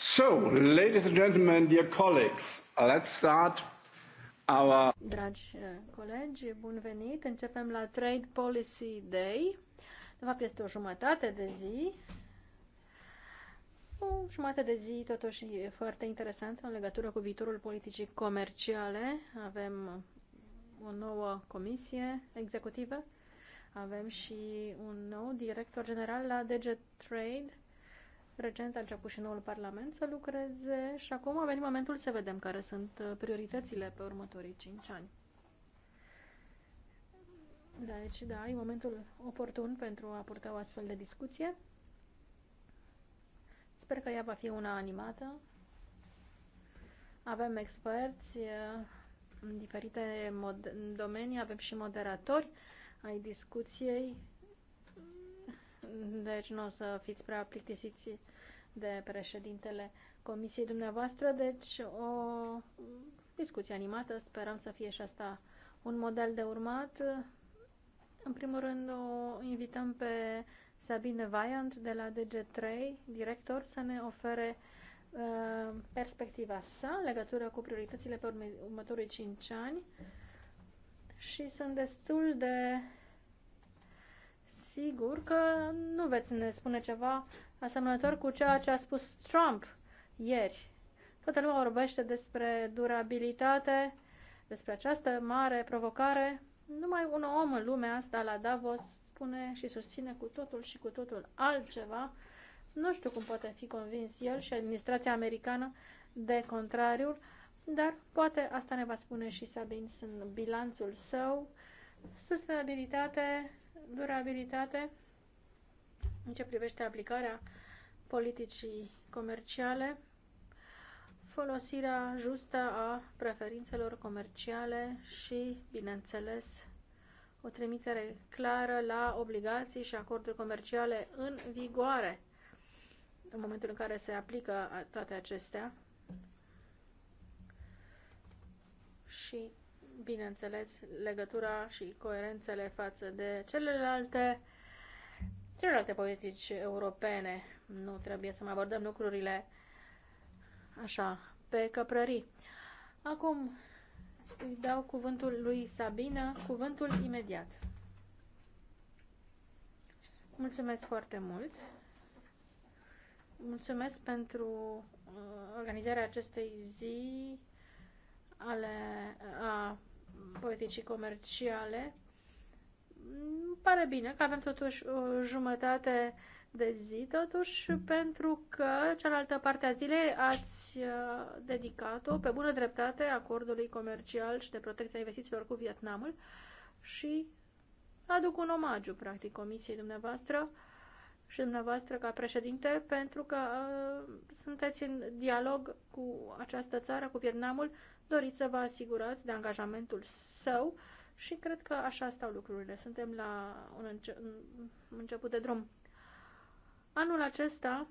So, ladies and gentlemen, dear colleagues, let's start our... Dragi eh, colegi, bun venit! Începem la Trade Policy Day. De fapt, este o jumătate de zi. O jumătate de zi, totuși, e foarte interesantă în legătură cu viitorul politicii comerciale. Avem o nouă comisie executivă. Avem și un nou director general la DG Trade recent a început și noul Parlament să lucreze și acum a venit momentul să vedem care sunt uh, prioritățile pe următorii 5 ani. Deci, da, e momentul oportun pentru a purta o astfel de discuție. Sper că ea va fi una animată. Avem experți uh, în diferite mod- domenii, avem și moderatori ai discuției deci nu o să fiți prea plictisiți de președintele comisiei dumneavoastră, deci o discuție animată, sperăm să fie și asta un model de urmat. În primul rând o invităm pe Sabine Vaiant de la DG3, director, să ne ofere uh, perspectiva sa în legătură cu prioritățile pe următorii 5 ani și sunt destul de sigur că nu veți ne spune ceva asemănător cu ceea ce a spus Trump ieri. Toată lumea vorbește despre durabilitate, despre această mare provocare. Numai un om în lumea asta la Davos spune și susține cu totul și cu totul altceva. Nu știu cum poate fi convins el și administrația americană de contrariul, dar poate asta ne va spune și Sabins în bilanțul său. Sustenabilitate durabilitate în ce privește aplicarea politicii comerciale, folosirea justă a preferințelor comerciale și, bineînțeles, o trimitere clară la obligații și acorduri comerciale în vigoare în momentul în care se aplică toate acestea și bineînțeles, legătura și coerențele față de celelalte, celelalte politici europene. Nu trebuie să mai abordăm lucrurile așa, pe căprării. Acum îi dau cuvântul lui Sabina, cuvântul imediat. Mulțumesc foarte mult! Mulțumesc pentru uh, organizarea acestei zi ale a politicii comerciale. Îmi pare bine că avem totuși o jumătate de zi, totuși, pentru că cealaltă parte a zilei ați uh, dedicat-o pe bună dreptate acordului comercial și de protecția investițiilor cu Vietnamul și aduc un omagiu, practic, comisiei dumneavoastră și dumneavoastră ca președinte, pentru că uh, sunteți în dialog cu această țară, cu Vietnamul, doriți să vă asigurați de angajamentul său și cred că așa stau lucrurile. Suntem la un înce- început de drum. Anul acesta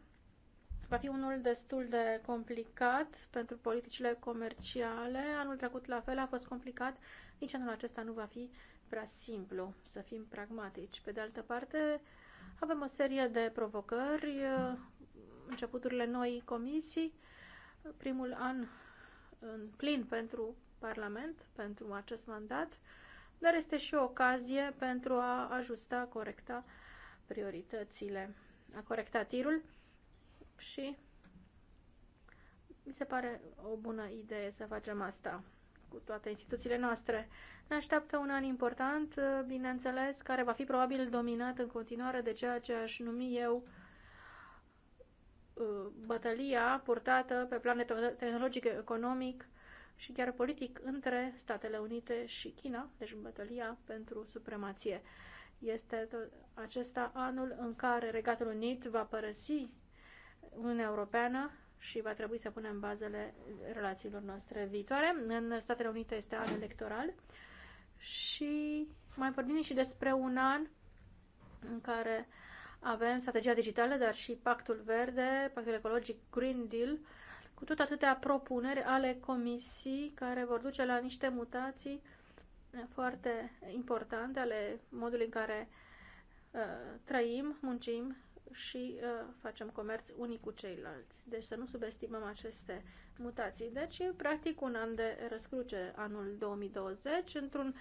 va fi unul destul de complicat pentru politicile comerciale. Anul trecut la fel a fost complicat, nici anul acesta nu va fi prea simplu, să fim pragmatici. Pe de altă parte, avem o serie de provocări, începuturile noi comisii, primul an în plin pentru Parlament, pentru acest mandat, dar este și o ocazie pentru a ajusta, corecta prioritățile, a corecta tirul și mi se pare o bună idee să facem asta cu toate instituțiile noastre. Ne așteaptă un an important, bineînțeles, care va fi probabil dominat în continuare de ceea ce aș numi eu Uh, bătălia purtată pe plan tehnologic, economic și chiar politic între Statele Unite și China, deci bătălia pentru supremație. Este acesta anul în care Regatul Unit va părăsi Uniunea Europeană și va trebui să punem bazele relațiilor noastre viitoare. În Statele Unite este an electoral și mai vorbim și despre un an în care uh, avem strategia digitală, dar și pactul verde, pactul ecologic Green Deal, cu tot atâtea propuneri ale comisii care vor duce la niște mutații eh, foarte importante ale modului în care uh, trăim, muncim și uh, facem comerț unii cu ceilalți. Deci să nu subestimăm aceste mutații. Deci, practic, un an de răscruce anul 2020 într-un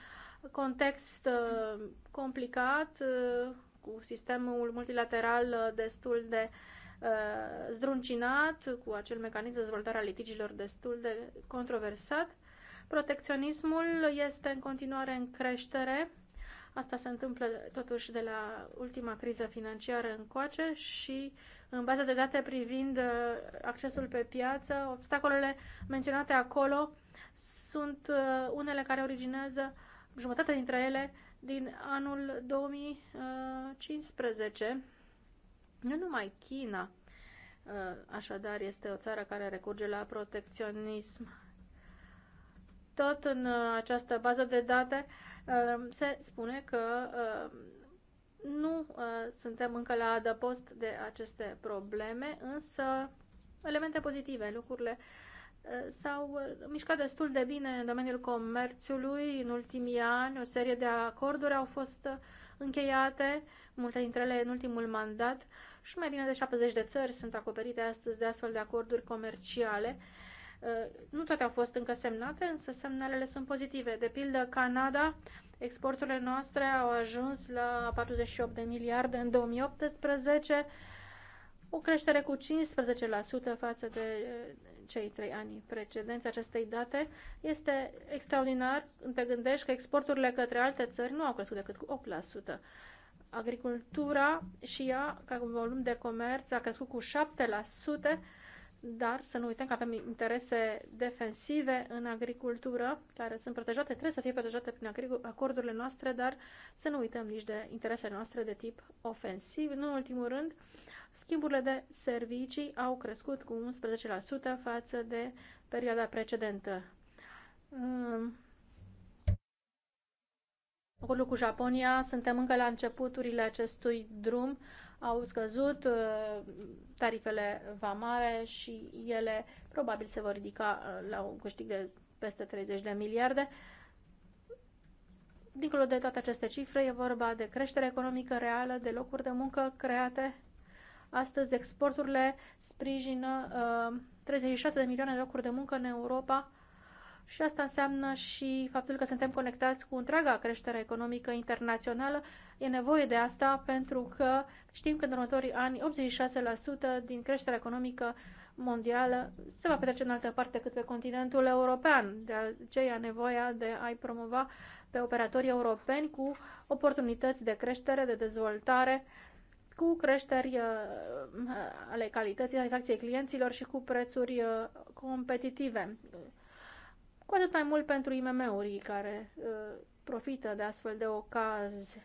context uh, complicat, uh, cu sistemul multilateral uh, destul de uh, zdruncinat, cu acel mecanism de dezvoltare a litigilor destul de controversat. Protecționismul este în continuare în creștere. Asta se întâmplă totuși de la ultima criză financiară încoace și în baza de date privind uh, accesul pe piață, obstacolele menționate acolo sunt uh, unele care originează, jumătate dintre ele, din anul 2015. Nu numai China, uh, așadar, este o țară care recurge la protecționism. Tot în uh, această bază de date uh, se spune că nu suntem încă la adăpost de aceste probleme, însă elemente pozitive, lucrurile uh, s-au uh, mișcat destul de bine în domeniul comerțului în ultimii ani. O serie de acorduri au fost uh, încheiate, multe dintre ele în ultimul mandat și mai bine de 70 de țări sunt acoperite astăzi de astfel de acorduri comerciale. Uh, nu toate au fost încă semnate, însă semnalele sunt pozitive. De pildă, Canada, exporturile noastre au ajuns la 48 de miliarde în 2018, o creștere cu 15% față de cei trei ani precedenți acestei date, este extraordinar când te gândești că exporturile către alte țări nu au crescut decât cu 8%. Agricultura și ea, ca volum de comerț, a crescut cu 7%, dar să nu uităm că avem interese defensive în agricultură, care sunt protejate, trebuie să fie protejate prin acordurile noastre, dar să nu uităm nici de interesele noastre de tip ofensiv. Nu în ultimul rând, Schimburile de servicii au crescut cu 11% față de perioada precedentă. Acolo cu Japonia suntem încă la începuturile acestui drum. Au scăzut uh, tarifele vamare și ele probabil se vor ridica uh, la un câștig de peste 30 de miliarde. Dincolo de toate aceste cifre, e vorba de creștere economică reală, de locuri de muncă create Astăzi exporturile sprijină uh, 36 de milioane de locuri de muncă în Europa și asta înseamnă și faptul că suntem conectați cu întreaga creștere economică internațională. E nevoie de asta pentru că știm că în următorii ani 86% din creșterea economică mondială se va petrece în altă parte decât pe continentul european. De aceea nevoia de a-i promova pe operatorii europeni cu oportunități de creștere, de dezvoltare cu creșteri uh, ale calității satisfacției clienților și cu prețuri uh, competitive. Cu atât mai mult pentru imm uri care uh, profită de astfel de ocazi.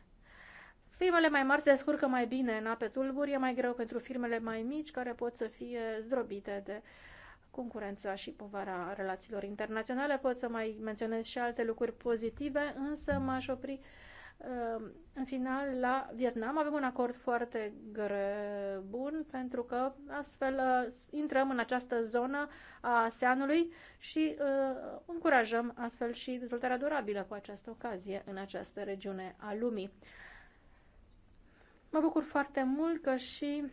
Firmele mai mari se descurcă mai bine în ape tulburi, e mai greu pentru firmele mai mici care pot să fie zdrobite de concurența și povara relațiilor internaționale. Pot să mai menționez și alte lucruri pozitive, însă m-aș opri uh, Ehm, în final, la Vietnam avem un acord foarte bun pentru că astfel uh, intrăm în această zonă a ASEAN-ului și uh, încurajăm astfel și dezvoltarea durabilă cu această ocazie în această regiune a lumii. Mă bucur foarte mult că și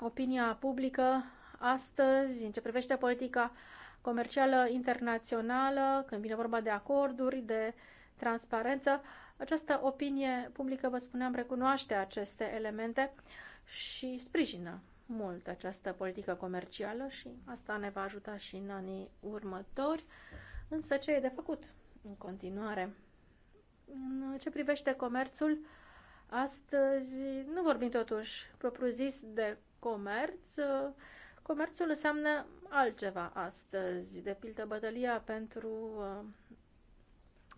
opinia publică astăzi, în ce privește politica comercială internațională, când vine vorba de acorduri, de transparență, această opinie publică, vă spuneam, recunoaște aceste elemente și sprijină mult această politică comercială și asta ne va ajuta și în anii următori. Însă ce e de făcut în continuare? În ce privește comerțul, astăzi nu vorbim totuși propriu-zis de comerț. Comerțul înseamnă altceva astăzi, de pildă bătălia pentru uh,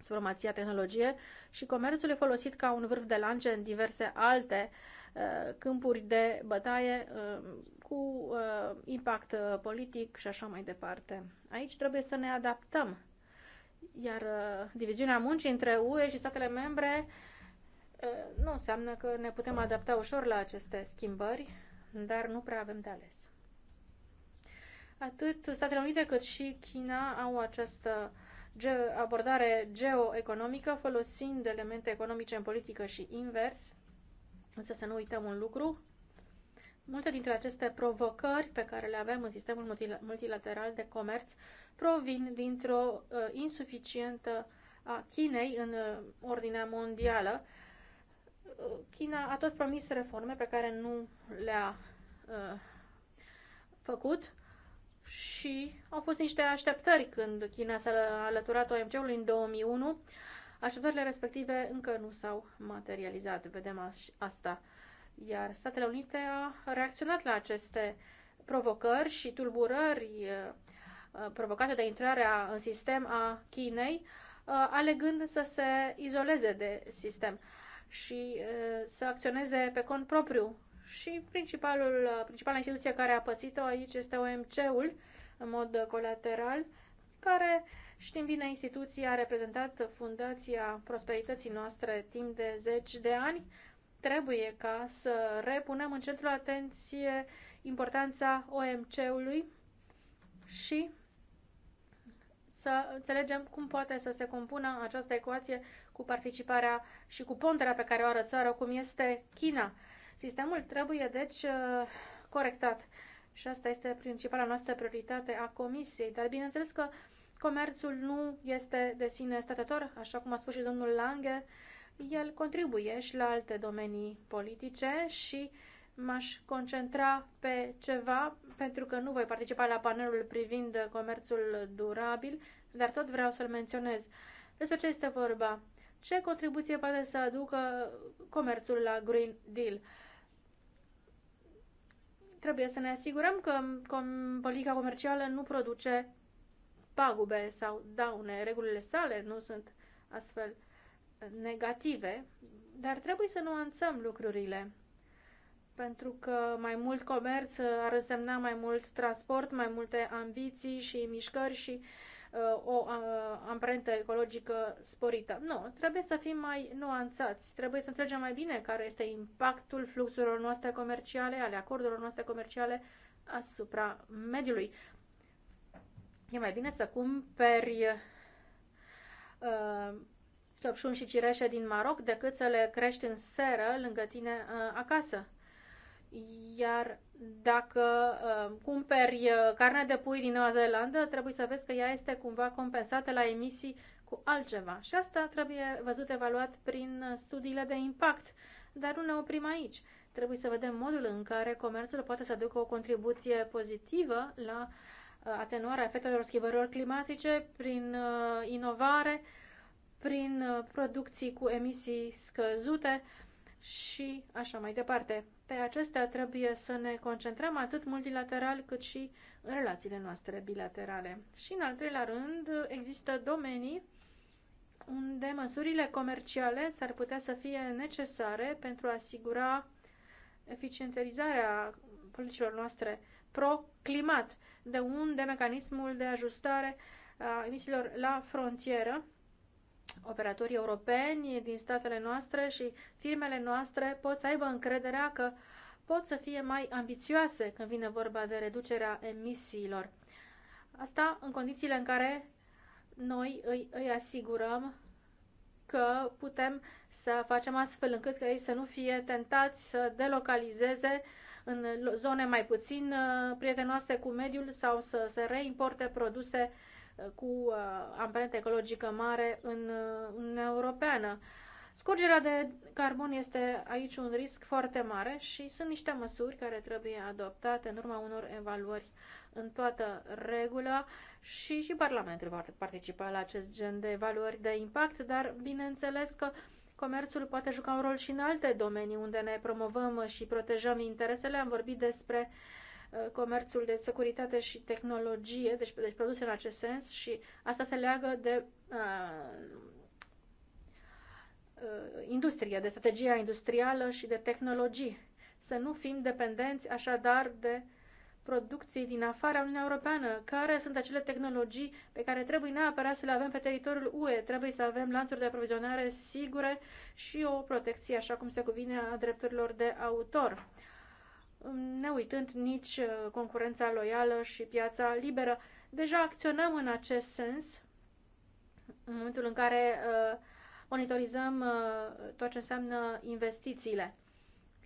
supremația tehnologie și comerțul e folosit ca un vârf de lance în diverse alte uh, câmpuri de bătaie uh, cu uh, impact uh, politic și așa mai departe. Aici trebuie să ne adaptăm. Iar uh, diviziunea muncii între UE și statele membre uh, nu înseamnă că ne putem adapta ușor la aceste schimbări, dar nu prea avem de ales. Atât Statele Unite cât și China au această ge- abordare geoeconomică, folosind elemente economice în politică și invers. Însă să nu uităm un lucru, Multe dintre aceste provocări pe care le avem în sistemul multilateral de comerț provin dintr-o uh, insuficientă a Chinei în uh, ordinea mondială. Uh, China a tot promis reforme pe care nu le-a uh, făcut și au fost niște așteptări când China s-a alăturat OMC-ului în 2001. Așteptările respective încă nu s-au materializat, vedem asta. Iar Statele Unite a reacționat la aceste provocări și tulburări eh, eh, provocate de intrarea în sistem a Chinei, eh, alegând să se izoleze de sistem și să acționeze pe cont propriu și principalul, principala instituție care a pățit-o aici este OMC-ul, în mod colateral, care, știm bine, instituția a reprezentat Fundația Prosperității noastre timp de zeci de ani. Trebuie ca să repunem în centrul atenție importanța OMC-ului și să înțelegem cum poate să se compună această ecuație cu participarea și cu ponderea pe care o țară, cum este China. Sistemul trebuie, deci, uh, corectat. Și asta este principala noastră prioritate a Comisiei. Dar, bineînțeles că comerțul nu este de sine statător, așa cum a spus și domnul Lange, el contribuie și la alte domenii politice și m-aș concentra pe ceva, pentru că nu voi participa la panelul privind comerțul durabil, dar tot vreau să-l menționez. Despre ce este vorba? Ce contribuție poate să aducă comerțul la Green Deal? trebuie să ne asigurăm că com, politica comercială nu produce pagube sau daune. Regulile sale nu sunt astfel negative, dar trebuie să nuanțăm lucrurile. Pentru că mai mult comerț ar însemna mai mult transport, mai multe ambiții și mișcări și uh, Uh, o uh, amprentă ecologică sporită. Nu, trebuie să fim mai nuanțați, trebuie să înțelegem mai bine care este impactul fluxurilor noastre comerciale, ale acordurilor noastre comerciale asupra mediului. E mai bine să cumperi uh, căpșuni și cireșe din Maroc decât să le crești în seră lângă tine uh, acasă. Iar dacă uh, cumperi uh, carne de pui din Noua Zeelandă, trebuie să vezi că ea este cumva compensată la emisii cu altceva. Și asta trebuie văzut evaluat prin uh, studiile de impact. Dar nu ne oprim aici. Trebuie să vedem modul în care comerțul poate să aducă o contribuție pozitivă la uh, atenuarea efectelor schimbărilor climatice prin inovare, prin producții cu emisii scăzute și așa mai departe. Pe acestea trebuie să ne concentrăm atât multilateral cât și în relațiile noastre bilaterale. Și în al treilea rând, există domenii unde măsurile comerciale s-ar putea să fie necesare pentru a asigura eficientizarea politicilor noastre pro-climat, de unde mecanismul de ajustare a emisiilor la frontieră operatorii europeni din statele noastre și firmele noastre pot să aibă încrederea că pot să fie mai ambițioase când vine vorba de reducerea emisiilor. Asta în condițiile în care noi îi, îi asigurăm că putem să facem astfel încât că ei să nu fie tentați să delocalizeze în zone mai puțin uh, prietenoase cu mediul sau să să reimporte produse Uh, cu uh, amprentă ecologică mare uh, în Uniunea Europeană. Scurgerea de carbon este aici un risc foarte mare și sunt niște măsuri care trebuie adoptate în urma unor evaluări în toată regulă și și Parlamentul va participa la acest gen de evaluări de impact, dar bineînțeles că comerțul poate juca un rol și în alte domenii unde ne promovăm și protejăm interesele. Am vorbit despre uh, Uh, comerțul de securitate și tehnologie, deci, deci produse în acest sens și asta se leagă de uh, uh industrie, de strategia industrială și de tehnologii. Să nu fim dependenți așadar de producții din afara Uniunii Europeană. Care sunt acele tehnologii pe care trebuie neapărat să le avem pe teritoriul UE? Trebuie să avem lanțuri de aprovizionare sigure și o protecție, așa cum se cuvine, a drepturilor de autor neuitând nici uh, concurența loială și piața liberă. Deja acționăm în acest sens în momentul în care uh, monitorizăm uh, tot ce înseamnă investițiile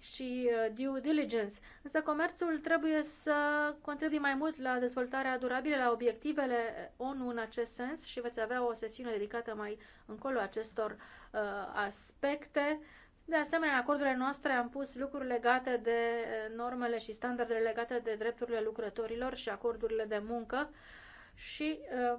și due diligence. Însă comerțul trebuie să contribuie mai mult la dezvoltarea durabilă, la obiectivele ONU în acest sens și veți avea o sesiune dedicată mai încolo acestor uh, aspecte. Uh, de asemenea, în acordurile noastre am pus lucruri legate de eh, normele și standardele legate de drepturile lucrătorilor și acordurile de muncă și eh,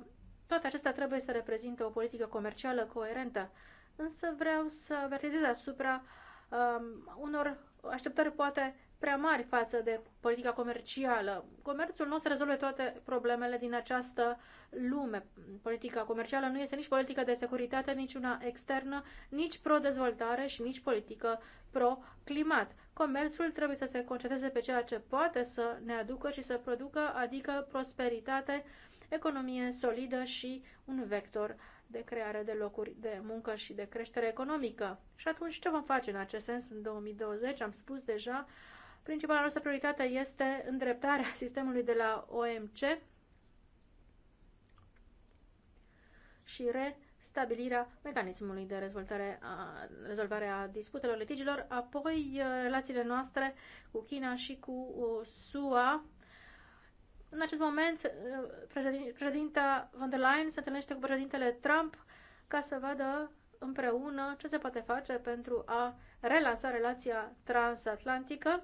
toate acestea trebuie să reprezinte o politică comercială coerentă. Însă vreau să avertizez asupra um, unor așteptări poate prea mari față de politica comercială. Comerțul nu se rezolve toate problemele din această lume. Politica comercială nu este nici politică de securitate, nici una externă, nici pro-dezvoltare și nici politică pro-climat. Comerțul trebuie să se concentreze pe ceea ce poate să ne aducă și să producă, adică prosperitate, economie solidă și un vector de creare de locuri de muncă și de creștere economică. Și atunci ce vom face în acest sens în 2020? Am spus deja, Principala noastră prioritate este îndreptarea sistemului de la OMC și restabilirea mecanismului de rezolvare a, rezolvare a disputelor litigilor, apoi uh, relațiile noastre cu China și cu uh, SUA. În acest moment, uh, președinta von der Leyen se întâlnește cu președintele Trump ca să vadă împreună ce se poate face pentru a relansa relația transatlantică.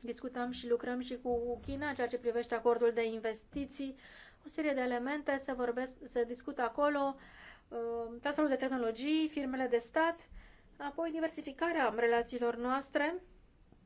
Discutăm și lucrăm și cu China ceea ce privește acordul de investiții, o serie de elemente, se, vorbesc, se discută acolo, uh, tasalul de tehnologii, firmele de stat, apoi diversificarea relațiilor noastre.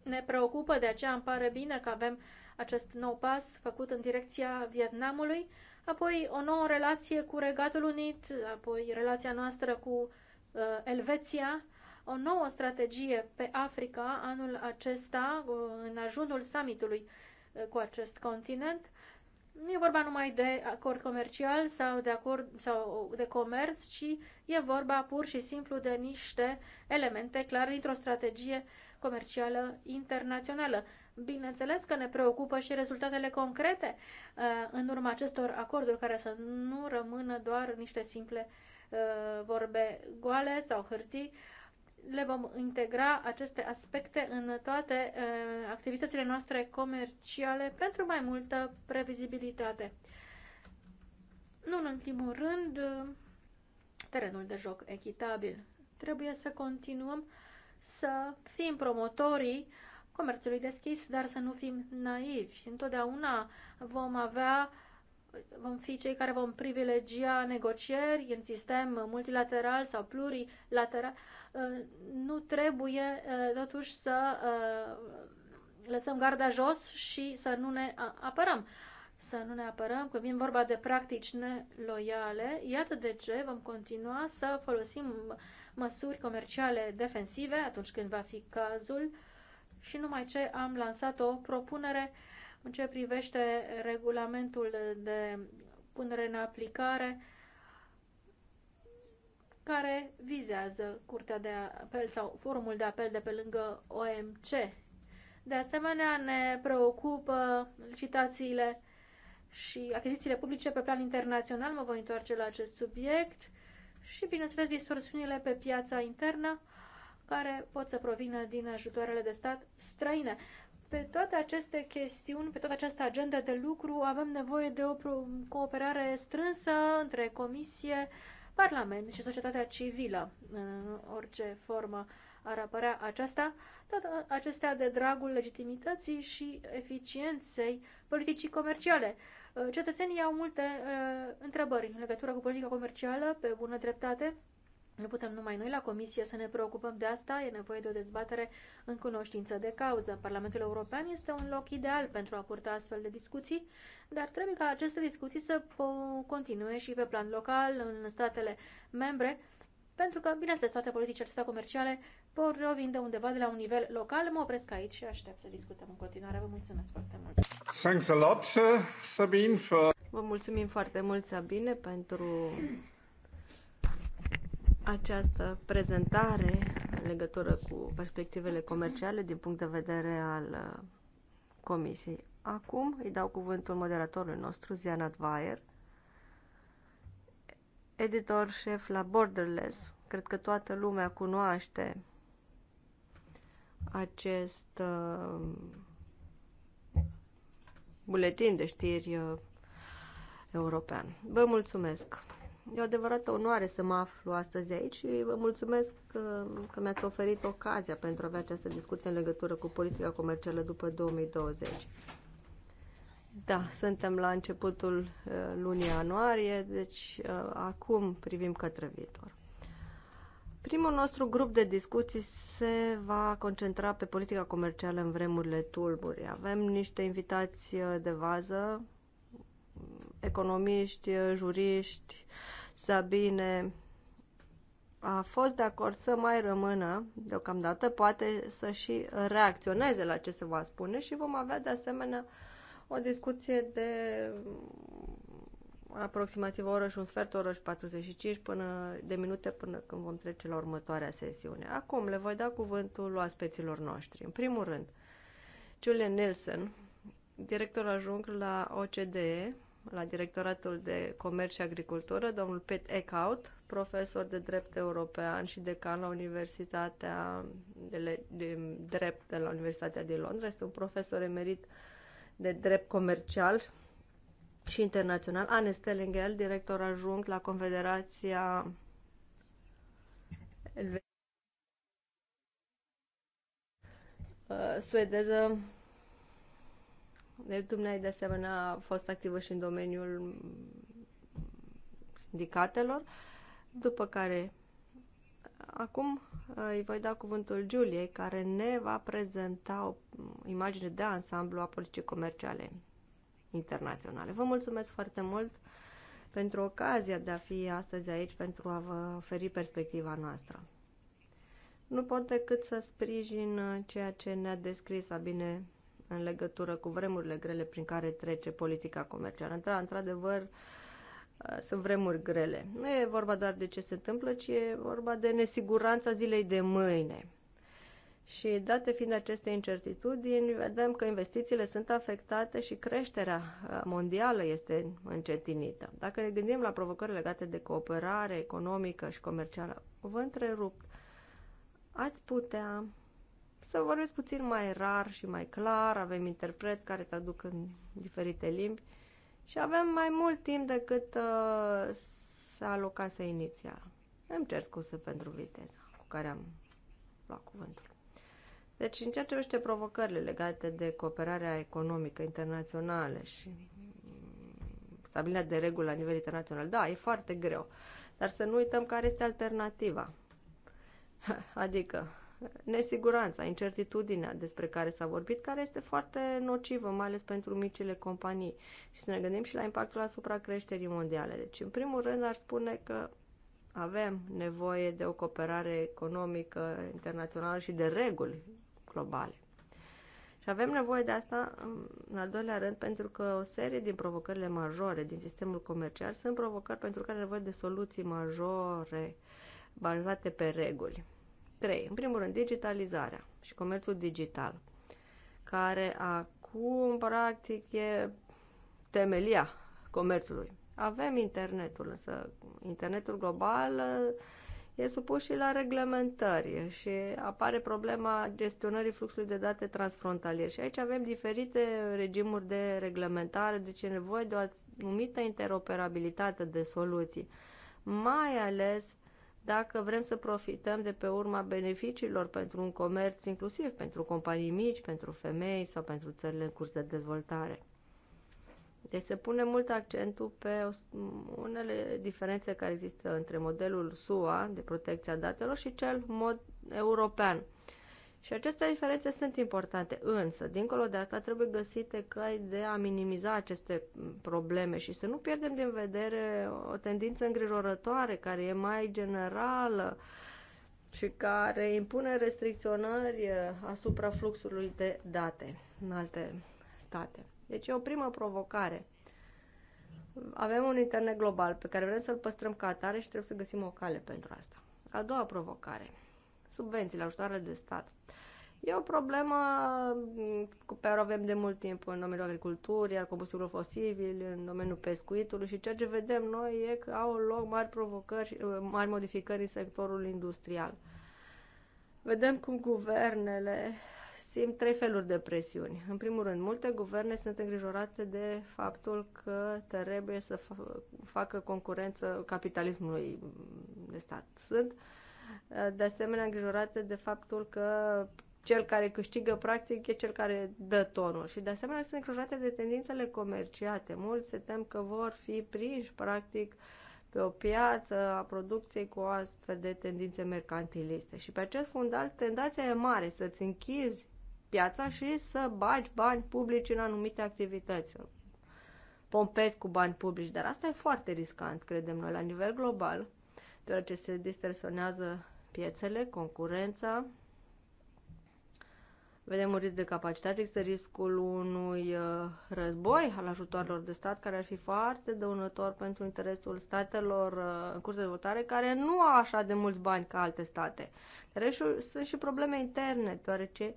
Ne preocupă, de aceea îmi pare bine că avem acest nou pas făcut în direcția Vietnamului, apoi o nouă relație cu Regatul Unit, apoi relația noastră cu uh, Elveția, o nouă strategie pe Africa anul acesta, uh, în ajunul summitului uh, cu acest continent. Nu e vorba numai de acord comercial sau de, acord, sau de comerț, ci e vorba pur și simplu de niște elemente clare dintr-o strategie comercială internațională. Bineînțeles că ne preocupă și rezultatele concrete uh, în urma acestor acorduri, care să nu rămână doar niște simple vorbe goale sau hârtii, le vom integra aceste aspecte în toate uh, activitățile noastre comerciale pentru mai multă previzibilitate. Nu în ultimul rând, terenul de joc echitabil. Trebuie să continuăm să fim promotorii comerțului deschis, dar să nu fim naivi. Întotdeauna vom avea vom fi cei care vom privilegia negocieri în sistem multilateral sau plurilateral, uh, nu trebuie uh, totuși să uh, lăsăm garda jos și să nu ne apărăm. Să nu ne apărăm când vin vorba de practici neloiale. Iată de ce vom continua să folosim măsuri comerciale defensive atunci când va fi cazul și numai ce am lansat o propunere uh, în ce privește regulamentul de punere în aplicare, care vizează Curtea de Apel sau Forumul de Apel de pe lângă OMC. De asemenea, ne preocupă licitațiile și achizițiile publice pe plan internațional, mă voi întoarce la acest subiect, și, bineînțeles, distorsiunile pe piața internă care pot să provină din ajutoarele de stat străine. Pe toate aceste chestiuni, pe toată această agendă de lucru, avem nevoie de o cooperare strânsă între Comisie, Parlament și societatea civilă, în orice formă ar apărea aceasta, toate acestea de dragul legitimității și eficienței politicii comerciale. Cetățenii au multe uh, întrebări în legătură cu politica comercială, pe bună dreptate, nu putem numai noi la Comisie să ne preocupăm de asta, e nevoie de o dezbatere în cunoștință de cauză. Parlamentul European este un loc ideal pentru a purta astfel de discuții, dar trebuie ca aceste discuții să continue și pe plan local, în statele membre, pentru că, bineînțeles, toate politicile acestea comerciale vor vin de undeva de la un nivel local. Mă opresc aici și aștept să discutăm în continuare. Vă mulțumesc foarte mult! Thanks a lot, Sabine, for... Vă mulțumim foarte mult, Sabine, pentru această prezentare în legătură cu perspectivele comerciale din punct de vedere al uh, Comisiei. Acum îi dau cuvântul moderatorului nostru, Ziana Dwyer, editor șef la Borderless. Cred că toată lumea cunoaște acest uh, buletin de știri uh, european. Vă mulțumesc! E o adevărată onoare să mă aflu astăzi aici și vă mulțumesc că, că mi-ați oferit ocazia pentru a avea această discuție în legătură cu politica comercială după 2020. Da, suntem la începutul uh, lunii ianuarie, deci uh, acum privim către viitor. Primul nostru grup de discuții se va concentra pe politica comercială în vremurile tulburi. Avem niște invitați uh, de vază economiști, juriști, Sabine, a fost de acord să mai rămână deocamdată, poate să și reacționeze la ce se va spune și vom avea de asemenea o discuție de aproximativ o oră și un sfert, o oră și 45 până, de minute până când vom trece la următoarea sesiune. Acum le voi da cuvântul aspeților noștri. În primul rând, Julian Nielsen, director ajung la OCDE, la Directoratul de Comerț și Agricultură, domnul Pet Eckhout, profesor de drept european și decan la Universitatea de, Le- de Drept de la Universitatea din Londra. Este un profesor emerit de drept comercial și internațional. Anne Stellingel, director ajung la Confederația Elve- uh, suedeză deci dumneai de asemenea a fost activă și în domeniul sindicatelor, după care acum uh, îi voi da cuvântul Giuliei, care ne va prezenta o imagine de ansamblu a politicii comerciale internaționale. Vă mulțumesc foarte mult pentru ocazia de a fi astăzi aici pentru a vă oferi perspectiva noastră. Nu pot decât să sprijin uh, ceea ce ne-a descris bine în legătură cu vremurile grele prin care trece politica comercială. Într- adevăr uh, sunt vremuri grele. Nu e vorba doar de ce se întâmplă, ci e vorba de nesiguranța zilei de mâine. Și date fiind aceste incertitudini, vedem că investițiile sunt afectate și creșterea uh, mondială este încetinită. Dacă ne gândim la provocări legate de cooperare economică și comercială, vă întrerup, ați putea să vorbesc puțin mai rar și mai clar, avem interpreți care traduc în diferite limbi și avem mai mult timp decât uh, să alocase inițial. Îmi cer scuze pentru viteza cu care am luat cuvântul. Deci, în ceea ce privește provocările legate de cooperarea economică internațională și stabilirea de reguli la nivel internațional, da, e foarte greu. Dar să nu uităm care este alternativa. Adică, nesiguranța, incertitudinea despre care s-a vorbit, care este foarte nocivă, mai ales pentru micile companii. Și să ne gândim și la impactul asupra creșterii mondiale. Deci, în primul rând, ar spune că avem nevoie de o cooperare economică internațională și de reguli globale. Și avem nevoie de asta, în al doilea rând, pentru că o serie din provocările majore din sistemul comercial sunt provocări pentru care are nevoie de soluții majore bazate pe reguli trei. În primul rând, digitalizarea și comerțul digital, care acum, practic, e temelia comerțului. Avem internetul, însă internetul global uh, e supus și la reglementări și apare problema gestionării fluxului de date transfrontalier. Și aici avem diferite regimuri de reglementare, deci e nevoie de o anumită interoperabilitate de soluții, mai ales dacă vrem să profităm de pe urma beneficiilor pentru un comerț inclusiv pentru companii mici, pentru femei sau pentru țările în curs de dezvoltare. Deci se pune mult accentul pe unele diferențe care există între modelul SUA de protecția datelor și cel mod european și aceste diferențe sunt importante, însă, dincolo de asta, trebuie găsite căi de a minimiza aceste probleme și să nu pierdem din vedere o tendință îngrijorătoare care e mai generală și care impune restricționări asupra fluxului de date în alte state. Deci e o primă provocare. Avem un internet global pe care vrem să-l păstrăm ca atare și trebuie să găsim o cale pentru asta. A doua provocare – subvențiile, ajutoarele de stat. E o problemă mm, cu care o avem de mult timp în domeniul agriculturii, al combustibilor fosibili, în domeniul pescuitului și ceea ce vedem noi e că au loc mari provocări, uh, mari modificări în sectorul industrial. Vedem cum guvernele simt trei feluri de presiuni. În primul rând, multe guverne sunt îngrijorate de faptul că trebuie să facă concurență capitalismului de stat. Sunt uh, Eh, de asemenea îngrijorate de faptul că cel care câștigă practic e cel care dă tonul și de asemenea sunt îngrijorate de tendințele comerciate. Mulți se tem că vor fi prinși practic pe o piață a producției cu astfel de tendințe mercantiliste. Și pe acest fundal, tendația e mare să-ți închizi piața și să bagi bani publici în anumite activități. Pompezi cu bani publici, dar asta e foarte riscant, credem noi, la nivel global deoarece se distorsionează piețele, concurența, vedem un risc de capacitate, există riscul unui uh, război al ajutoarelor de stat care ar fi foarte dăunător pentru interesul statelor uh, în curs de dezvoltare care nu au așa de mulți bani ca alte state. Dar sunt și probleme interne, deoarece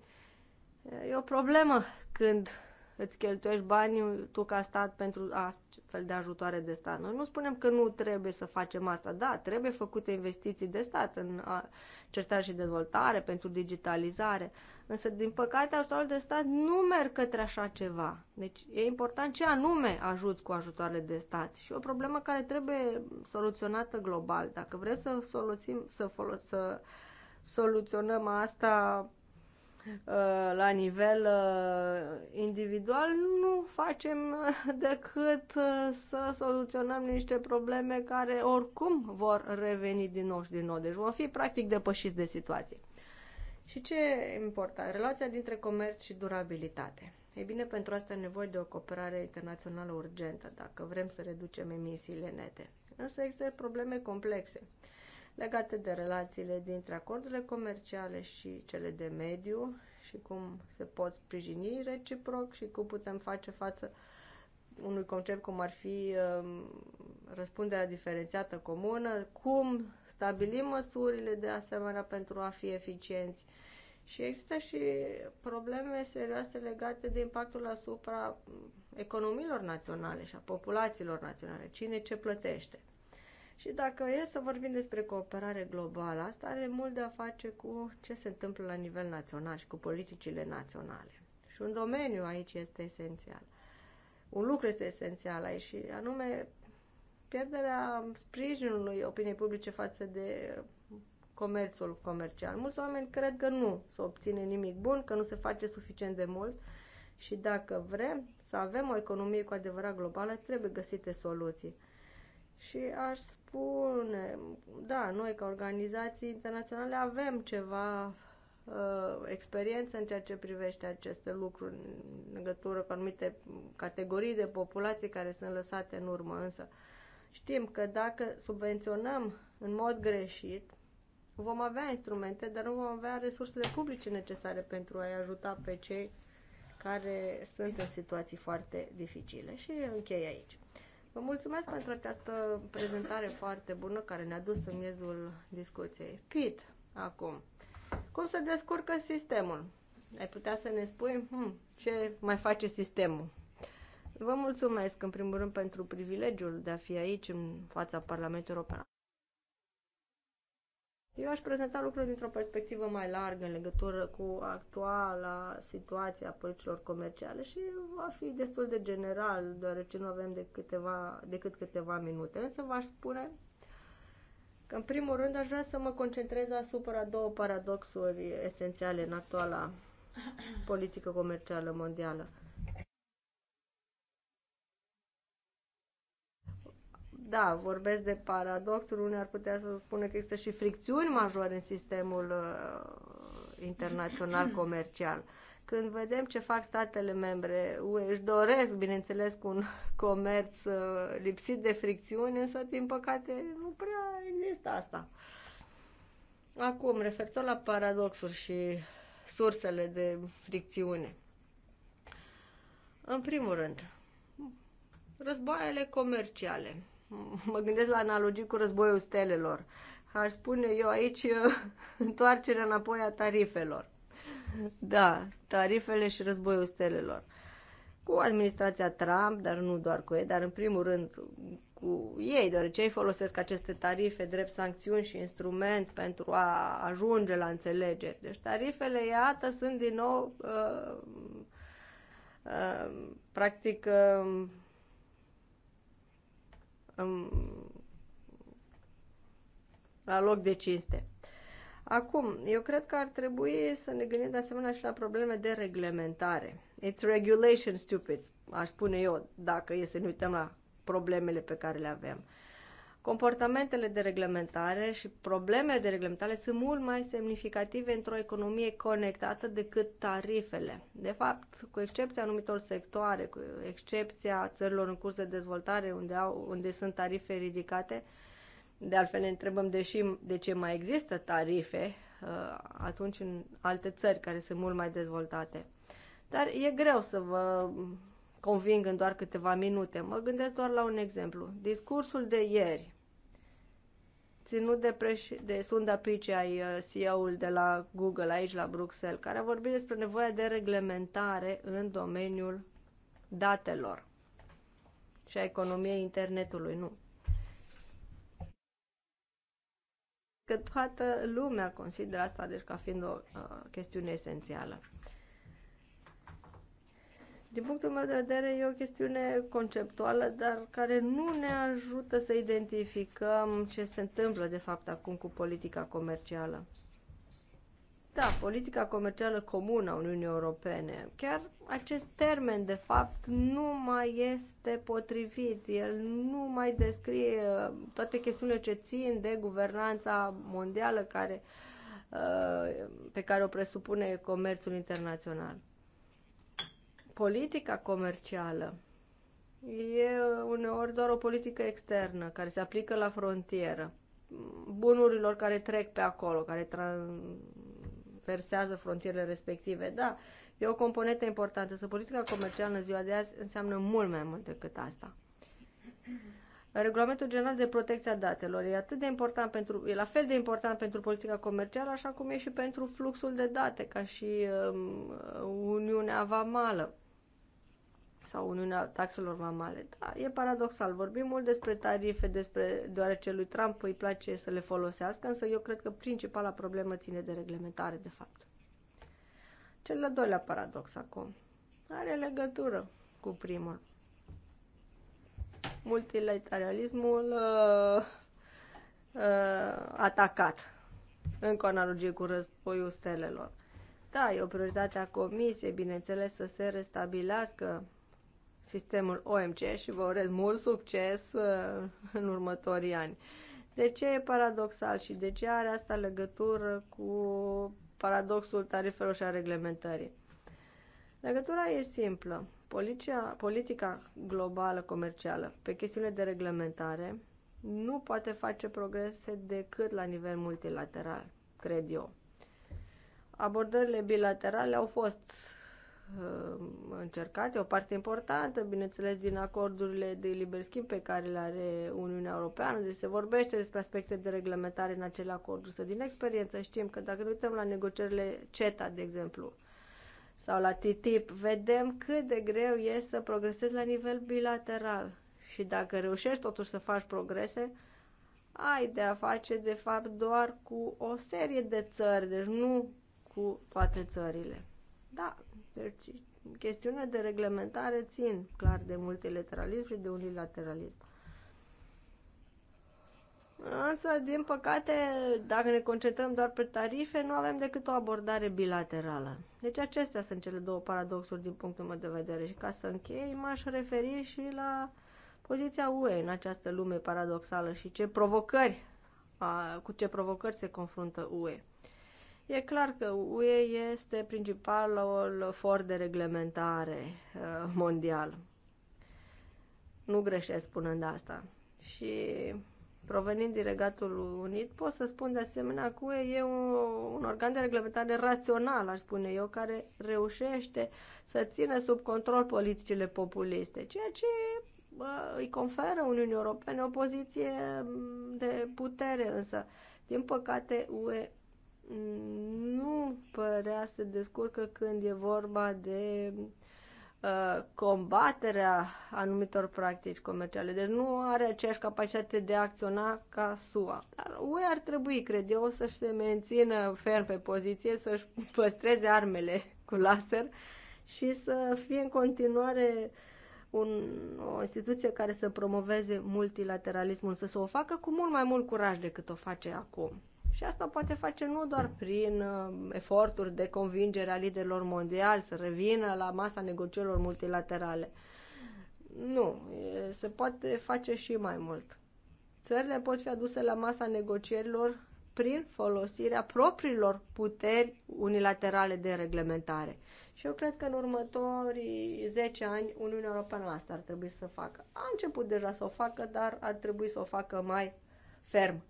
uh, e o problemă când îți cheltuiești banii tu ca stat pentru astfel de ajutoare de stat. Noi nu spunem că nu trebuie să facem asta. Da, trebuie făcute investiții de stat în cercetare și dezvoltare, pentru digitalizare. Însă, din păcate, ajutorul de stat nu merg către așa ceva. Deci, e important ce anume ajuți cu ajutoarele de stat. Și o problemă care trebuie soluționată global. Dacă vrem să, soluțim, să, folos, să soluționăm asta Uh, la nivel uh, individual, nu facem uh, decât să soluționăm niște probleme care oricum vor reveni din nou și din nou. Deci vom fi practic depășiți de situație. Și ce e important? Relația dintre comerț și durabilitate. E bine, pentru asta e nevoie de o cooperare internațională urgentă dacă vrem să reducem emisiile nete. Însă există probleme complexe. Uh, legate de relațiile dintre acordurile comerciale și cele de mediu și cum se pot sprijini reciproc și cum putem face față unui concept cum ar fi um, răspunderea diferențiată comună, cum stabilim măsurile de asemenea pentru a fi eficienți. Și există și probleme serioase legate de impactul asupra um, economiilor naționale și a populațiilor naționale. Cine ce plătește? Și dacă e să vorbim despre cooperare globală, asta are mult de a face cu ce se întâmplă la nivel național și cu politicile naționale. Și un domeniu aici este esențial. Un lucru este esențial aici și anume pierderea sprijinului opiniei publice față de comerțul comercial. Mulți oameni cred că nu se obține nimic bun, că nu se face suficient de mult și dacă vrem să avem o economie cu adevărat globală, trebuie găsite soluții. Și aș spune, da, noi ca organizații internaționale avem ceva uh, experiență în ceea ce privește aceste lucruri în legătură cu anumite categorii de populație care sunt lăsate în urmă, însă știm că dacă subvenționăm în mod greșit, vom avea instrumente, dar nu vom avea resursele publice necesare pentru a-i ajuta pe cei care sunt în situații foarte dificile. Și închei aici. Vă mulțumesc pentru această prezentare foarte bună care ne-a dus în miezul discuției. Pit, acum, cum se descurcă sistemul? Ai putea să ne spui hmm, ce mai face sistemul? Vă mulțumesc, în primul rând, pentru privilegiul de a fi aici, în fața Parlamentului European. Eu aș prezenta lucrurile dintr-o perspectivă mai largă în legătură cu actuala situație a politicilor comerciale și va fi destul de general, deoarece nu avem de câteva, decât câteva minute. Însă v-aș spune că, în primul rând, aș vrea să mă concentrez asupra două paradoxuri esențiale în actuala politică comercială mondială. da, vorbesc de paradoxul, unii ar putea să spună că există și fricțiuni majore în sistemul uh, internațional comercial. Când vedem ce fac statele membre, UE își doresc, bineînțeles, un comerț uh, lipsit de fricțiuni, însă, din păcate, nu prea există asta. Acum, referitor la paradoxuri și sursele de fricțiune. În primul rând, războaiele comerciale mă gândesc la analogii cu războiul stelelor. Aș spune eu aici întoarcerea înapoi a tarifelor. Da, tarifele și războiul stelelor. Cu administrația Trump, dar nu doar cu ei, dar în primul rând cu ei, deoarece ei folosesc aceste tarife drept sancțiuni și instrument pentru a ajunge la înțelegeri. Deci tarifele, iată, sunt din nou uh, uh, practic uh, la loc de cinste. Acum, eu cred că ar trebui să ne gândim de asemenea și la probleme de reglementare. It's regulation stupid, aș spune eu, dacă e să ne uităm la problemele pe care le avem. Uh, comportamentele de reglementare și problemele de reglementare sunt mult mai semnificative într-o economie conectată decât tarifele. De fapt, cu excepția anumitor sectoare, cu excepția țărilor în curs de dezvoltare unde, au, unde sunt tarife ridicate, de altfel ne întrebăm și de ce mai există tarife uh, atunci în alte țări care sunt mult mai dezvoltate. Dar e greu să vă conving în doar câteva minute. Mă gândesc doar la un exemplu. Discursul de ieri ținut de, preș- de Sunda uh, CEO-ul de la Google aici la Bruxelles, care a vorbit despre nevoia de reglementare în domeniul datelor și a economiei internetului, nu. Că toată lumea consideră asta deci ca fiind o uh, chestiune esențială. Din punctul meu de vedere, e o chestiune conceptuală, dar care nu ne ajută să identificăm ce se întâmplă, de fapt, acum cu politica comercială. Da, politica comercială comună a Uniunii Europene. Chiar acest termen, de fapt, nu mai este potrivit. El nu mai descrie uh, toate chestiunile ce țin de guvernanța mondială care, uh, pe care o presupune comerțul internațional politica comercială e uneori doar o politică externă care se aplică la frontieră, bunurilor care trec pe acolo, care traversează frontierele respective. Da, e o componentă importantă, să politica comercială în ziua de azi înseamnă mult mai mult decât asta. Regulamentul General de Protecție a Datelor e atât de important pentru, e la fel de important pentru politica comercială, așa cum e și pentru fluxul de date, ca și um, Uniunea Vamală sau Uniunea Taxelor Vamale. Da, e paradoxal. Vorbim mult despre tarife, despre deoarece lui Trump îi place să le folosească, însă eu cred că principala problemă ține de reglementare, de fapt. Cel de-al doilea paradox acum are legătură cu primul. Multilateralismul uh, uh, atacat. în analogie cu războiul stelelor. Da, e o prioritate a comisiei, bineînțeles, să se restabilească sistemul OMC și vă urez mult succes uh, în următorii ani. De ce e paradoxal și de ce are asta legătură cu paradoxul tarifelor și a reglementării? Legătura e simplă. Policia, politica globală comercială pe chestiune de reglementare nu poate face progrese decât la nivel multilateral, cred eu. Abordările bilaterale au fost e o parte importantă, bineînțeles, din acordurile de liber schimb pe care le are Uniunea Europeană. Deci se vorbește despre aspecte de reglementare în acele acorduri. Să din experiență știm că dacă ne uităm la negocierile CETA, de exemplu, sau la TTIP, vedem cât de greu e să progresezi la nivel bilateral. Și dacă reușești totuși să faci progrese, ai de a face, de fapt, doar cu o serie de țări, deci nu cu toate țările. Da, deci, chestiunea de reglementare țin clar de multilateralism și de unilateralism. Însă, din păcate, dacă ne concentrăm doar pe tarife, nu avem decât o abordare bilaterală. Deci acestea sunt cele două paradoxuri din punctul meu de vedere. Și ca să închei, m-aș referi și la poziția UE în această lume paradoxală și ce provocări, cu ce provocări se confruntă UE. E clar că UE este principalul for de reglementare uh, mondial. Nu greșesc spunând asta. Și provenind din Regatul Unit, pot să spun de asemenea că UE e un, un organ de reglementare rațional, aș spune eu, care reușește să țină sub control politicile populiste, ceea ce bă, uh, îi conferă Uniunii Europene o poziție mm, de putere, însă, din păcate, UE nu părea să descurcă când e vorba de uh, combaterea anumitor practici comerciale. Deci nu are aceeași capacitate de a acționa ca SUA. Dar UE ar trebui, cred eu, să-și se mențină ferm pe poziție, să-și păstreze armele cu laser și să fie în continuare un, o instituție care să promoveze multilateralismul, să, să o facă cu mult mai mult curaj decât o face acum. Și asta o poate face nu doar prin uh, eforturi de convingere a liderilor mondiali să revină la masa negocierilor multilaterale. Nu, se poate face și mai mult. Țările pot fi aduse la masa negocierilor prin folosirea propriilor puteri unilaterale de reglementare. Și eu cred că în următorii 10 ani Uniunea Europeană asta ar trebui să facă. A început deja să o facă, dar ar trebui să o facă mai ferm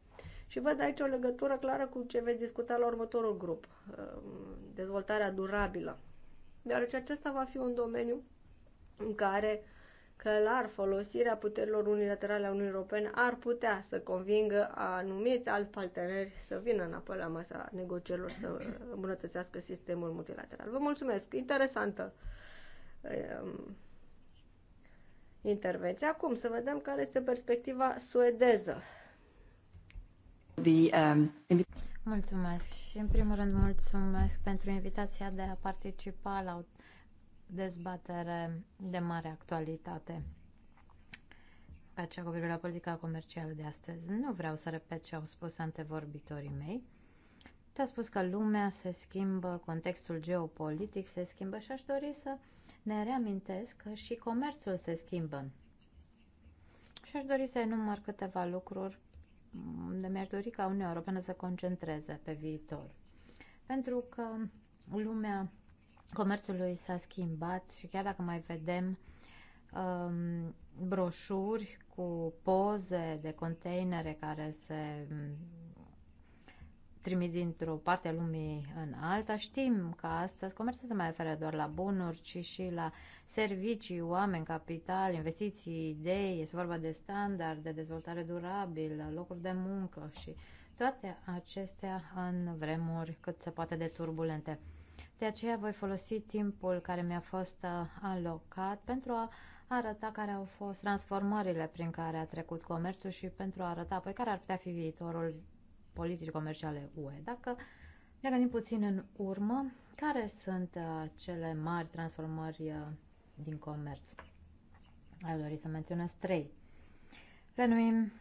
și văd aici o legătură clară cu ce veți discuta la următorul grup, um, dezvoltarea durabilă. Deoarece acesta va fi un domeniu în care clar folosirea puterilor unilaterale a Uniunii Europene ar putea să convingă anumiți alți parteneri să vină înapoi la masa negocierilor să îmbunătățească sistemul multilateral. Vă mulțumesc! Interesantă um, intervenție. Acum să vedem care este perspectiva suedeză Um, mulțumesc și în primul rând mulțumesc pentru invitația de a participa la o dezbatere de mare actualitate ca cea cu privire la politica comercială de astăzi. Nu vreau să repet ce au spus antevorbitorii mei. Te-a spus că lumea se schimbă, contextul geopolitic se schimbă și aș dori să ne reamintesc că și comerțul se schimbă. Și aș dori să enumăr câteva lucruri unde mi-aș dori ca Uniunea Europeană să concentreze pe viitor. Pentru că lumea comerțului s-a schimbat și chiar dacă mai vedem um, broșuri cu poze de containere care se trimit dintr-o parte a lumii în alta. Știm că astăzi comerțul se mai referă doar la bunuri, ci și la servicii, oameni, capital, investiții, idei. Este vorba de standard, de dezvoltare durabilă, locuri de muncă și toate acestea în vremuri cât se poate de turbulente. De aceea voi folosi timpul care mi-a fost uh, alocat pentru a arăta care au fost transformările prin care a trecut comerțul și pentru a arăta apoi care ar putea fi viitorul politici comerciale UE. Dacă ne gândim puțin în urmă, care sunt uh, cele mari transformări uh, din comerț? Aș dori să menționez trei. Le numim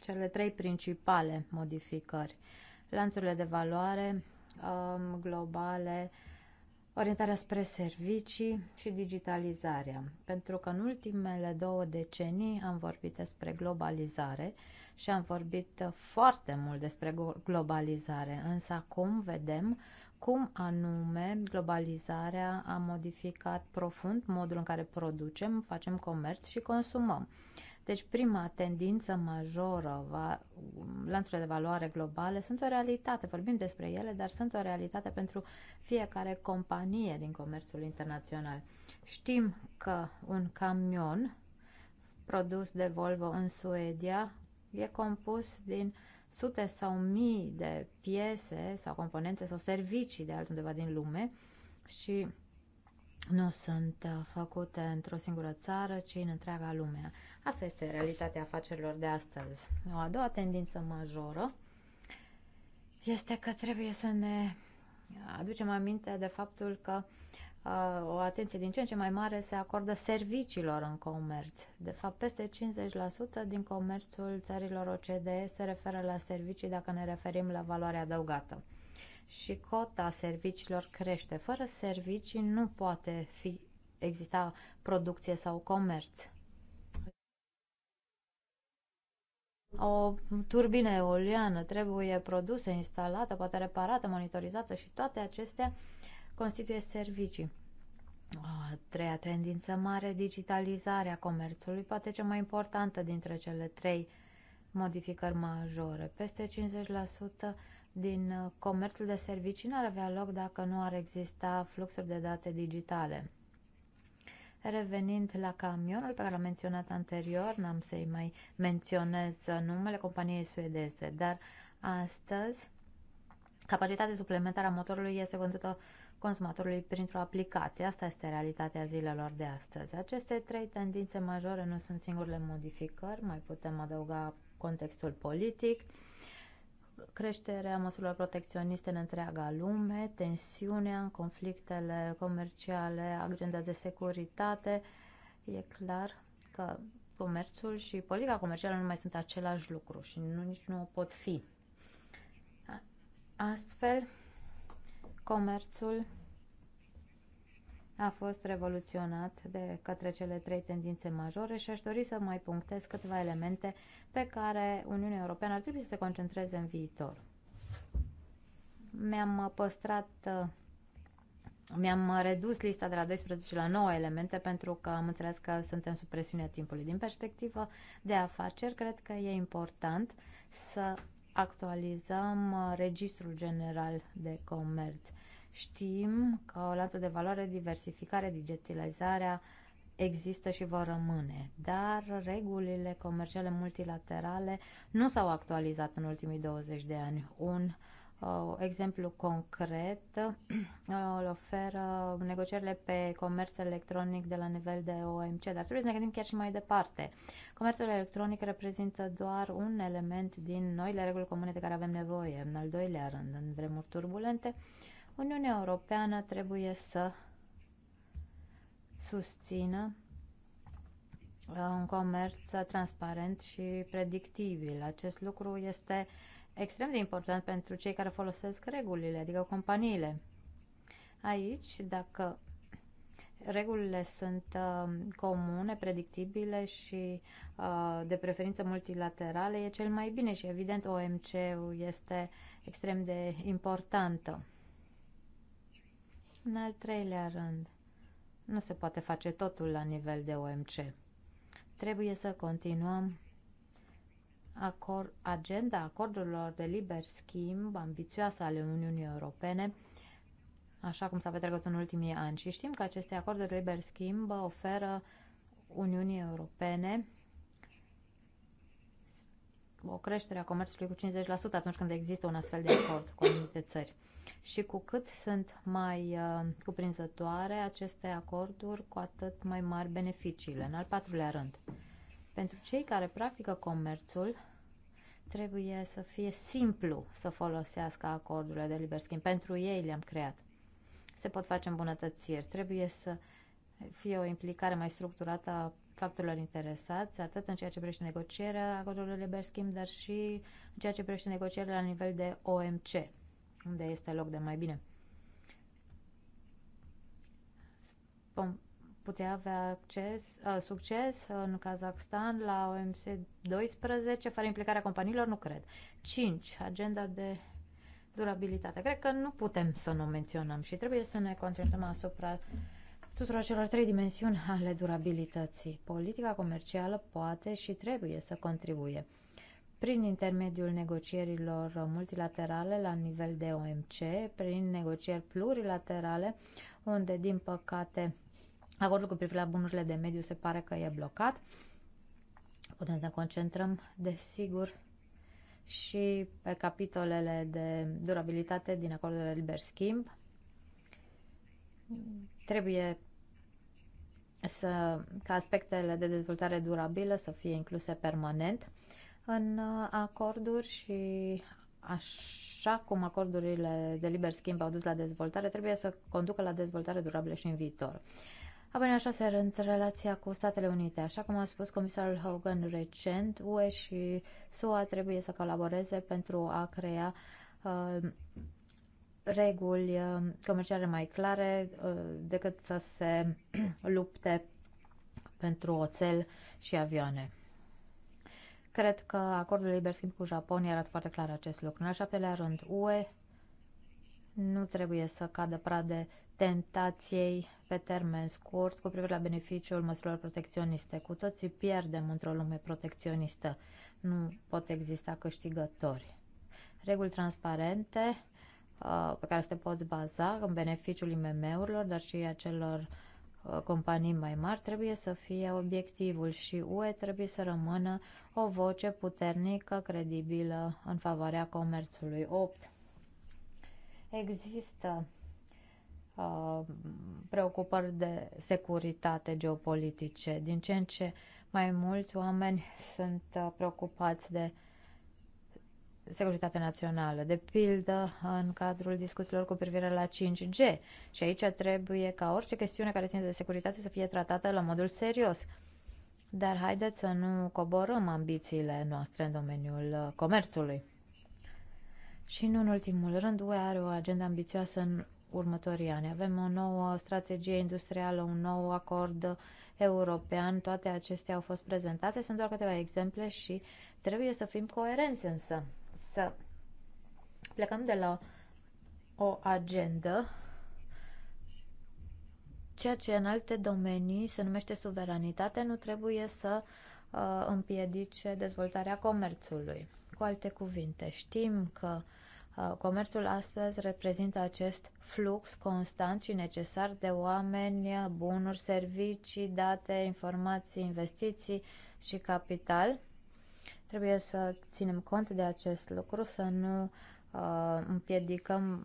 cele trei principale modificări. Lanțurile de valoare um, globale, orientarea spre servicii și digitalizarea. Pentru că în ultimele două decenii am vorbit despre globalizare și am vorbit foarte mult despre globalizare, însă acum vedem cum anume globalizarea a modificat profund modul în care producem, facem comerț și consumăm. Deci prima tendință majoră, va, lanțurile de valoare globale, sunt o realitate, vorbim despre ele, dar sunt o realitate pentru fiecare companie din comerțul internațional. Știm că un camion produs de Volvo în Suedia e compus din sute sau mii de piese sau componente sau servicii de altundeva din lume și nu sunt uh, făcute într-o singură țară, ci în întreaga lume. Asta este realitatea afacerilor de astăzi. O a doua tendință majoră este că trebuie să ne aducem aminte de faptul că uh, o atenție din ce în ce mai mare se acordă serviciilor în comerț. De fapt, peste 50% din comerțul țărilor OCDE se referă la servicii dacă ne referim la valoarea adăugată și cota serviciilor crește. Fără servicii nu poate fi, exista producție sau comerț. O turbină eoliană trebuie produsă, instalată, poate reparată, monitorizată și toate acestea constituie servicii. A treia tendință mare, digitalizarea comerțului, poate cea mai importantă dintre cele trei modificări majore. Peste 50% din uh, comerțul de servicii n-ar avea loc dacă nu ar exista fluxuri de date digitale. Revenind la camionul pe care l-am menționat anterior, n-am să-i mai menționez uh, numele companiei suedeze, dar astăzi capacitatea suplimentară a motorului este vândută consumatorului printr-o aplicație. Asta este realitatea zilelor de astăzi. Aceste trei tendințe majore nu sunt singurele modificări, mai putem adăuga contextul politic, creșterea măsurilor protecționiste în întreaga lume, tensiunea, conflictele comerciale, agenda de securitate, e clar că comerțul și politica comercială nu mai sunt același lucru și nu, nici nu pot fi. Astfel, comerțul a fost revoluționat de către cele trei tendințe majore și aș dori să mai punctez câteva elemente pe care Uniunea Europeană ar trebui să se concentreze în viitor. Mi-am păstrat, mi-am redus lista de la 12 la 9 elemente pentru că am înțeles că suntem sub presiunea timpului. Din perspectivă de afaceri, cred că e important să actualizăm registrul general de comerț Știm că lanțul de valoare, diversificare, digitalizarea există și vor rămâne, dar regulile comerciale multilaterale nu s-au actualizat în ultimii 20 de ani. Un uh, exemplu concret uh, îl uh, oferă negocierile pe comerț electronic de la nivel de OMC, dar trebuie să ne gândim chiar și mai departe. Comerțul electronic reprezintă doar un element din noile reguli comune de care avem nevoie. În al doilea rând, în vremuri turbulente, uh, Uniunea Europeană trebuie să susțină uh, un comerț transparent și predictibil. Acest lucru este extrem de important pentru cei care folosesc regulile, adică companiile. Aici, dacă regulile sunt uh, comune, predictibile și uh, de preferință multilaterale, e cel mai bine și evident OMC-ul este extrem de importantă. În al treilea rând, nu se poate face totul la nivel de OMC. Trebuie să continuăm acord, agenda acordurilor de liber schimb ambițioasă ale Uniunii Europene, așa cum s-a petrecut în ultimii ani. Și știm că aceste acorduri de liber schimb oferă Uniunii Europene o creștere a comerțului cu 50% atunci când există un astfel de acord cu anumite țări. Și cu cât sunt mai uh, cuprinzătoare aceste acorduri, cu atât mai mari beneficiile. În al patrulea rând, pentru cei care practică comerțul, trebuie să fie simplu să folosească acordurile de liber schimb. Pentru ei le-am creat. Se pot face îmbunătățiri. Trebuie să fie o implicare mai structurată a factorilor interesați, atât în ceea ce privește negocierea acordului de liber schimb, dar și în ceea ce privește negocierea la nivel de OMC, unde este loc de mai bine. Vom putea avea acces, uh, succes uh, în Kazakhstan la OMC 12 fără implicarea companiilor? Nu cred. 5. Agenda de durabilitate. Cred că nu putem să nu menționăm și trebuie să ne concentrăm asupra uh, tuturor celor trei dimensiuni ale durabilității. Politica comercială poate și trebuie să contribuie prin intermediul negocierilor multilaterale la nivel de OMC, prin negocieri plurilaterale, unde, din păcate, acordul cu privire la bunurile de mediu se pare că e blocat. Putem să ne concentrăm, desigur, și pe capitolele de durabilitate din acordul de liber schimb. Trebuie să, ca aspectele de dezvoltare durabilă să fie incluse permanent în uh, acorduri și așa cum acordurile de liber schimb au dus la dezvoltare, trebuie să conducă la dezvoltare durabilă și în viitor. Apoi, așa se rând, relația cu Statele Unite. Așa cum a spus comisarul Hogan recent, UE și SUA trebuie să colaboreze pentru a crea uh, reguli uh, comerciale mai clare uh, decât să se lupte pentru oțel și avioane. Cred că acordul liber schimb cu Japonia arată foarte clar acest lucru. În al șaptelea rând, UE nu trebuie să cadă prade tentației pe termen scurt cu privire la beneficiul măsurilor protecționiste. Cu toții pierdem într-o lume protecționistă. Nu pot exista câștigători. Reguli transparente Uh, pe care să te poți baza în beneficiul IMM-urilor, dar și a celor uh, companii mai mari, trebuie să fie obiectivul și UE trebuie să rămână o voce puternică, credibilă în favoarea comerțului. 8. Există uh, preocupări de securitate geopolitice. Din ce în ce mai mulți oameni sunt uh, preocupați de uh, securitatea națională, de pildă în cadrul discuțiilor cu privire la 5G. Și aici trebuie ca orice chestiune care ține de securitate să fie tratată la modul serios. Dar haideți să nu coborăm ambițiile noastre în domeniul comerțului. Și nu în ultimul rând, UE are o agenda ambițioasă în următorii ani. Avem o nouă strategie industrială, un nou acord european, toate acestea au fost prezentate, sunt doar câteva exemple și trebuie să fim coerenți însă să plecăm de la o agendă, ceea ce în alte domenii se numește suveranitate, nu trebuie să uh, împiedice dezvoltarea comerțului. Cu alte cuvinte, știm că uh, comerțul astăzi reprezintă acest flux constant și necesar de oameni, bunuri, servicii, date, informații, investiții și capital Trebuie să ținem cont de acest lucru, să nu uh, împiedicăm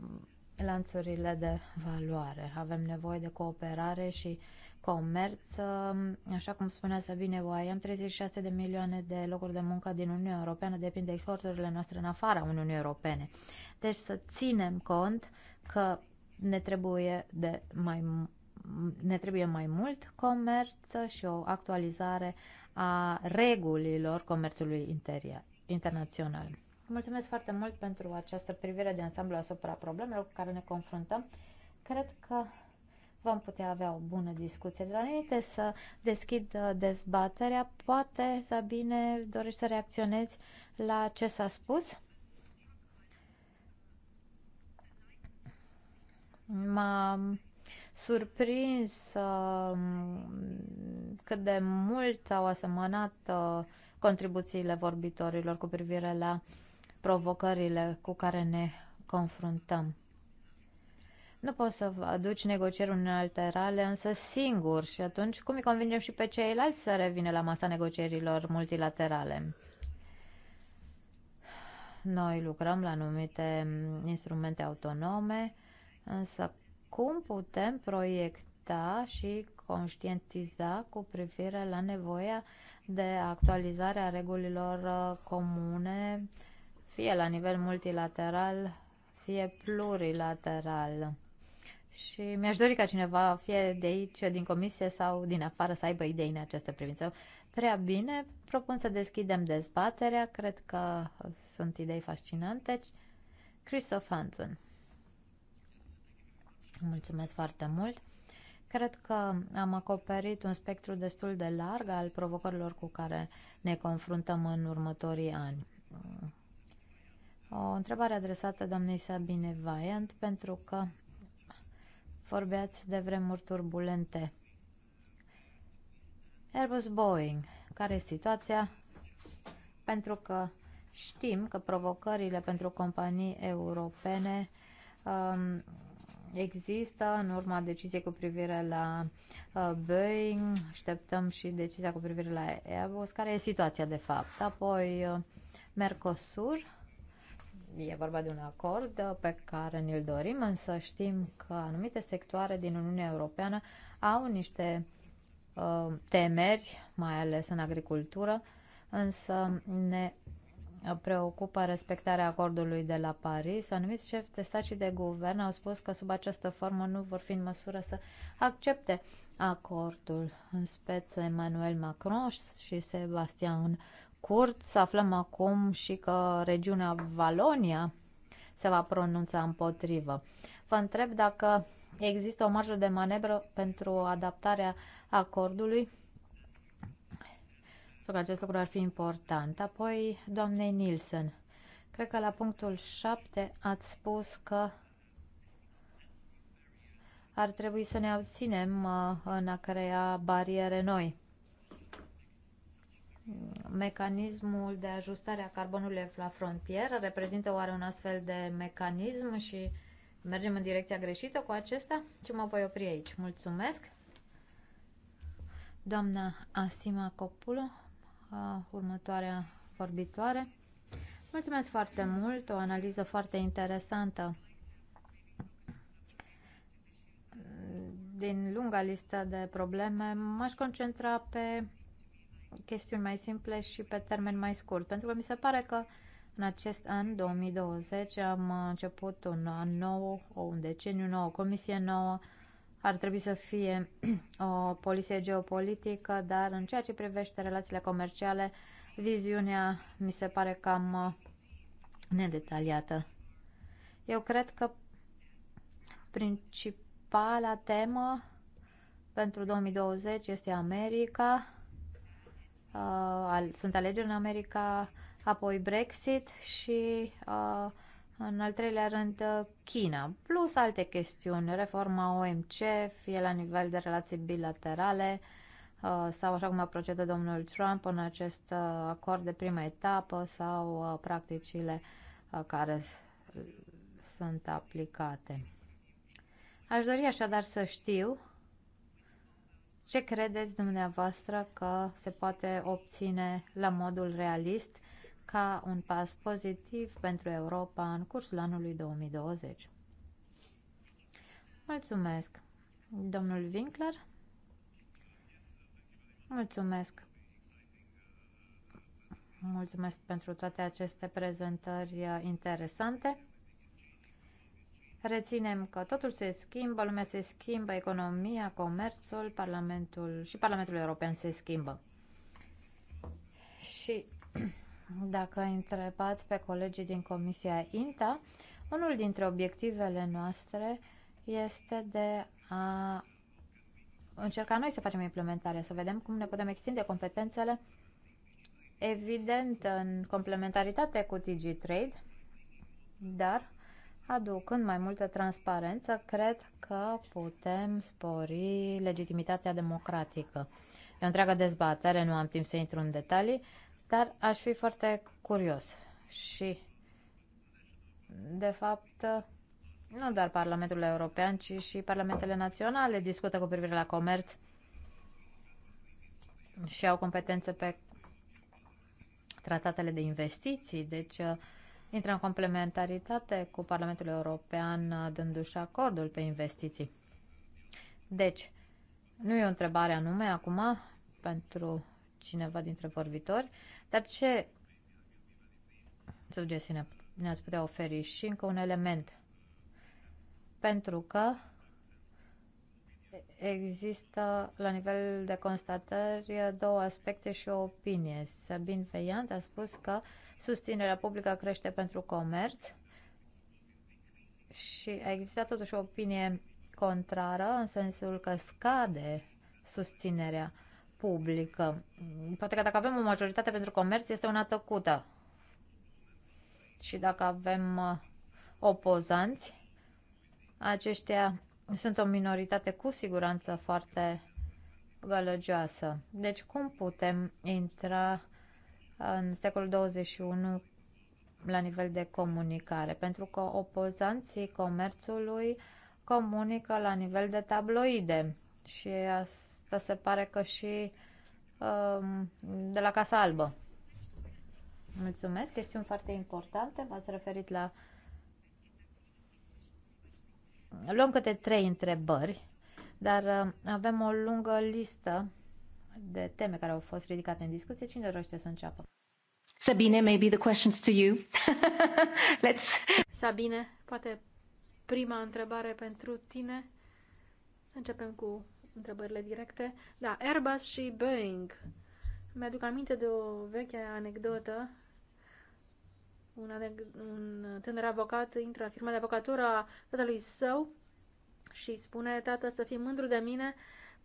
lanțurile de valoare. Avem nevoie de cooperare și comerț. Uh, așa cum spunea Sabine Oai, am 36 de milioane de locuri de muncă din Uniunea Europeană, depinde de exporturile noastre în afara Uniunii Europene. Deci să ținem cont că ne trebuie de mai ne trebuie mai mult comerț și o actualizare a regulilor comerțului interior, internațional. Mulțumesc foarte mult pentru această privire de ansamblu asupra problemelor cu care ne confruntăm. Cred că vom putea avea o bună discuție. Dar înainte să deschid uh, dezbaterea, poate, Sabine, dorești să reacționezi la ce s-a spus? m am surprins um, cât de mult au asemănat uh, contribuțiile vorbitorilor cu privire la provocările cu care ne confruntăm. Nu poți să aduci negocieri unilaterale însă singur și atunci cum îi convingem și pe ceilalți să revină la masa negocierilor multilaterale? Noi lucrăm la anumite instrumente autonome, însă cum putem proiecta și conștientiza cu privire la nevoia de actualizare a regulilor uh, comune, fie la nivel multilateral, fie plurilateral. Și mi-aș dori ca cineva, fie de aici, din comisie sau din afară, să aibă idei în această privință. Prea bine, propun să deschidem dezbaterea. Cred că sunt idei fascinante. Christoph Hansen. Mulțumesc foarte mult! Cred că am acoperit un spectru destul de larg al provocărilor cu care ne confruntăm în următorii ani. O întrebare adresată doamnei Sabine Vaiant pentru că vorbeați de vremuri turbulente. Airbus Boeing, care este situația? Pentru că știm că provocările pentru companii europene um, există în urma deciziei cu privire la uh, Boeing, așteptăm și decizia cu privire la Airbus, care e situația de fapt. Apoi uh, Mercosur, e vorba de un acord uh, pe care ne-l dorim, însă știm că anumite sectoare din Uniunea Europeană au niște uh, temeri, mai ales în agricultură, însă ne preocupă respectarea acordului de la Paris, anumiți șefi de stat și de guvern au spus că sub această formă nu vor fi în măsură să accepte acordul. În speță Emmanuel Macron și Sebastian Kurz Să aflăm acum și că regiunea Valonia se va pronunța împotrivă. Vă întreb dacă există o marjă de manevră pentru adaptarea acordului că acest lucru ar fi important. Apoi, doamnei Nielsen, cred că la punctul 7 ați spus că ar trebui să ne obținem uh, în a crea bariere noi. Mecanismul de ajustare a carbonului la frontieră reprezintă oare un astfel de mecanism și mergem în direcția greșită cu acesta? Și mă voi opri aici. Mulțumesc! Doamna Asima Copulo următoarea vorbitoare. Mulțumesc foarte mult, o analiză foarte interesantă din lunga listă de probleme. M-aș concentra pe chestiuni mai simple și pe termen mai scurt, pentru că mi se pare că în acest an 2020 am început un an nou, o un deceniu nou, o comisie nouă, ar trebui să fie o poliție geopolitică, dar în ceea ce privește relațiile comerciale, viziunea mi se pare cam uh, nedetaliată. Eu cred că principala temă pentru 2020 este America, uh, sunt alegeri în America, apoi Brexit și uh, în al treilea rând, uh, China, plus alte chestiuni, reforma OMC, fie la nivel de relații bilaterale, uh, sau așa cum a procedat domnul Trump în acest uh, acord de prima etapă sau practicile care sunt aplicate. Aș dori așadar să știu ce credeți dumneavoastră că se poate obține la modul realist ca un pas pozitiv pentru Europa în cursul anului 2020. Mulțumesc, domnul Winkler. Mulțumesc. Mulțumesc pentru toate aceste prezentări interesante. Reținem că totul se schimbă, lumea se schimbă, economia, comerțul, Parlamentul și Parlamentul European se schimbă. Și dacă întrebați pe colegii din Comisia INTA, unul dintre obiectivele noastre este de a încerca noi să facem implementarea, să vedem cum ne putem extinde competențele, evident în complementaritate cu DigiTrade, dar aducând mai multă transparență, cred că putem spori legitimitatea democratică. E o întreagă dezbatere, nu am timp să intru în detalii, dar aș fi foarte curios și, de fapt, nu doar Parlamentul European, ci și Parlamentele Naționale discută cu privire la comerț și au competențe pe tratatele de investiții, deci uh, intră în complementaritate cu Parlamentul European uh, dându-și acordul pe investiții. Deci, nu e o întrebare anume acum pentru cineva dintre vorbitori, dar ce sugestii ne, ne-ați putea oferi? Și încă un element. Pentru că există la nivel de constatări două aspecte și o opinie. Sabin Feiant a spus că susținerea publică crește pentru comerț și a existat totuși o opinie contrară în sensul că scade susținerea uh, publică. Poate că dacă avem o majoritate pentru comerț, este una tăcută. Și dacă avem uh, opozanți, aceștia sunt o minoritate cu siguranță foarte gălăgioasă. Deci cum putem intra în secolul 21 la nivel de comunicare? Pentru că opozanții comerțului comunică la nivel de tabloide și Asta se pare că și um, de la Casa Albă. Mulțumesc, chestiuni foarte importante. V-ați referit la... Luăm câte trei întrebări, dar uh, avem o lungă listă de teme care au fost ridicate în discuție. Cine dorește să înceapă? Sabine, maybe the questions to you. Let's... Sabine, poate prima întrebare pentru tine. Începem cu întrebările directe. Da, Airbus și Boeing. Mi-aduc aminte de o veche anecdotă. Un, aneg- un tânăr avocat intră în firma de avocatură a tatălui său și spune, tată, să fii mândru de mine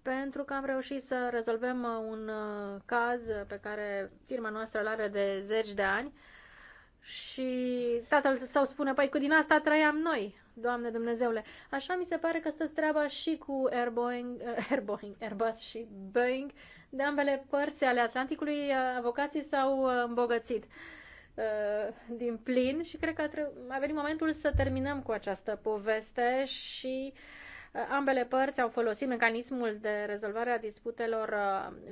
pentru că am reușit să rezolvăm uh, un uh, caz pe care firma noastră îl are de zeci de ani și tatăl său spune, păi cu din asta trăiam noi. Doamne Dumnezeule, așa mi se pare că stă treaba și cu Air Boeing, Airbus și Boeing. De ambele părți ale Atlanticului, uh, avocații s-au uh, îmbogățit uh, din plin și cred că a venit momentul să terminăm cu această poveste și ambele părți au folosit mecanismul de rezolvare a disputelor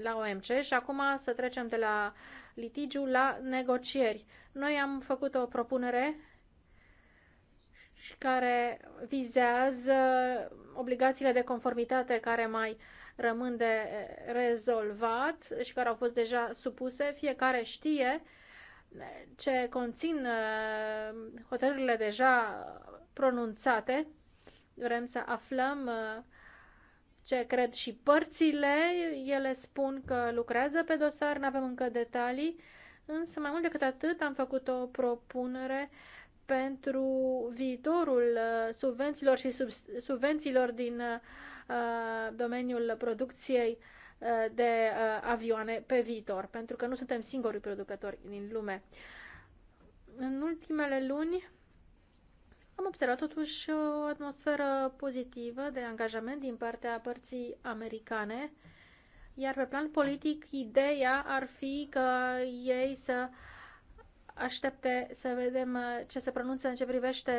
la OMC și acum să trecem de la litigiu la negocieri. Noi am făcut o propunere și care vizează obligațiile de conformitate care mai rămân de rezolvat și care au fost deja supuse. Fiecare știe ce conțin uh, hotărârile deja pronunțate. Vrem să aflăm uh, ce cred și părțile. Ele spun că lucrează pe dosar, nu avem încă detalii, însă mai mult decât atât am făcut o propunere uh, pentru viitorul uh, subvențiilor și subvențiilor din uh, domeniul producției uh, de avioane pe viitor, pentru că nu suntem singurii producători din lume. În ultimele luni am observat totuși o atmosferă pozitivă de angajament din partea părții americane, iar pe plan politic ideea ar fi că ei să uh, aștepte să vedem uh, ce se pronunță în ce privește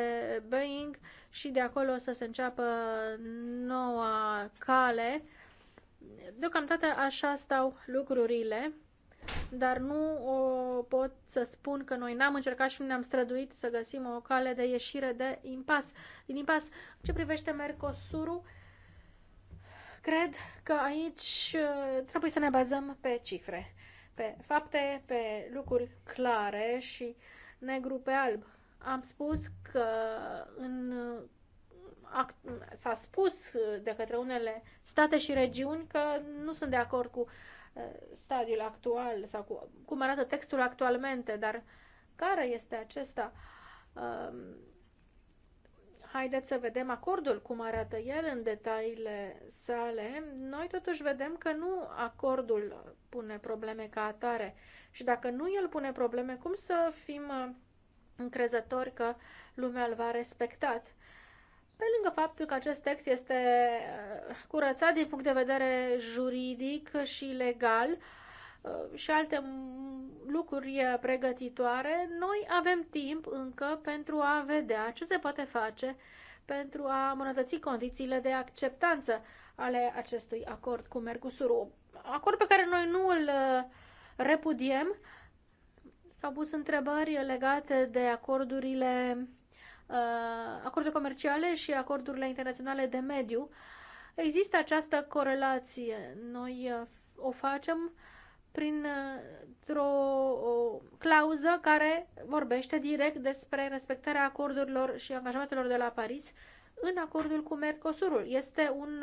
Boeing și de acolo să se înceapă noua cale. Deocamdată așa stau lucrurile, dar nu o pot să spun că noi n-am încercat și nu ne-am străduit să găsim o cale de ieșire de impas. Din impas, ce privește Mercosurul, cred că aici uh, trebuie să ne bazăm pe cifre pe fapte, pe lucruri clare și negru pe alb. Am spus că în s-a spus de către unele state și regiuni că nu sunt de acord cu uh, stadiul actual sau cu cum arată textul actualmente, dar care este acesta? Um, Haideți să vedem acordul, cum arată el în detaliile sale. Noi totuși vedem că nu acordul pune probleme ca atare și dacă nu el pune probleme, cum să fim uh, încrezători că lumea îl va respectat? Pe lângă faptul că acest text este uh, curățat din punct de vedere juridic și legal, uh, Uh, și alte lucruri pregătitoare, noi avem timp încă pentru a vedea ce se poate face pentru a îmbunătăți condițiile de acceptanță ale acestui acord cu Mercosur. Acord pe care noi nu îl uh, repudiem. S-au pus întrebări legate de acordurile uh, acorduri comerciale și acordurile internaționale de mediu. Există această corelație. Noi o facem uh, printr-o clauză care vorbește direct despre respectarea acordurilor și angajamentelor de la Paris în acordul cu Mercosurul. Este un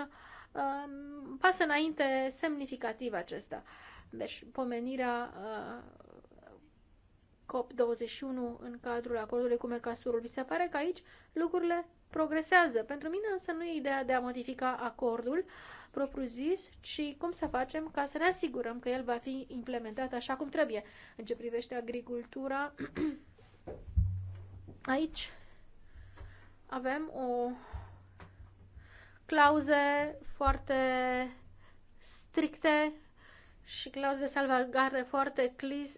um, pas înainte semnificativ acesta. Deci, pomenirea uh, COP21 în cadrul acordului cu Mercosurul. Vi se pare că aici lucrurile progresează. Pentru mine însă nu e ideea de a modifica acordul propriu-zis, ci cum să facem ca să ne asigurăm că el va fi implementat așa cum trebuie. În ce privește agricultura, aici avem o clauze foarte stricte și clauze de salvagare foarte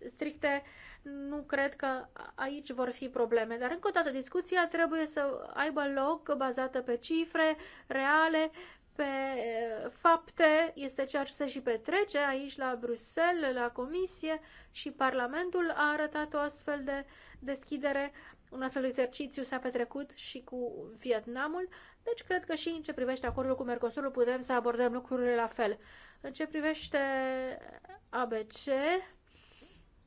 stricte nu cred că aici vor fi probleme. Dar, încă o dată, discuția trebuie să aibă loc bazată pe cifre reale, pe eh, fapte, este ceea ce se și petrece aici la Bruxelles, la Comisie și Parlamentul a arătat o astfel de deschidere. Un astfel de exercițiu s-a petrecut și cu Vietnamul, deci cred că și în ce privește acordul cu Mercosurul putem să abordăm lucrurile la fel. În ce privește ABC,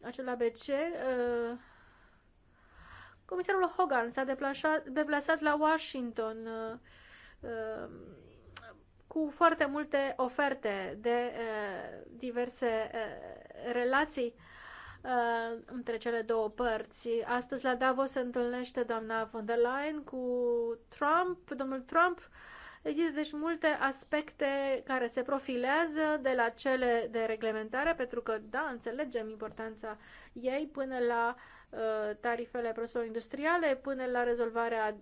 acel ABC, uh, comisarul Hogan s-a deplasat la Washington uh, um, cu foarte multe oferte de uh, diverse relații între cele două părți. Astăzi la Davos se întâlnește doamna von der Leyen cu Trump, domnul Trump Există deci multe aspecte care se profilează de la cele de reglementare, pentru că, da, înțelegem importanța ei până la uh, tarifele produselor industriale, până la rezolvarea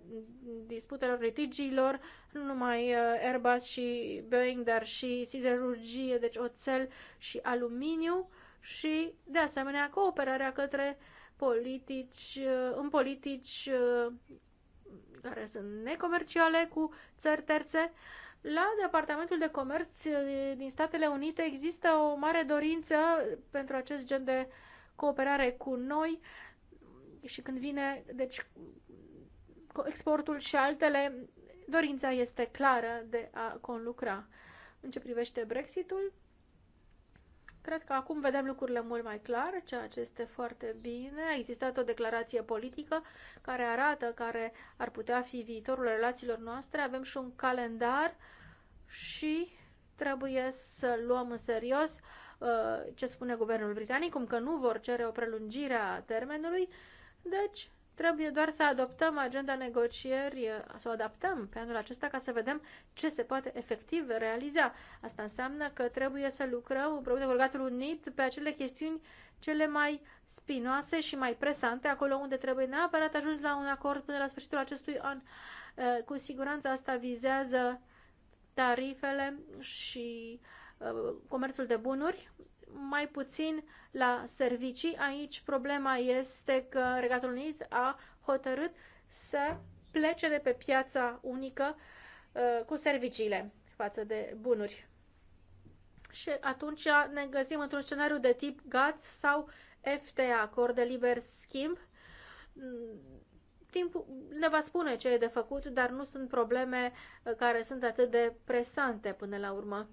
disputelor, litigiilor, nu numai uh, Airbus și Boeing, dar și siderurgie, deci oțel și aluminiu și, de asemenea, cooperarea către politici, uh, în politici care sunt necomerciale cu țări terțe. La Departamentul de Comerț din Statele Unite există o mare dorință pentru acest gen de cooperare cu noi și când vine deci, exportul și altele, dorința este clară de a conlucra. În ce privește Brexitul, Cred că acum vedem lucrurile mult mai clar, ceea ce este foarte bine. A existat o declarație politică care arată care ar putea fi viitorul relațiilor noastre. Avem și un calendar și trebuie să luăm în serios uh, ce spune guvernul britanic, cum că nu vor cere o prelungire a termenului. Deci, Trebuie doar să adoptăm agenda negocieri, să o adaptăm pe anul acesta ca să vedem ce se poate efectiv realiza. Asta înseamnă că trebuie să lucrăm împreună cu Regatul Unit pe acele chestiuni cele mai spinoase și mai presante, acolo unde trebuie neapărat ajuns la un acord până la sfârșitul acestui an. Cu siguranță asta vizează tarifele și comerțul de bunuri mai puțin la servicii. Aici problema este că Regatul Unit a hotărât să plece de pe piața unică uh, cu serviciile față de bunuri. Și atunci ne găsim într-un scenariu de tip GATS sau FTA, acord de liber schimb. Mm, timpul ne va spune ce e de făcut, dar nu sunt probleme uh, care sunt atât de presante până la urmă.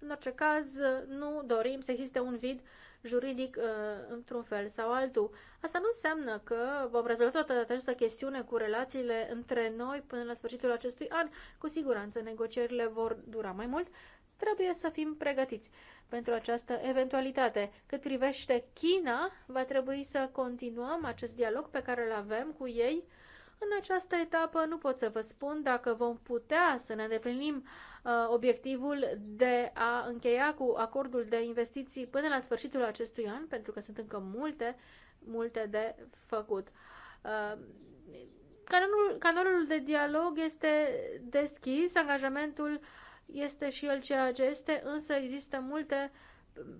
În orice caz, nu dorim să existe un vid juridic uh, într-un fel sau altul. Asta nu înseamnă că vom rezolva toată această chestiune cu relațiile între noi până la sfârșitul acestui an. Cu siguranță negocierile vor dura mai mult. Trebuie să fim pregătiți pentru această eventualitate. Cât privește China, va trebui să continuăm acest dialog pe care îl avem cu ei. În această etapă nu pot să vă spun dacă vom putea să ne îndeplinim Uh, obiectivul de a încheia cu acordul de investiții până la sfârșitul acestui an, pentru că sunt încă multe, multe de făcut. Uh, canalul, canalul de dialog este deschis, angajamentul este și el ceea ce este, însă există multe uh,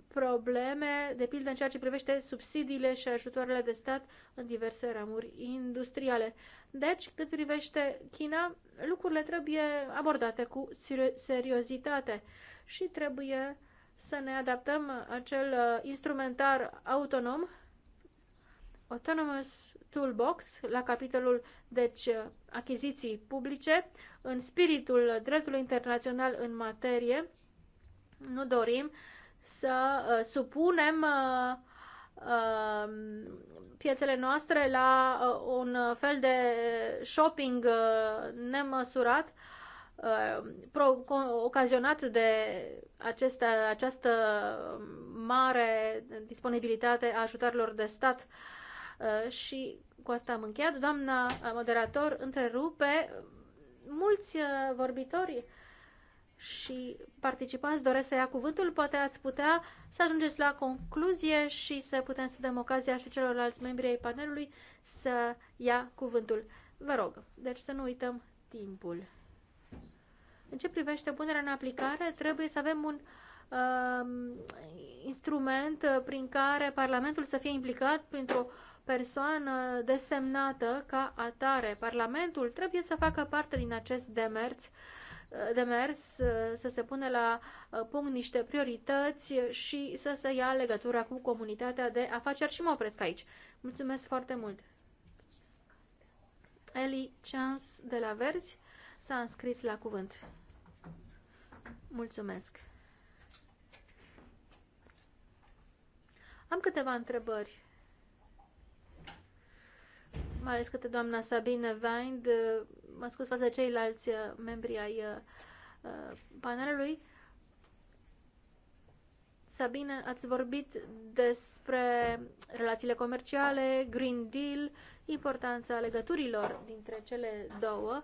probleme, de pildă în ceea ce privește subsidiile și ajutoarele de stat în diverse ramuri industriale. Deci, cât privește China, lucrurile trebuie abordate cu seriozitate și trebuie să ne adaptăm acel uh, instrumentar autonom, Autonomous Toolbox, la capitolul deci uh, achiziții publice, în spiritul dreptului internațional în materie. Nu dorim uh, să uh, supunem uh, uh, piețele noastre la un fel de shopping nemăsurat ocazionat de aceste, această mare disponibilitate a ajutorilor de stat și cu asta am încheiat. Doamna moderator întrerupe mulți vorbitori și participanți doresc să ia cuvântul, poate ați putea să ajungeți la concluzie și să putem să dăm ocazia și celorlalți membri ai panelului să ia cuvântul. Vă rog, deci să nu uităm timpul. În ce privește punerea în aplicare, trebuie să avem un uh, instrument prin care Parlamentul să fie implicat printr-o persoană desemnată ca atare. Parlamentul trebuie să facă parte din acest demers uh, de mers uh, să se pună la uh, punct niște priorități și să se ia legătura cu comunitatea de afaceri și mă opresc aici. Mulțumesc foarte mult! Eli Chance de la Verzi s-a înscris la cuvânt. Mulțumesc! Am câteva întrebări mai ales câte doamna Sabine Vind uh, mă scuz față de ceilalți uh, membri ai uh, uh, panelului. Sabine, ați vorbit despre relațiile comerciale, Green Deal, importanța legăturilor dintre cele două.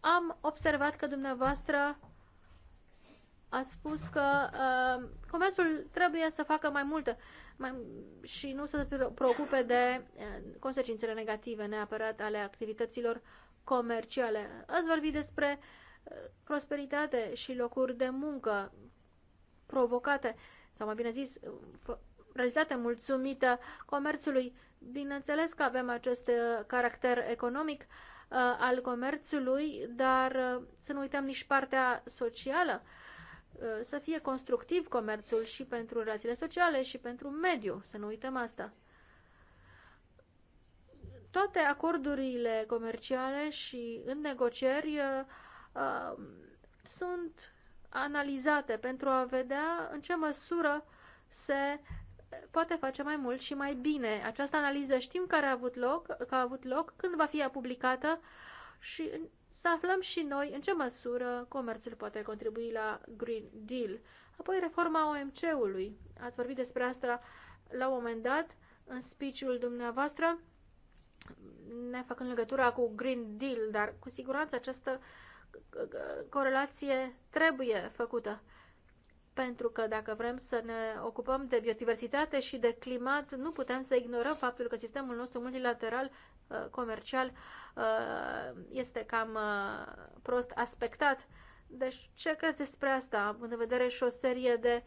Am observat că dumneavoastră a spus că uh, comerțul trebuie să facă mai multă mai, și nu să se preocupe de uh, consecințele negative neapărat ale activităților comerciale. Ați vorbit despre uh, prosperitate și locuri de muncă provocate, sau mai bine zis, realizate mulțumită comerțului. Bineînțeles că avem acest uh, caracter economic uh, al comerțului, dar să nu uităm nici partea socială să fie constructiv comerțul și pentru relațiile sociale și pentru mediu, să nu uităm asta. Toate acordurile comerciale și în negocieri uh, um, sunt analizate pentru a vedea în ce măsură se poate face mai mult și mai bine. Această analiză știm care a avut loc, că a avut loc, când va fi ea publicată și să aflăm și noi în ce măsură comerțul poate contribui la Green Deal. Apoi reforma OMC-ului. Ați vorbit despre asta la un moment dat în speech-ul dumneavoastră ne făcând legătura cu Green Deal, dar cu siguranță această corelație trebuie făcută. Pentru că dacă vrem să ne ocupăm de biodiversitate și de climat, nu putem să ignorăm faptul că sistemul nostru multilateral uh, comercial uh, este cam uh, prost aspectat. Deci, ce crezi despre asta, în vedere și o serie de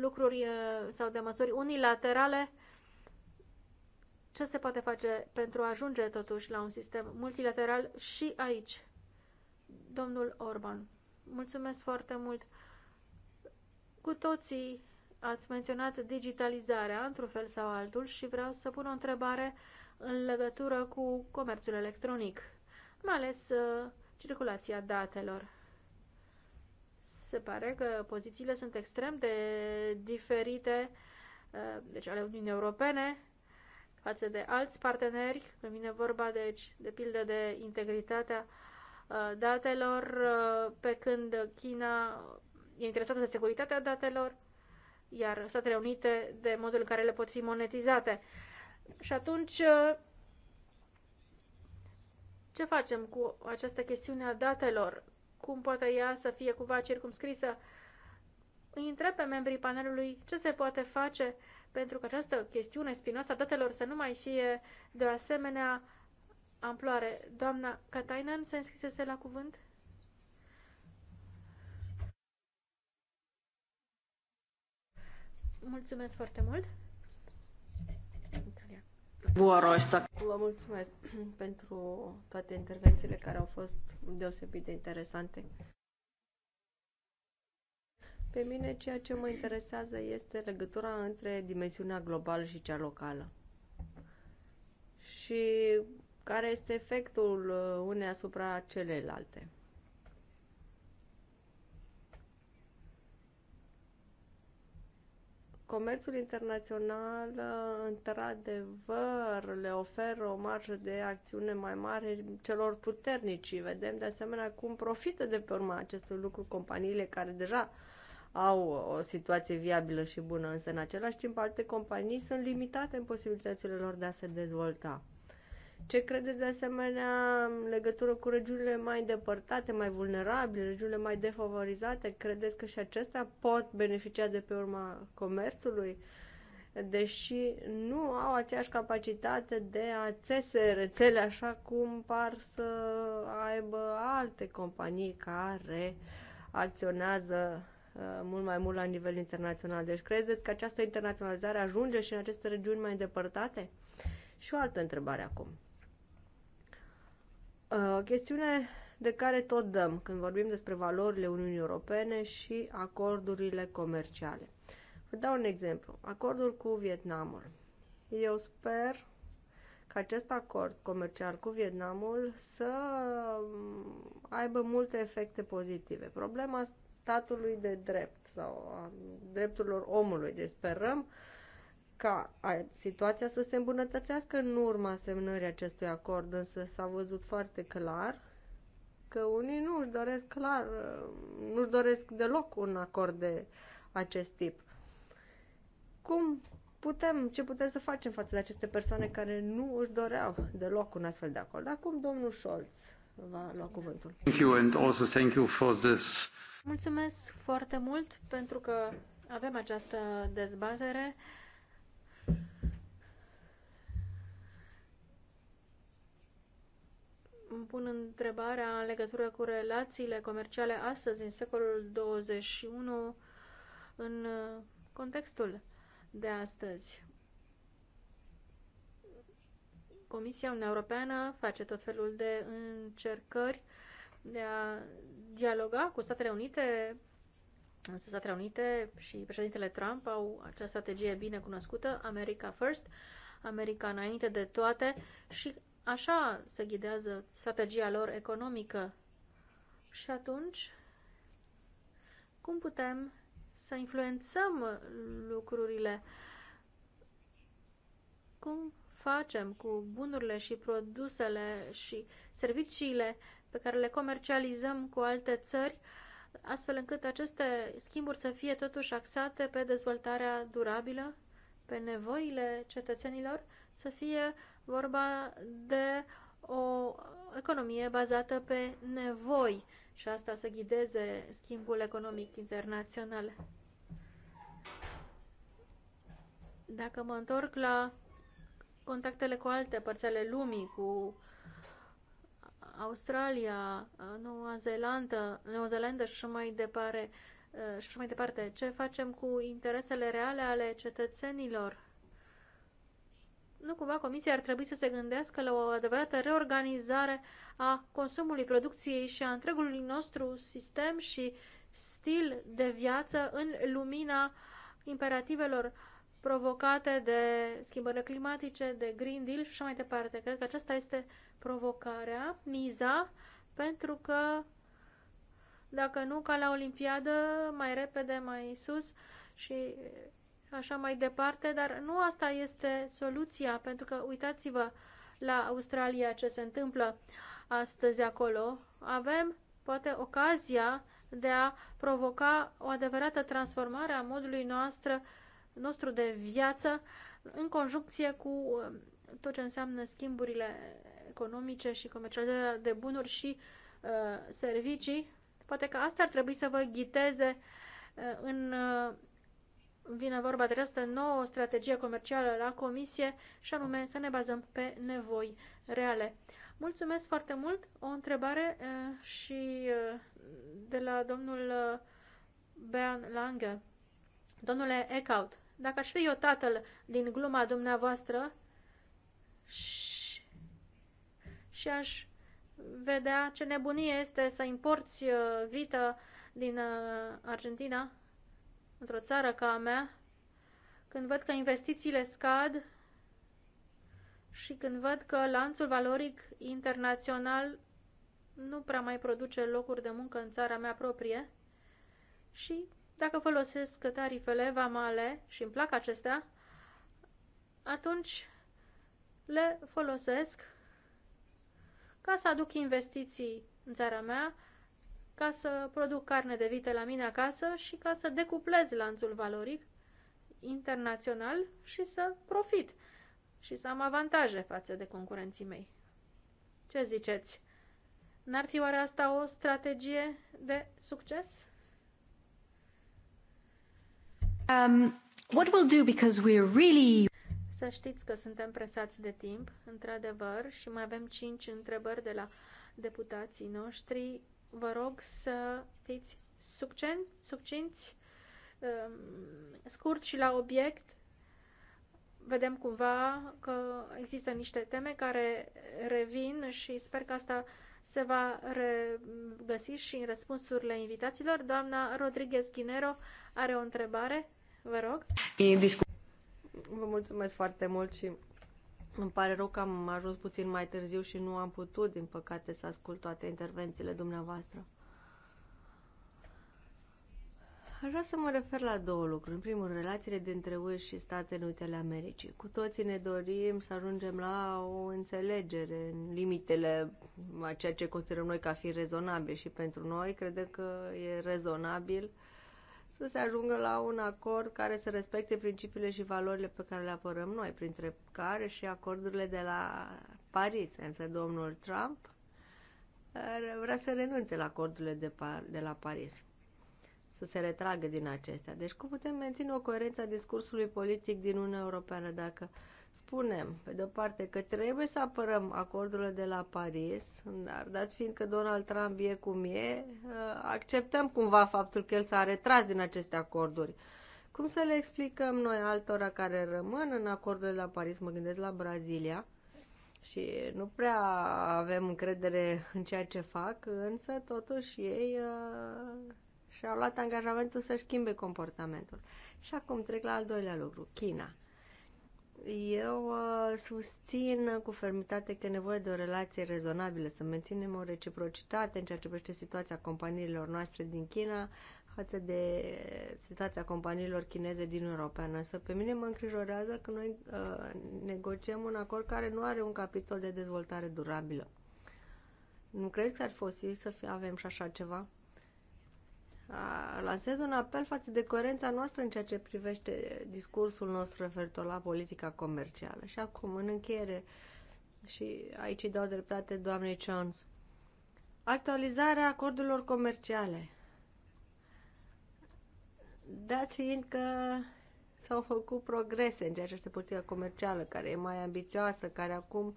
lucruri sau de măsuri unilaterale ce se poate face pentru a ajunge totuși la un sistem multilateral și aici? Domnul Orban, mulțumesc foarte mult. Cu toții ați menționat digitalizarea într-un fel sau altul și vreau să pun o întrebare în legătură cu comerțul electronic, mai ales uh, circulația datelor. Se pare că pozițiile sunt extrem de diferite, uh, deci ale Uniunii Europene, față de alți parteneri, când vine vorba deci, de pildă de integritatea uh, datelor, uh, pe când China e interesată de securitatea datelor, iar Statele Unite de modul în care le pot fi monetizate. Și atunci, uh, ce facem cu această chestiune a datelor? Cum poate ea să fie cumva circumscrisă? Îi întreb pe membrii panelului ce se poate face pentru că această chestiune spinoasă a datelor să nu mai fie de asemenea amploare. Doamna Katainen se înscrisese la cuvânt? Mulțumesc foarte mult! Vă mulțumesc pentru toate intervențiile care au fost deosebit de interesante. Pe mine ceea ce mă interesează este legătura între dimensiunea globală și cea locală. Și care este efectul uh, unei asupra celelalte. Comerțul internațional, uh, într-adevăr, le oferă o marjă de acțiune mai mare celor puternici. Vedem, de asemenea, cum profită de pe urma acestui lucru companiile care deja uh, au o situație viabilă și bună, însă în același timp alte companii sunt limitate în posibilitățile lor de a se dezvolta. Ce credeți de asemenea în legătură cu regiunile mai îndepărtate, mai vulnerabile, regiunile mai defavorizate? Credeți că și acestea pot beneficia de pe urma comerțului? Deși nu au aceeași capacitate de a țese rețele așa cum par să aibă alte companii care acționează Uh, mult mai mult la nivel internațional. Deci credeți că această internaționalizare ajunge și în aceste regiuni mai îndepărtate? Și o altă întrebare acum. Uh, o chestiune de care tot dăm când vorbim despre valorile Uniunii Europene și acordurile comerciale. Vă dau un exemplu. Acordul cu Vietnamul. Eu sper ca acest acord comercial cu Vietnamul să um, aibă multe efecte pozitive. Problema statului de drept sau a drepturilor omului. Deci sperăm ca situația să se îmbunătățească în urma semnării acestui acord, însă s-a văzut foarte clar că unii nu își doresc clar, nu își doresc deloc un acord de acest tip. Cum putem, ce putem să facem față de aceste persoane care nu își doreau deloc un astfel de acord? Acum domnul Scholz va lua cuvântul. Thank you and also thank you for this Mulțumesc foarte mult pentru că avem această dezbatere. Îmi pun întrebarea în legătură cu relațiile comerciale astăzi, în secolul 21, în contextul de astăzi. Comisia Uniunea Europeană face tot felul de încercări de a dialoga cu Statele Unite, însă Statele Unite și președintele Trump au această strategie bine cunoscută, America First, America înainte de toate și așa se ghidează strategia lor economică. Și atunci, cum putem să influențăm lucrurile? Cum facem cu bunurile și produsele și serviciile pe care le comercializăm cu alte țări, astfel încât aceste schimburi să fie totuși axate pe dezvoltarea durabilă, pe nevoile cetățenilor, să fie vorba de o economie bazată pe nevoi și asta să ghideze schimbul economic internațional. Dacă mă întorc la contactele cu alte părți ale lumii, cu Australia, uh, Noua Zeelandă, Noua Zeelandă și mai departe, uh, și așa mai departe. Ce facem cu interesele reale ale cetățenilor? Nu cumva Comisia ar trebui să se gândească la o adevărată reorganizare a consumului, producției și a întregului nostru sistem și stil de viață în lumina imperativelor uh, provocate de schimbările climatice, de Green Deal și așa mai departe. Cred că aceasta este provocarea, miza, pentru că dacă nu, ca la Olimpiadă, mai repede, mai sus și așa mai departe, dar nu asta este soluția, pentru că uitați-vă la Australia ce se întâmplă astăzi acolo. Avem poate ocazia de a provoca o adevărată transformare a modului noastră nostru de viață în conjuncție cu uh, tot ce înseamnă schimburile economice și comercializarea de bunuri și uh, servicii. Poate că asta ar trebui să vă ghiteze uh, în uh, vine vorba de această nouă strategie comercială la comisie și anume să ne bazăm pe nevoi reale. Mulțumesc foarte mult. O întrebare uh, și uh, de la domnul Bean Lange. Domnule Eckhout, dacă aș fi eu tatăl din gluma dumneavoastră și, și aș vedea ce nebunie este să importi uh, vită din uh, Argentina, într-o țară ca a mea, când văd că investițiile scad și când văd că lanțul valoric internațional nu prea mai produce locuri de muncă în țara mea proprie și dacă folosesc tarifele vamale și îmi plac acestea, atunci le folosesc ca să aduc investiții în țara mea, ca să produc carne de vite la mine acasă și ca să decuplez lanțul valoric internațional și să profit și să am avantaje față de concurenții mei. Ce ziceți? N-ar fi oare asta o strategie de succes? Um, what we'll do because we're really... Să știți că suntem presați de timp, într-adevăr, și mai avem 5 întrebări de la deputații noștri. Vă rog să fiți succinți, succinți, um, scurt și la obiect. Vedem cumva că există niște teme care revin și sper că asta se va regăsi și în răspunsurile invitaților. Doamna Rodriguez Ghinero are o întrebare, vă rog. Vă mulțumesc foarte mult și îmi pare rău că am ajuns puțin mai târziu și nu am putut, din păcate, să ascult toate intervențiile dumneavoastră. Aș vrea să mă refer la două lucruri. În primul rând, relațiile dintre UE și Statele Unite ale Americii. Cu toții ne dorim să ajungem la o înțelegere în limitele a ceea ce considerăm noi ca fi rezonabil și pentru noi credem că e rezonabil să se ajungă la un acord care să respecte principiile și valorile pe care le apărăm noi, printre care și acordurile de la Paris. Însă domnul Trump eh, vrea să renunțe la acordurile de la Paris să se retragă din acestea. Deci cum putem menține o coerență a discursului politic din Uniunea Europeană dacă spunem, pe de-o parte, că trebuie să apărăm acordurile de la Paris, dar dat fiind că Donald Trump e cum e, ă, acceptăm cumva faptul că el s-a retras din aceste acorduri. Cum să le explicăm noi altora care rămân în acordurile la Paris, mă gândesc la Brazilia, și nu prea avem încredere în ceea ce fac, însă totuși ei uh, și au luat angajamentul să-și schimbe comportamentul. Și acum trec la al doilea lucru, China. Eu uh, susțin cu fermitate că e nevoie de o relație rezonabilă, să menținem o reciprocitate în ceea ce privește situația companiilor noastre din China față de situația companiilor chineze din Europeană. Însă pe mine mă îngrijorează că noi uh, negociem un acord care nu are un capitol de dezvoltare durabilă. Nu cred că ar fi posibil să fie, avem și așa ceva? lansez un apel față de coerența noastră în ceea ce privește discursul nostru referitor la politica comercială. Și acum, în încheiere, și aici îi dau dreptate doamnei Jones, actualizarea acordurilor comerciale. Dat fiind că s-au făcut progrese în ceea ce este politica comercială, care e mai ambițioasă, care acum uh,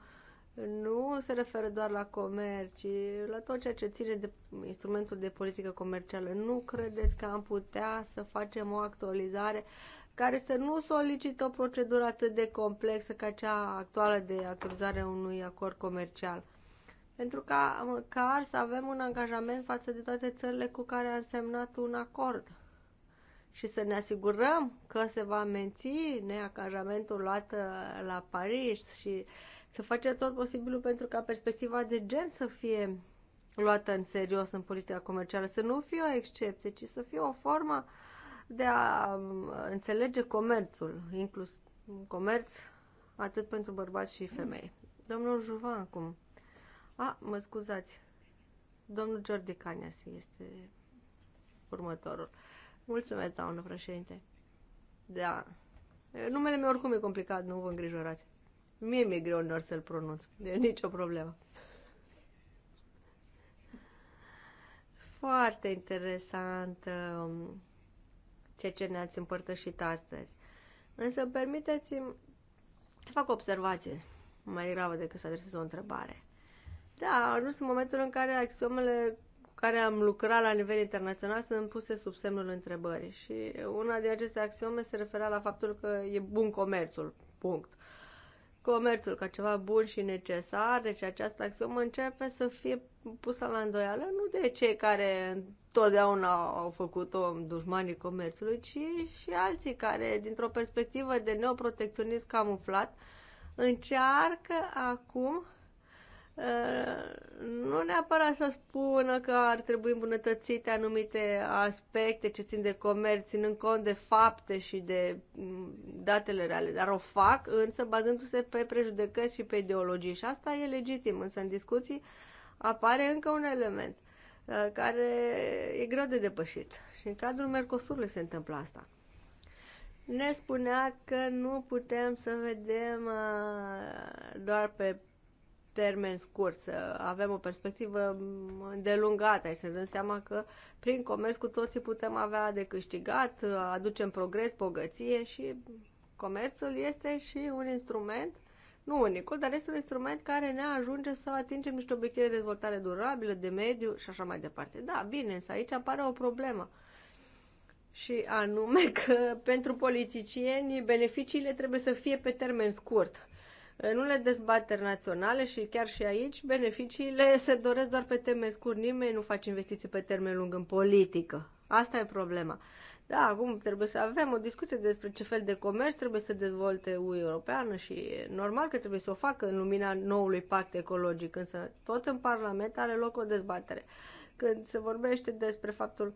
nu se referă doar la comerț, ci la tot ceea ce ține de instrumentul de politică comercială. Nu credeți că am putea să facem o actualizare care să nu solicită o procedură atât de complexă ca cea actuală de actualizare a unui acord comercial? Pentru ca măcar să avem un angajament față de toate țările cu care am semnat un acord și să ne asigurăm că se va menține angajamentul luat la Paris și uh, să face tot posibilul pentru ca perspectiva de gen să fie luată în serios în politica comercială, să nu fie o excepție, ci să fie o formă de a um, înțelege comerțul, inclus comerț atât pentru bărbați și femei. Domnul Juvan acum. A, mă scuzați. Domnul Jordi Canias este următorul. Mulțumesc, doamnă președinte. Da. Numele meu oricum e complicat, nu vă îngrijorați. Mie mi-e greu uneori să-l pronunț. E nicio problemă. Foarte interesant um, ceea ce ne-ați împărtășit astăzi. Însă permiteți-mi să fac o observație mai gravă decât să adresez o întrebare. Da, nu sunt momentul în care axiomele cu care am lucrat la nivel internațional sunt puse sub semnul întrebării și una din aceste axiome se referea la faptul că e bun comerțul, punct. Uh, comerțul ca ceva bun și necesar, deci această axiomă începe să fie pusă la îndoială nu de cei care întotdeauna au făcut-o dușmanii comerțului, ci și alții care, dintr-o perspectivă de neoprotecționist camuflat, încearcă acum Uh, nu neapărat să spună că ar trebui îmbunătățite anumite aspecte ce țin de comerț, ținând cont de fapte și de mm, datele reale, dar o fac însă bazându-se pe prejudecăți și pe ideologii și asta e legitim, însă în discuții apare încă un element uh, care e greu de depășit și în cadrul Mercosurului se întâmplă asta. Ne spunea că nu putem să vedem uh, doar pe termen scurt, să avem o perspectivă îndelungată și să dăm seama că prin comerț cu toții putem avea de câștigat, aducem progres, bogăție și comerțul este și un instrument, nu unicul, dar este un instrument care ne ajunge să atingem niște obiective de dezvoltare durabilă, de mediu și așa mai departe. Da, bine, însă aici apare o problemă. Și anume că pentru politicieni beneficiile trebuie să fie pe termen scurt în unele dezbateri naționale și chiar și aici, beneficiile se doresc doar pe termen scurt. Nimeni nu face investiții pe termen lung în politică. Asta e problema. Da, acum trebuie să avem o discuție despre ce fel de comerț trebuie să dezvolte UE Europeană și normal că trebuie să o facă în lumina noului pact ecologic, însă tot în Parlament are loc o dezbatere. Când se vorbește despre faptul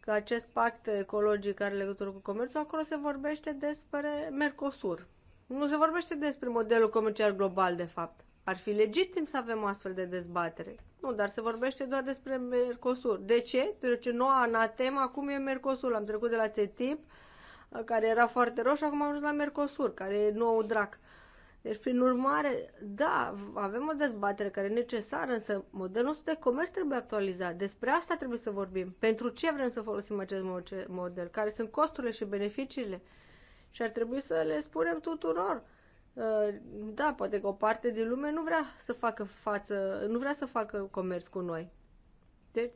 că acest pact ecologic are legătură cu comerțul, acolo se vorbește despre Mercosur. Nu se vorbește despre modelul comercial global, de fapt. Ar fi legitim să avem astfel de dezbatere. Nu, dar se vorbește doar despre Mercosur. De ce? Pentru că noua anatema acum e Mercosur. Am trecut de la TTIP, care era foarte roșu, acum am ajuns la Mercosur, care e nou drac. Deci, prin urmare, da, avem o dezbatere care e necesară, însă modelul nostru de comerț trebuie actualizat. Despre asta trebuie să vorbim. Pentru ce vrem să folosim acest model? Care sunt costurile și beneficiile? Și ar trebui să le spunem tuturor. Uh, da, poate că o parte din lume nu vrea să facă față, nu vrea să facă comerț cu noi. Deci,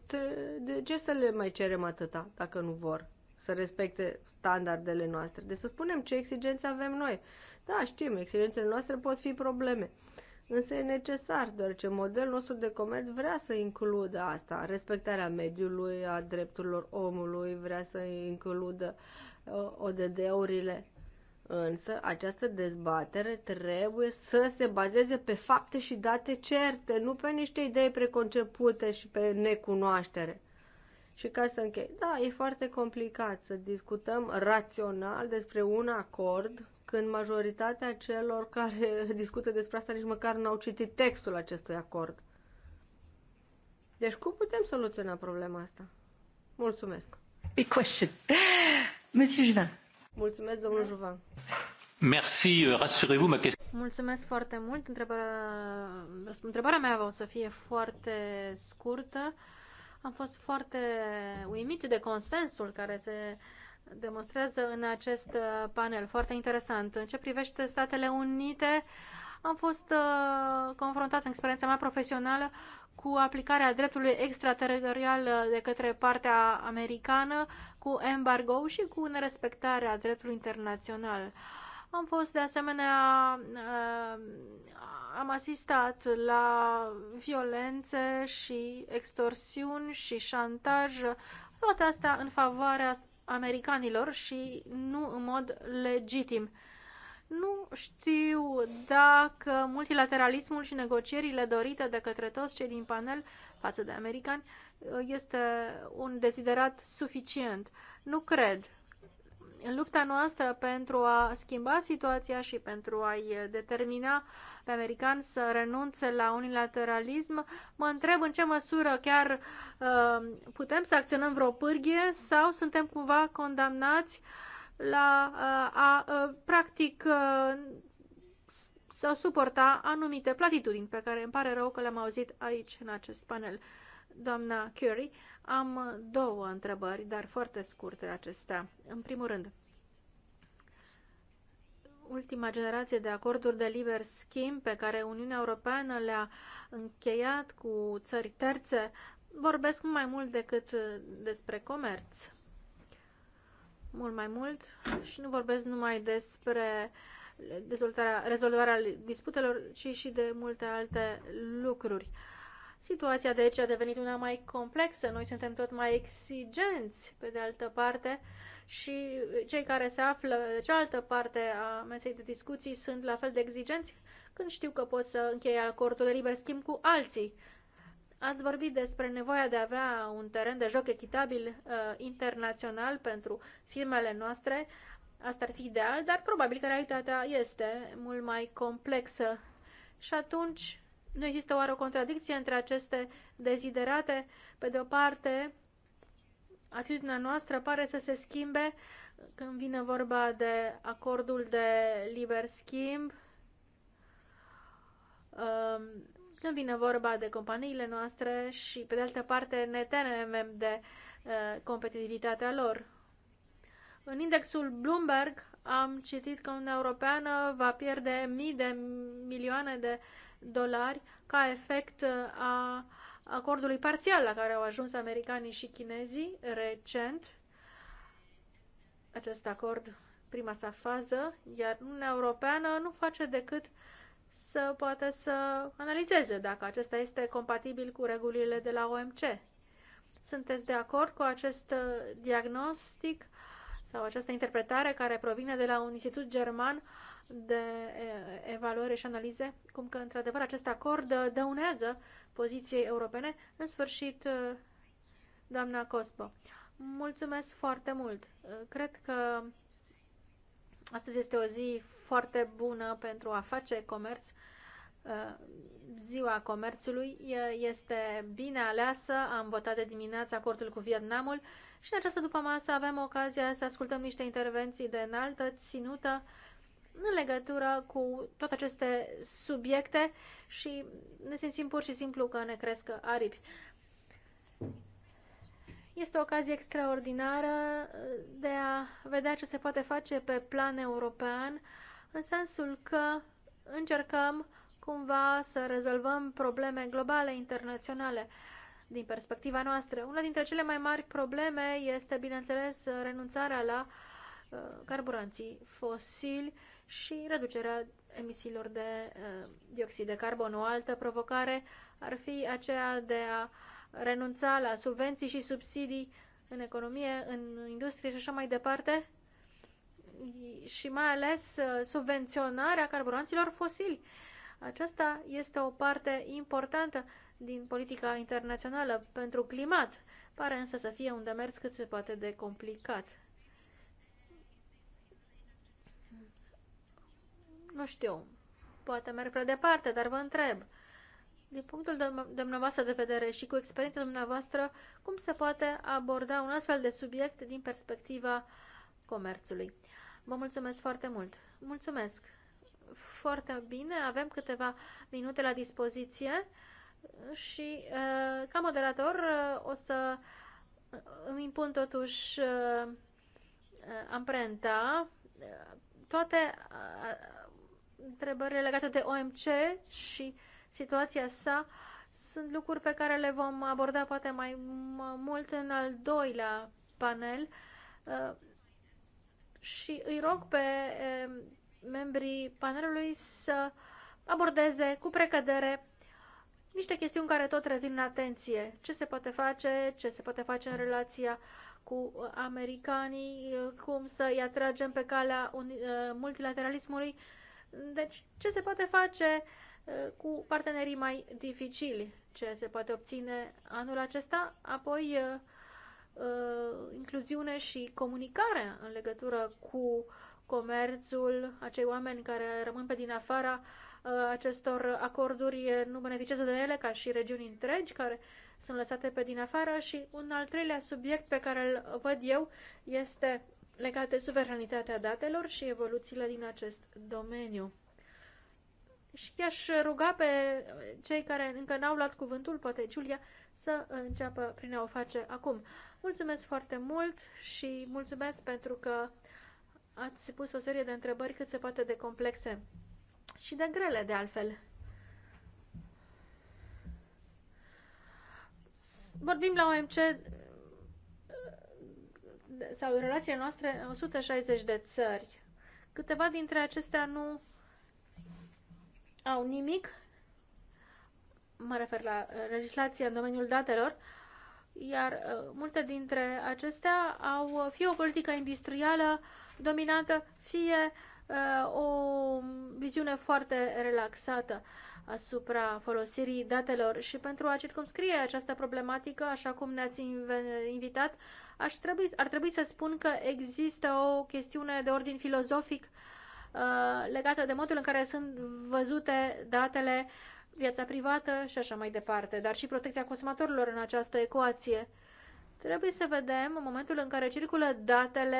de ce să le mai cerem atâta dacă nu vor să respecte standardele noastre? De deci, să spunem ce exigențe avem noi. Da, știm, exigențele noastre pot fi probleme. Însă e necesar, deoarece modelul nostru de comerț vrea să includă asta, respectarea mediului, a drepturilor omului, vrea să includă uh, ODD-urile. Însă această dezbatere trebuie să se bazeze pe fapte și date certe, nu pe niște idei preconcepute și pe necunoaștere. Și ca să închei, da, e foarte complicat să discutăm rațional despre un acord când majoritatea celor care discută despre asta nici măcar nu au citit textul acestui acord. Deci cum putem soluționa problema asta? Mulțumesc! Big question! Monsieur Juvin. Mulțumesc, domnul Juvin. Merci, euh, rassurez-vous, ma question. Mulțumesc foarte mult. Întrebarea, întrebarea mea o să fie foarte scurtă. Am fost foarte uimit de consensul care se demonstrează în acest panel. Foarte interesant. În ce privește Statele Unite, uh, am fost uh, confruntat în experiența mea profesională cu aplicarea dreptului extrateritorial uh, de către partea americană, cu embargo și cu nerespectarea dreptului internațional. Am fost de asemenea, uh, am asistat la violențe și extorsiuni și șantaj, toate astea în favoarea americanilor și nu în mod legitim. Nu știu dacă multilateralismul și negocierile dorite de către toți cei din panel față de americani uh, este un deziderat suficient. Nu cred. În lupta noastră pentru a schimba situația și pentru a-i determina pe americani să renunțe la unilateralism, mă întreb în ce măsură chiar uh, putem să acționăm vreo pârghie sau suntem cumva condamnați uh, la uh, a, a uh, practic uh, să suporta anumite platitudini pe care îmi pare rău că le-am auzit aici în acest panel. Doamna Curie, am două întrebări, dar foarte scurte acestea. În primul rând, ultima generație de acorduri de liber schimb pe care Uniunea Europeană le-a încheiat cu țări terțe vorbesc mai mult decât despre comerț mult mai mult și nu vorbesc numai despre dezvoltarea, rezolvarea disputelor, ci și de multe alte lucruri. Situația, deci, a devenit una mai complexă. Noi suntem tot mai exigenți, pe de altă parte, și cei care se află de cealaltă parte a mesei de discuții sunt la fel de exigenți când știu că pot să încheie acordul de liber schimb cu alții Ați vorbit despre nevoia de a avea un teren de joc echitabil uh, internațional pentru firmele noastre. Asta ar fi ideal, dar probabil că realitatea este mult mai complexă. Și atunci nu există oare o contradicție între aceste deziderate? Pe de o parte, atitudinea noastră pare să se schimbe când vine vorba de acordul de liber schimb, um, când vine vorba de companiile noastre și, pe de altă parte, ne temem de uh, competitivitatea lor. În indexul Bloomberg am citit că Uniunea Europeană va pierde mii de milioane de dolari ca efect uh, a acordului parțial la care au ajuns americanii și chinezii recent. Acest acord, prima sa fază, iar Uniunea Europeană nu face decât uh, să poată să analizeze dacă acesta este compatibil cu regulile de la OMC. Sunteți de acord cu acest uh, diagnostic sau această interpretare care provine de la un institut german de uh, evaluare și analize, cum că, într-adevăr, acest acord uh, dăunează poziției europene. În sfârșit, doamna Cosbo, mulțumesc foarte mult. Cred că astăzi este o zi foarte bună pentru a face comerț. Uh, ziua comerțului este bine aleasă. Am votat de dimineață acordul cu Vietnamul și în această după masă avem ocazia să ascultăm niște intervenții de înaltă ținută în legătură cu toate aceste subiecte și ne simțim pur și simplu că ne cresc aripi. Este o ocazie extraordinară de a vedea ce se poate face pe plan european în sensul că încercăm cumva să rezolvăm probleme globale, internaționale din perspectiva noastră. Una dintre cele mai mari probleme este, bineînțeles, renunțarea la uh, carburanții fosili și reducerea emisiilor de uh, dioxid de carbon. O altă provocare ar fi aceea de a renunța la subvenții și subsidii în economie, în industrie și așa mai departe, și mai ales uh, subvenționarea carburanților fosili. Aceasta este o parte importantă din politica internațională pentru climat. Pare însă să fie un demers cât se poate de complicat. Nu știu, poate merg prea departe, dar vă întreb. Din punctul dumneavoastră de vedere și cu experiența dumneavoastră, cum se poate aborda un astfel de subiect din perspectiva comerțului? Vă mulțumesc foarte mult. Mulțumesc. Foarte bine, avem câteva minute la dispoziție și uh, ca moderator uh, o să uh, îmi impun totuși amprenta toate întrebările legate de OMC și situația sa sunt lucruri pe care le vom aborda poate mai mult în al doilea panel și îi rog pe membrii panelului să abordeze cu precădere niște chestiuni care tot revin în atenție. Ce se poate face, ce se poate face în relația cu uh, americanii, uh, cum să îi atragem pe calea uh, multilateralismului. Deci, ce se poate face cu partenerii mai dificili, ce se poate obține anul acesta, apoi uh, incluziune și comunicare în legătură cu comerțul, acei oameni care rămân pe din afara uh, acestor acorduri nu beneficiază de ele ca și regiuni întregi care sunt lăsate pe din afară și un al treilea subiect pe care îl văd eu este legat de suveranitatea datelor și evoluțiile din acest domeniu. Și aș ruga pe cei care încă n-au luat cuvântul, poate Giulia, să înceapă prin a o face acum. Mulțumesc foarte mult și mulțumesc pentru că ați pus o serie de întrebări cât se poate de complexe și de grele, de altfel. Vorbim la OMC sau în relațiile noastre 160 de țări. Câteva dintre acestea nu au nimic, mă refer la legislația în domeniul datelor, iar uh, multe dintre acestea au uh, fie o politică industrială dominantă, fie uh, o viziune foarte relaxată asupra folosirii datelor și pentru a circumscrie această problematică, așa cum ne-ați invitat, aș trebui, ar trebui să spun că există o chestiune de ordin filozofic uh, legată de modul în care sunt văzute datele uh, viața privată și așa mai departe, dar și protecția consumatorilor în această ecuație. Trebuie să vedem, în momentul în care circulă datele,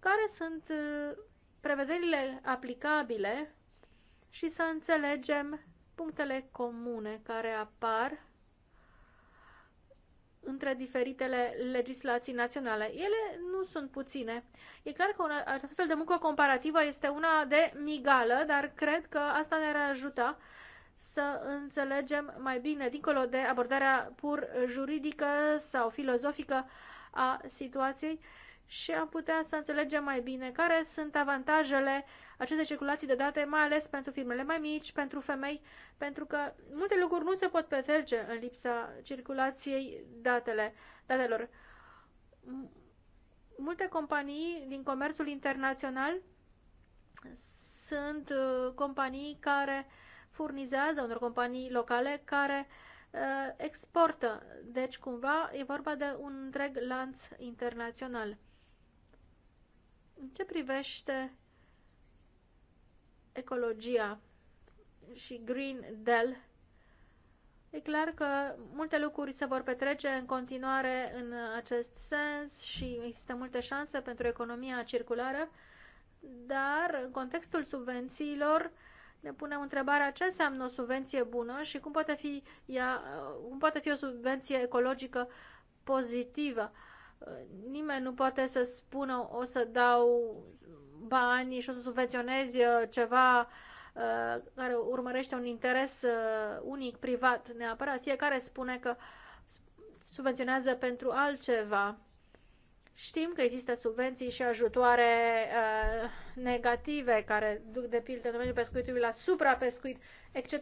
care sunt uh, prevederile aplicabile și să înțelegem punctele comune care apar între diferitele legislații naționale. Ele nu sunt puține. E clar că un astfel de muncă comparativă este una de migală, dar cred că asta ne-ar ajuta să înțelegem mai bine, dincolo de abordarea pur juridică sau filozofică a situației, și am putea să înțelegem mai bine care sunt avantajele acestei circulații de date, mai ales pentru firmele mai mici, pentru femei, pentru că multe lucruri nu se pot petrece în lipsa circulației datele, datelor. Multe companii din comerțul internațional sunt uh, companii care uh, furnizează unor companii locale care uh, exportă. Deci, cumva, e vorba de un întreg lanț internațional. În ce privește ecologia și Green Dell, E clar că multe lucruri se vor petrece în continuare în acest sens și există multe șanse pentru economia circulară, dar în contextul subvențiilor ne punem întrebarea ce înseamnă o subvenție bună și cum poate fi, ea, cum poate fi o subvenție ecologică pozitivă. Nimeni nu poate să spună o să dau bani și o să subvenționez uh, ceva uh, care urmărește un interes uh, unic, privat, neapărat. Fiecare spune că subvenționează pentru altceva. Știm că există subvenții și ajutoare uh, negative care duc de pildă în domeniul pescuitului la suprapescuit, etc.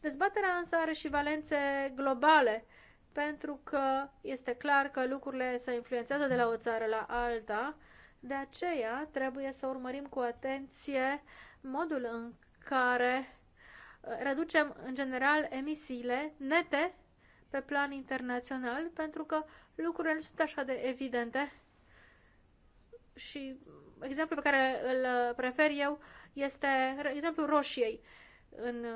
Dezbaterea însă are și valențe globale, pentru că este clar că lucrurile se influențează de la o țară la alta, de aceea trebuie să urmărim cu atenție modul în care uh, reducem în general emisiile nete pe plan internațional, pentru că lucrurile nu sunt așa de evidente. Și exemplul pe care îl prefer eu este exemplul roșiei în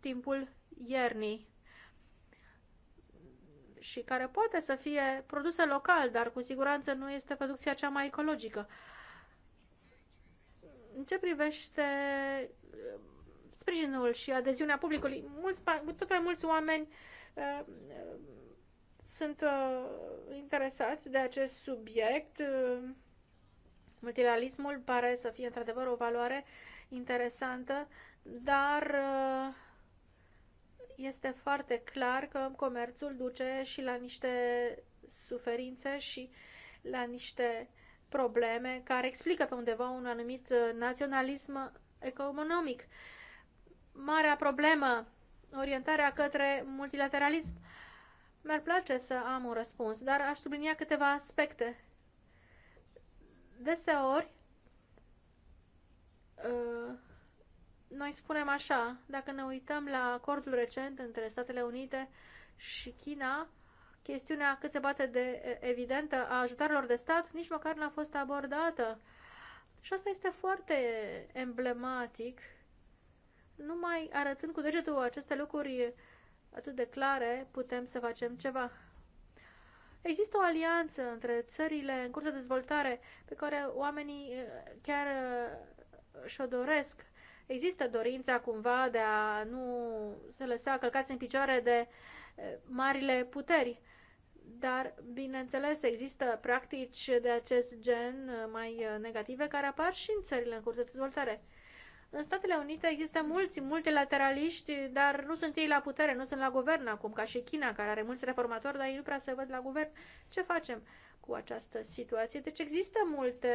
timpul iernii și care poate să fie produsă local, dar cu siguranță nu este producția cea mai ecologică. În ce privește uh, sprijinul și adeziunea publicului, mulți, tot mai mulți oameni uh, Ehm, ehm, sunt uh, interesați de acest subiect. Ehm, Multilateralismul pare să fie într-adevăr o valoare interesantă, dar uh, este foarte clar că comerțul duce și la niște suferințe și la niște probleme care explică pe undeva un anumit uh, naționalism economic. Marea problemă orientarea către multilateralism? Mi-ar place să am un răspuns, dar aș sublinia câteva aspecte. Deseori, uh, noi spunem așa, dacă ne uităm la acordul recent între Statele Unite și China, chestiunea cât se bate de evidentă a ajutarilor de stat nici măcar n-a fost abordată. Și asta este foarte emblematic numai arătând cu degetul aceste lucruri atât de clare, putem să facem ceva. Există o alianță între țările în curs de dezvoltare pe care oamenii eh, chiar eh, și-o doresc. Există dorința cumva de a nu se lăsa călcați în picioare de eh, marile puteri, dar, bineînțeles, există practici de acest gen mai negative care apar și în țările în curs de dezvoltare. În Statele Unite există mulți multilateraliști, dar nu sunt ei la putere, nu sunt la guvern acum, ca și China, care are mulți reformatori, dar ei nu prea se văd la guvern. Ce facem cu această situație? Deci există multe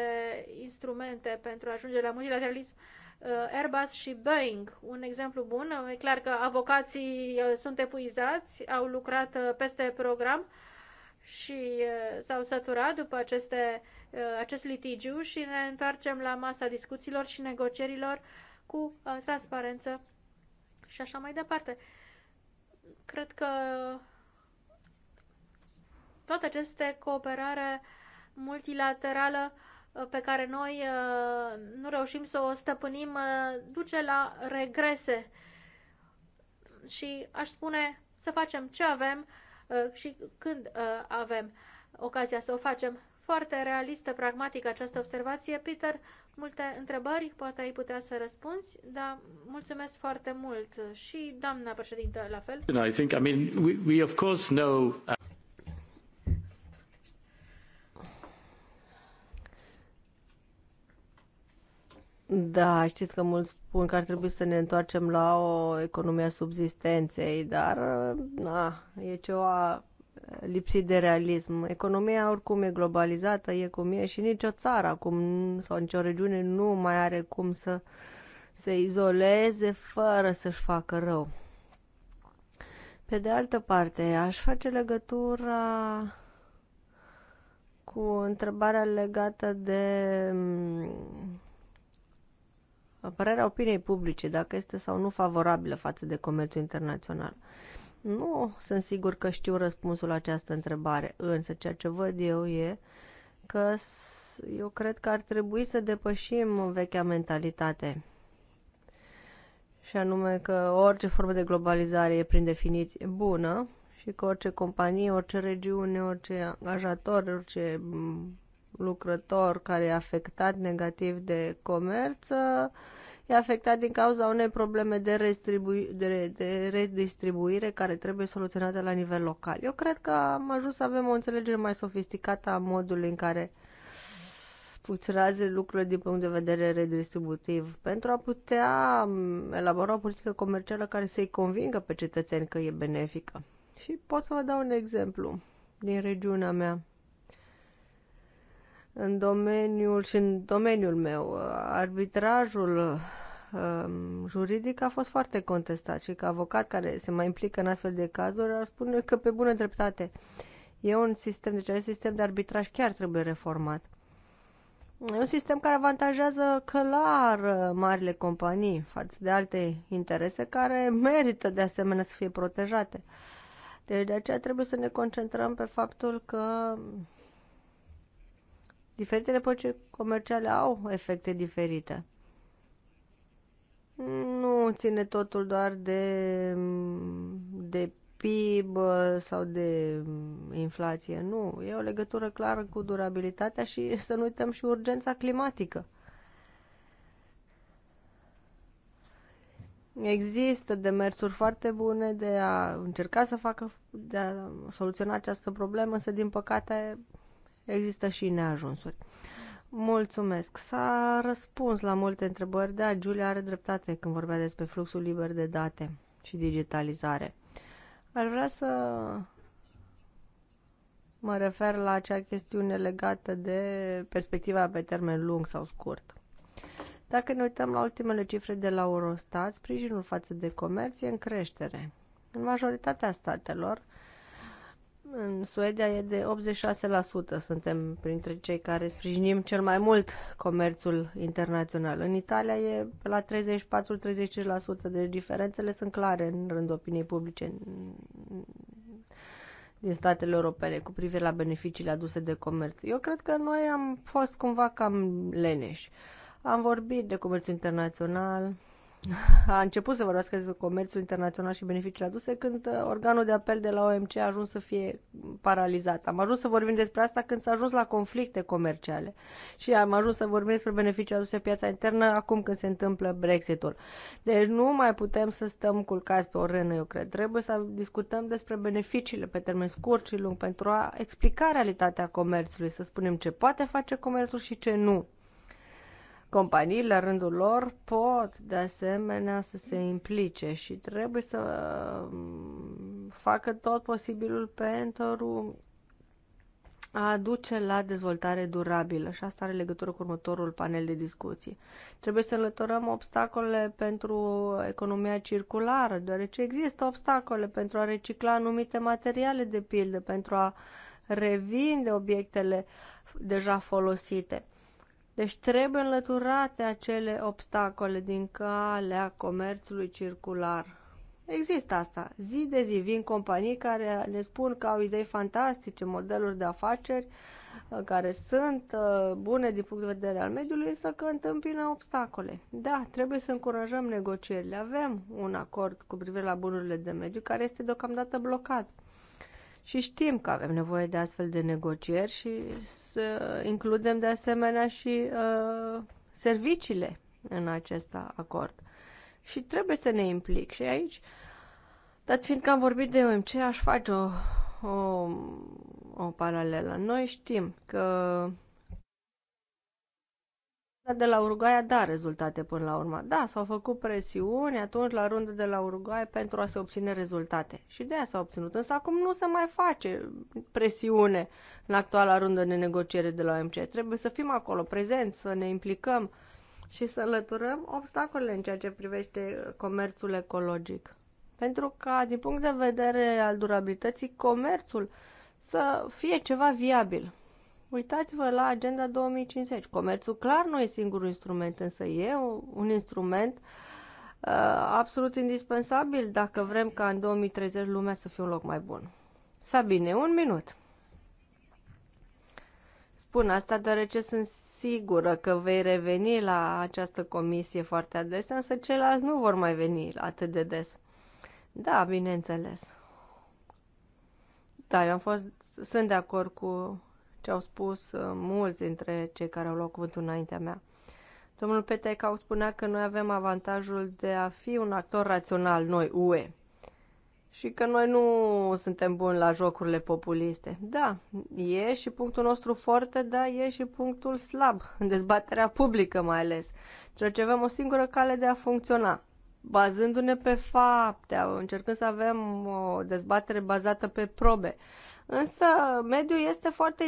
instrumente pentru a ajunge la multilateralism. Uh, Airbus și Boeing, un exemplu bun. E clar că avocații uh, sunt epuizați, au lucrat uh, peste program și s-au săturat după aceste, acest litigiu și ne întoarcem la masa discuțiilor și negocierilor cu uh, transparență și așa mai departe. Cred că toate aceste cooperare multilaterală uh, pe care noi uh, nu reușim să o stăpânim duce la regrese și aș spune să facem ce avem și când avem ocazia să o facem. Foarte realistă, pragmatică această observație, Peter, multe întrebări, poate ai putea să răspunzi, dar mulțumesc foarte mult și doamna președintă la fel. I think, I mean, we, we of course know... Uh, da, știți că mulți spun că ar trebui să ne întoarcem la o economie a subzistenței, dar uh, na, e ceva lipsit de realism. Economia oricum e globalizată, e cum e și nicio țară acum sau nicio regiune nu mai are cum să se izoleze fără să-și facă rău. Pe de altă parte, aș face legătura cu întrebarea legată de mm, apărarea opiniei publice, dacă este sau nu favorabilă față de comerțul internațional. Uh, nu sunt sigur că știu răspunsul la această întrebare, însă ceea ce văd eu e că eu cred că ar trebui să depășim vechea mentalitate. Și anume că orice formă de globalizare e prin definiție bună și că orice companie, orice regiune, orice angajator, orice mm, lucrător care e afectat negativ de comerț e afectat din cauza unei probleme de, redistribu- de, de redistribuire care trebuie soluționată la nivel local. Eu cred că am ajuns să avem o înțelegere mai sofisticată a modului în care funcționează lucrurile din punct de vedere redistributiv pentru a putea um, elabora o politică comercială care să-i convingă pe cetățeni că e benefică. Și pot să vă dau un exemplu din regiunea mea în domeniul și în domeniul meu, arbitrajul um, juridic a fost foarte contestat și că avocat care se mai implică în astfel de cazuri ar spune că pe bună dreptate e un sistem, deci acest sistem de arbitraj chiar trebuie reformat. E un sistem care avantajează clar marile companii față de alte interese care merită de asemenea să fie protejate. Deci de aceea trebuie să ne concentrăm pe faptul că Diferitele procese comerciale au efecte diferite. Nu ține totul doar de, de PIB sau de inflație. Nu, e o legătură clară cu durabilitatea și să nu uităm și urgența climatică. Există demersuri foarte bune de a încerca să facă, de a soluționa această problemă, însă din păcate există și neajunsuri. Mulțumesc. S-a răspuns la multe întrebări. Da, Giulia are dreptate când vorbea despre fluxul liber de date și digitalizare. Ar vrea să mă refer la acea chestiune legată de perspectiva pe termen lung sau scurt. Dacă ne uităm la ultimele cifre de la Eurostat, sprijinul față de comerț e în creștere. În majoritatea statelor, în Suedia e de 86%, suntem printre cei care sprijinim cel mai mult comerțul internațional. În Italia e pe la 34-35%, deci diferențele sunt clare în rândul opiniei publice din statele europene cu privire la beneficiile aduse de comerț. Eu cred că noi am fost cumva cam leneși. Am vorbit de comerț internațional, a început să vorbească despre comerțul internațional și beneficiile aduse când uh, organul de apel de la OMC a ajuns să fie paralizat. Am ajuns să vorbim despre asta când s-a ajuns la conflicte comerciale și am ajuns să vorbim despre beneficiile aduse piața internă acum când se întâmplă Brexitul. Deci nu mai putem să stăm culcați pe o rână, eu cred. Trebuie să discutăm despre beneficiile pe termen scurt și lung pentru a explica realitatea comerțului, să spunem ce poate face comerțul și ce nu Companii, la rândul lor, pot de asemenea să se implice și trebuie să mm, facă tot posibilul pentru a duce la dezvoltare durabilă și asta are legătură cu următorul panel de discuții. Trebuie să înlăturăm obstacole pentru economia circulară, deoarece există obstacole pentru a recicla anumite materiale, de pildă, pentru a revinde obiectele deja folosite. Deci trebuie înlăturate acele obstacole din calea comerțului circular. Există asta. Zi de zi vin companii care ne spun că au idei fantastice, modeluri de afaceri uh, care sunt uh, bune din punct de vedere al mediului, însă că întâmpină obstacole. Da, trebuie să încurajăm negocierile. Avem un acord cu privire la bunurile de mediu care este deocamdată blocat. Și știm că avem nevoie de astfel de negocieri și să includem de asemenea și uh, serviciile în acest acord. Și trebuie să ne implic și aici. Dar fiindcă am vorbit de OMC, aș face o, o, o paralelă. Noi știm că de la Uruguay a da, dat rezultate până la urmă. Da, s-au făcut presiuni atunci la rundă de la Uruguay pentru a se obține rezultate. Și de aia s au obținut. Însă acum nu se mai face presiune în actuala rundă de negociere de la OMC. Trebuie să fim acolo prezenți, să ne implicăm și să lăturăm obstacolele în ceea ce privește comerțul ecologic. Pentru ca, din punct de vedere al durabilității, comerțul să fie ceva viabil. Uitați-vă la Agenda 2050. Comerțul clar nu e singurul instrument, însă e un instrument uh, absolut indispensabil dacă vrem ca în 2030 lumea să fie un loc mai bun. Sabine, un minut. Spun asta deoarece sunt sigură că vei reveni la această comisie foarte adesea, însă ceilalți nu vor mai veni atât de des. Da, bineînțeles. Da, eu am fost, sunt de acord cu ce au spus uh, mulți dintre cei care au luat cuvântul înaintea mea. Domnul Petecau spunea că noi avem avantajul de a fi un actor rațional, noi, UE, și că noi nu suntem buni la jocurile populiste. Da, e și punctul nostru foarte, dar e și punctul slab, în dezbaterea publică mai ales. Ceea ce avem o singură cale de a funcționa, bazându-ne pe fapte, încercând să avem o dezbatere bazată pe probe. Însă mediul este foarte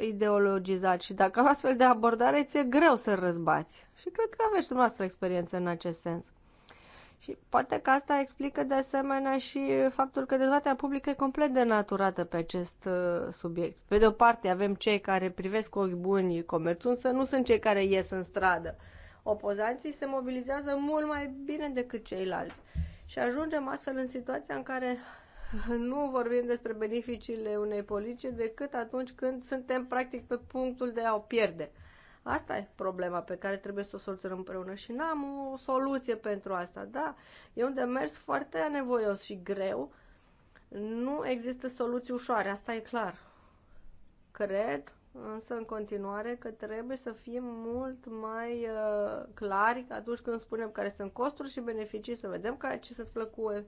ideologizat și dacă au astfel de abordare, ți-e greu să răzbați. Și cred că aveți dumneavoastră experiență în acest sens. Și poate că asta explică de asemenea și faptul că dezbaterea publică e complet denaturată pe acest uh, subiect. Pe de o parte avem cei care privesc cu ochi buni comerțul, însă nu sunt cei care ies în stradă. Opozanții se mobilizează mult mai bine decât ceilalți. Și ajungem astfel în situația în care nu vorbim despre beneficiile unei politici decât atunci când suntem practic pe punctul de a o pierde. Asta e problema pe care trebuie să o soluționăm împreună și n-am o soluție pentru asta, da? E un demers foarte anevoios și greu. Nu există soluții ușoare, asta e clar. Cred însă în continuare că trebuie să fim mult mai uh, clari atunci când spunem care sunt costuri și beneficii, să vedem care, ce se întâmplă cu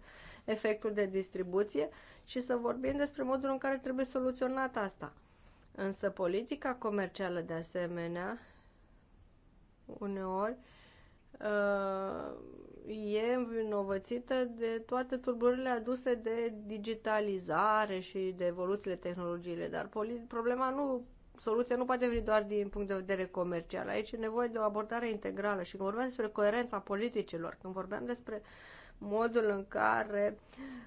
efectul de distribuție și să vorbim despre modul în care trebuie soluționat asta. Însă politica comercială, de asemenea, uneori, uh, e învinovățită de toate turburile aduse de digitalizare și de evoluțiile tehnologiile, dar problema nu, soluția nu poate veni doar din punct de vedere comercial. Aici e nevoie de o abordare integrală și când vorbeam despre coerența politicilor, când vorbeam despre uh, modul în care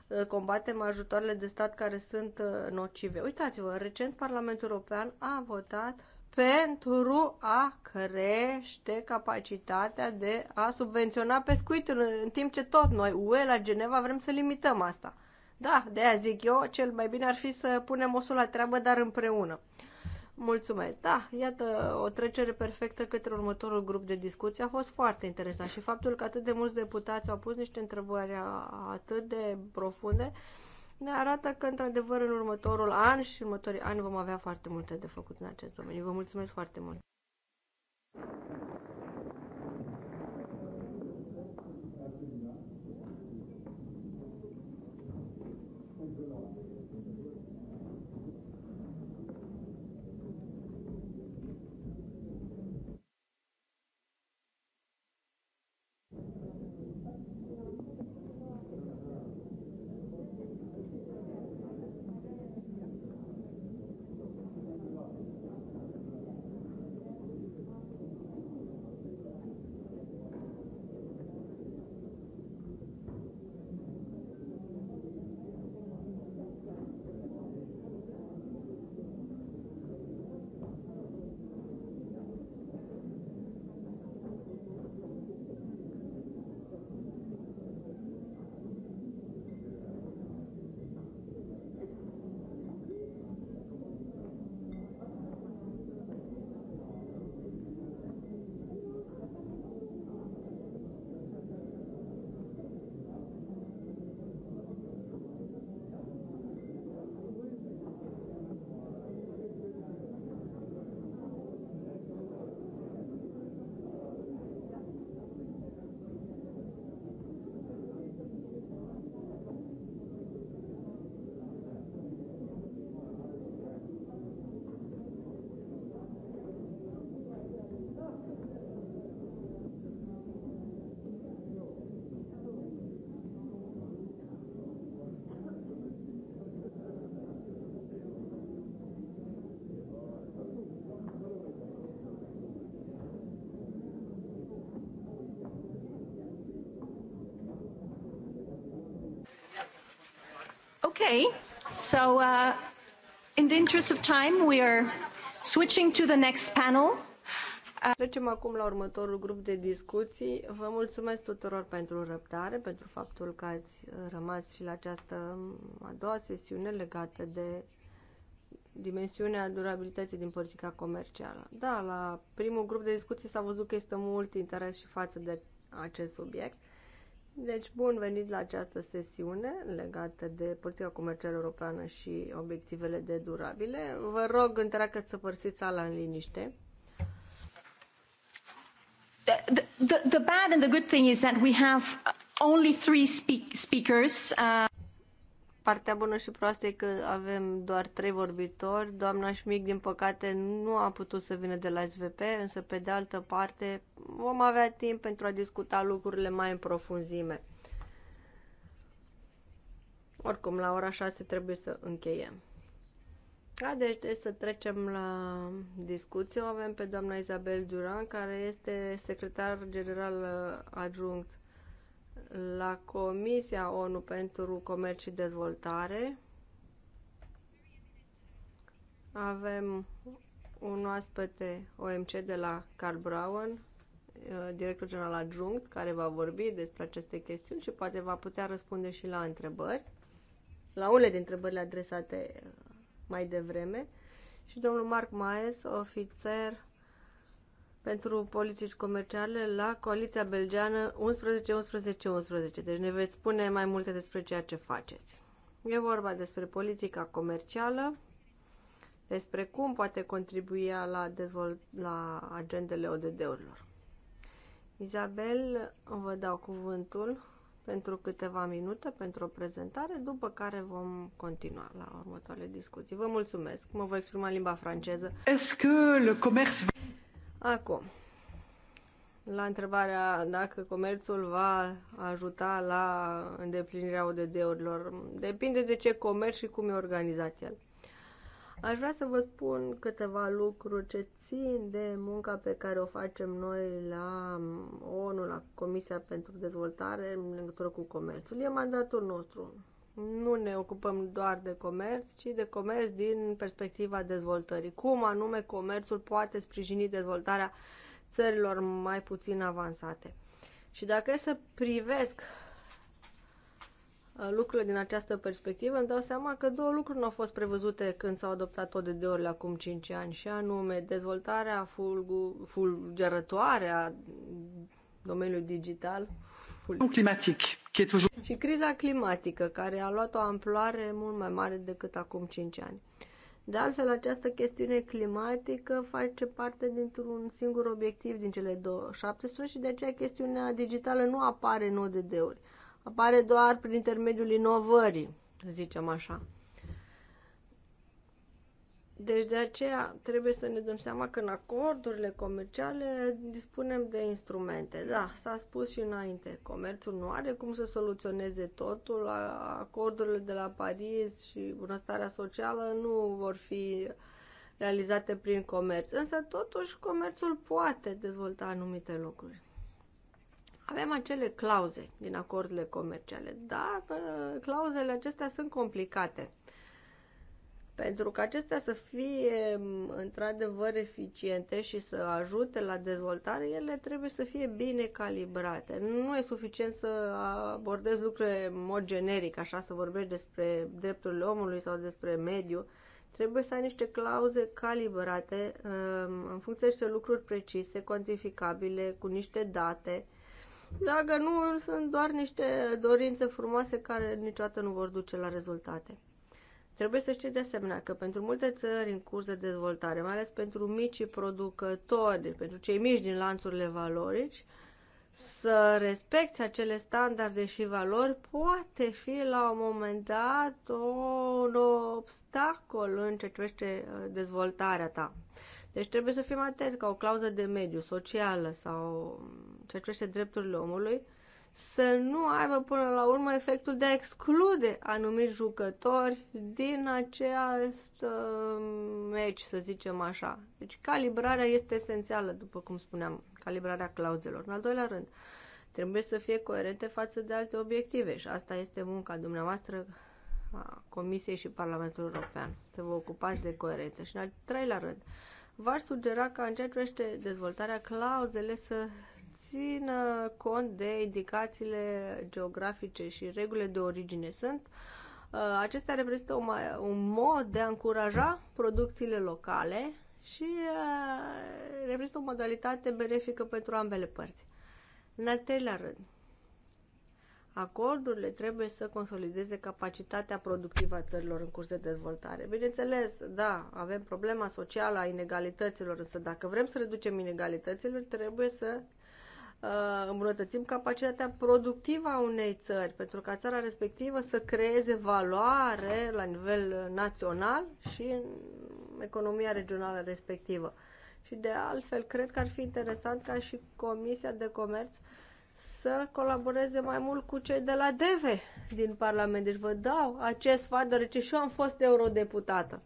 uh, combatem ajutoarele de stat care sunt uh, nocive. Uitați-vă, recent Parlamentul European a votat pentru a crește capacitatea de a subvenționa pescuitul, în timp ce tot noi, UE, la Geneva, vrem să limităm asta. Da, de aia zic eu, cel mai bine ar fi să punem osul la treabă, dar împreună. Mulțumesc. Da, iată, o trecere perfectă către următorul grup de discuții a fost foarte interesant și faptul că atât de mulți deputați au pus niște întrebări atât de profunde ne arată că, într-adevăr, în următorul an și următorii ani vom avea foarte multe de făcut în acest domeniu. Vă mulțumesc foarte mult! Okay, so uh, in the interest of time, we are switching to the next panel. Uh, Trecem acum la următorul grup de discuții. Vă mulțumesc tuturor pentru răbdare, pentru faptul că ați rămas și la această a doua sesiune legată de dimensiunea durabilității din politica comercială. Da, la primul grup de discuții s-a văzut că este mult interes și față de acest subiect. Deci, bun venit la această sesiune legată de politica comercială europeană și obiectivele de durabile. Vă rog, întreagăți să părțiți sala în liniște. The, the, the bad and the good thing is that we have only three speak, speakers. Uh partea bună și proastă e că avem doar trei vorbitori. Doamna Șmic, din păcate, nu a putut să vină de la SVP, însă, pe de altă parte, vom avea timp pentru a discuta lucrurile mai în profunzime. Oricum, la ora 6 trebuie să încheiem. Haideți da, deci, să trecem la discuție. O avem pe doamna Isabel Duran, care este secretar general adjunct la Comisia ONU pentru Comerț și Dezvoltare. Avem un oaspete OMC de la Carl Brown, uh, director general adjunct, care va vorbi despre aceste chestiuni și poate va putea răspunde și la întrebări, la unele dintre întrebările adresate uh, mai devreme. Și domnul Mark Maes, ofițer pentru politici comerciale la Coaliția Belgeană 11-11-11. Deci ne veți spune mai multe despre ceea ce faceți. E vorba despre politica comercială, despre cum poate contribuia la, dezvol- la agendele ODD-urilor. Isabel, vă dau cuvântul pentru câteva minute pentru o prezentare, după care vom continua la următoarele discuții. Vă mulțumesc, mă voi exprima în limba franceză. Est-ce que le commerce Acum, la întrebarea dacă comerțul va ajuta la îndeplinirea ODD-urilor, depinde de ce comerț și cum e organizat el. Aș vrea să vă spun câteva lucruri ce țin de munca pe care o facem noi la ONU, la Comisia pentru Dezvoltare, în legătură cu comerțul. E mandatul nostru nu ne ocupăm doar de comerț, ci de comerț din perspectiva dezvoltării. Cum anume comerțul poate sprijini dezvoltarea țărilor mai puțin avansate. Și dacă e să privesc uh, lucrurile din această perspectivă, îmi dau seama că două lucruri nu au fost prevăzute când s-au adoptat de ori acum 5 ani, și anume dezvoltarea fulgu, fulgerătoare a domeniului digital. Ful... Climatic și criza climatică, care a luat o amploare mult mai mare decât acum 5 ani. De altfel, această chestiune climatică face parte dintr-un singur obiectiv din cele două 17 și de aceea chestiunea digitală nu apare în ODD-uri. Apare doar prin intermediul inovării, zicem așa. Deci de aceea trebuie să ne dăm seama că în acordurile comerciale dispunem de instrumente. Da, s-a spus și înainte, comerțul nu are cum să soluționeze totul, acordurile de la Paris și bunăstarea socială nu vor fi realizate prin comerț, însă totuși comerțul poate dezvolta anumite lucruri. Avem acele clauze din acordurile comerciale, dar uh, clauzele acestea sunt complicate pentru ca acestea să fie într-adevăr eficiente și să ajute la dezvoltare, ele trebuie să fie bine calibrate. Nu e suficient să abordezi lucrurile în mod generic, așa să vorbești despre drepturile omului sau despre mediu. Trebuie să ai niște clauze calibrate în funcție de lucruri precise, cuantificabile, cu niște date. Dacă nu, sunt doar niște dorințe frumoase care niciodată nu vor duce la rezultate. Trebuie să știți de asemenea că pentru multe țări în curs de dezvoltare, mai ales pentru micii producători, deci pentru cei mici din lanțurile valorici, să respecti acele standarde și valori poate fi la un moment dat un obstacol în ce privește uh, dezvoltarea ta. Deci trebuie să fim atenți ca o clauză de mediu, socială sau mm, ce privește drepturile omului, să nu aibă până la urmă efectul de a exclude anumiti jucători din acest uh, meci, să zicem așa. Deci calibrarea este esențială, după cum spuneam, calibrarea clauzelor. În al doilea rând, trebuie să fie coerente față de alte obiective și asta este munca dumneavoastră a Comisiei și parlamentului European, să vă ocupați de coerență. Și în al treilea rând, v-aș sugera ca în ceea ce dezvoltarea, clauzele să țin cont de indicațiile geografice și regulile de origine sunt. Uh, acestea reprezintă un, un mod de a încuraja producțiile locale și uh, reprezintă o modalitate benefică pentru ambele părți. În al treilea rând, Acordurile trebuie să consolideze capacitatea productivă a țărilor în curs de dezvoltare. Bineînțeles, da, avem problema socială a inegalităților, însă dacă vrem să reducem inegalitățile, trebuie să Uh, îmbunătățim capacitatea productivă a unei țări, pentru ca țara respectivă să creeze valoare la nivel uh, național și în economia regională respectivă. Și de altfel, cred că ar fi interesant ca și Comisia de Comerț să colaboreze mai mult cu cei de la DEVE din Parlament. Deci vă dau acest sfat, deoarece și eu am fost eurodeputată.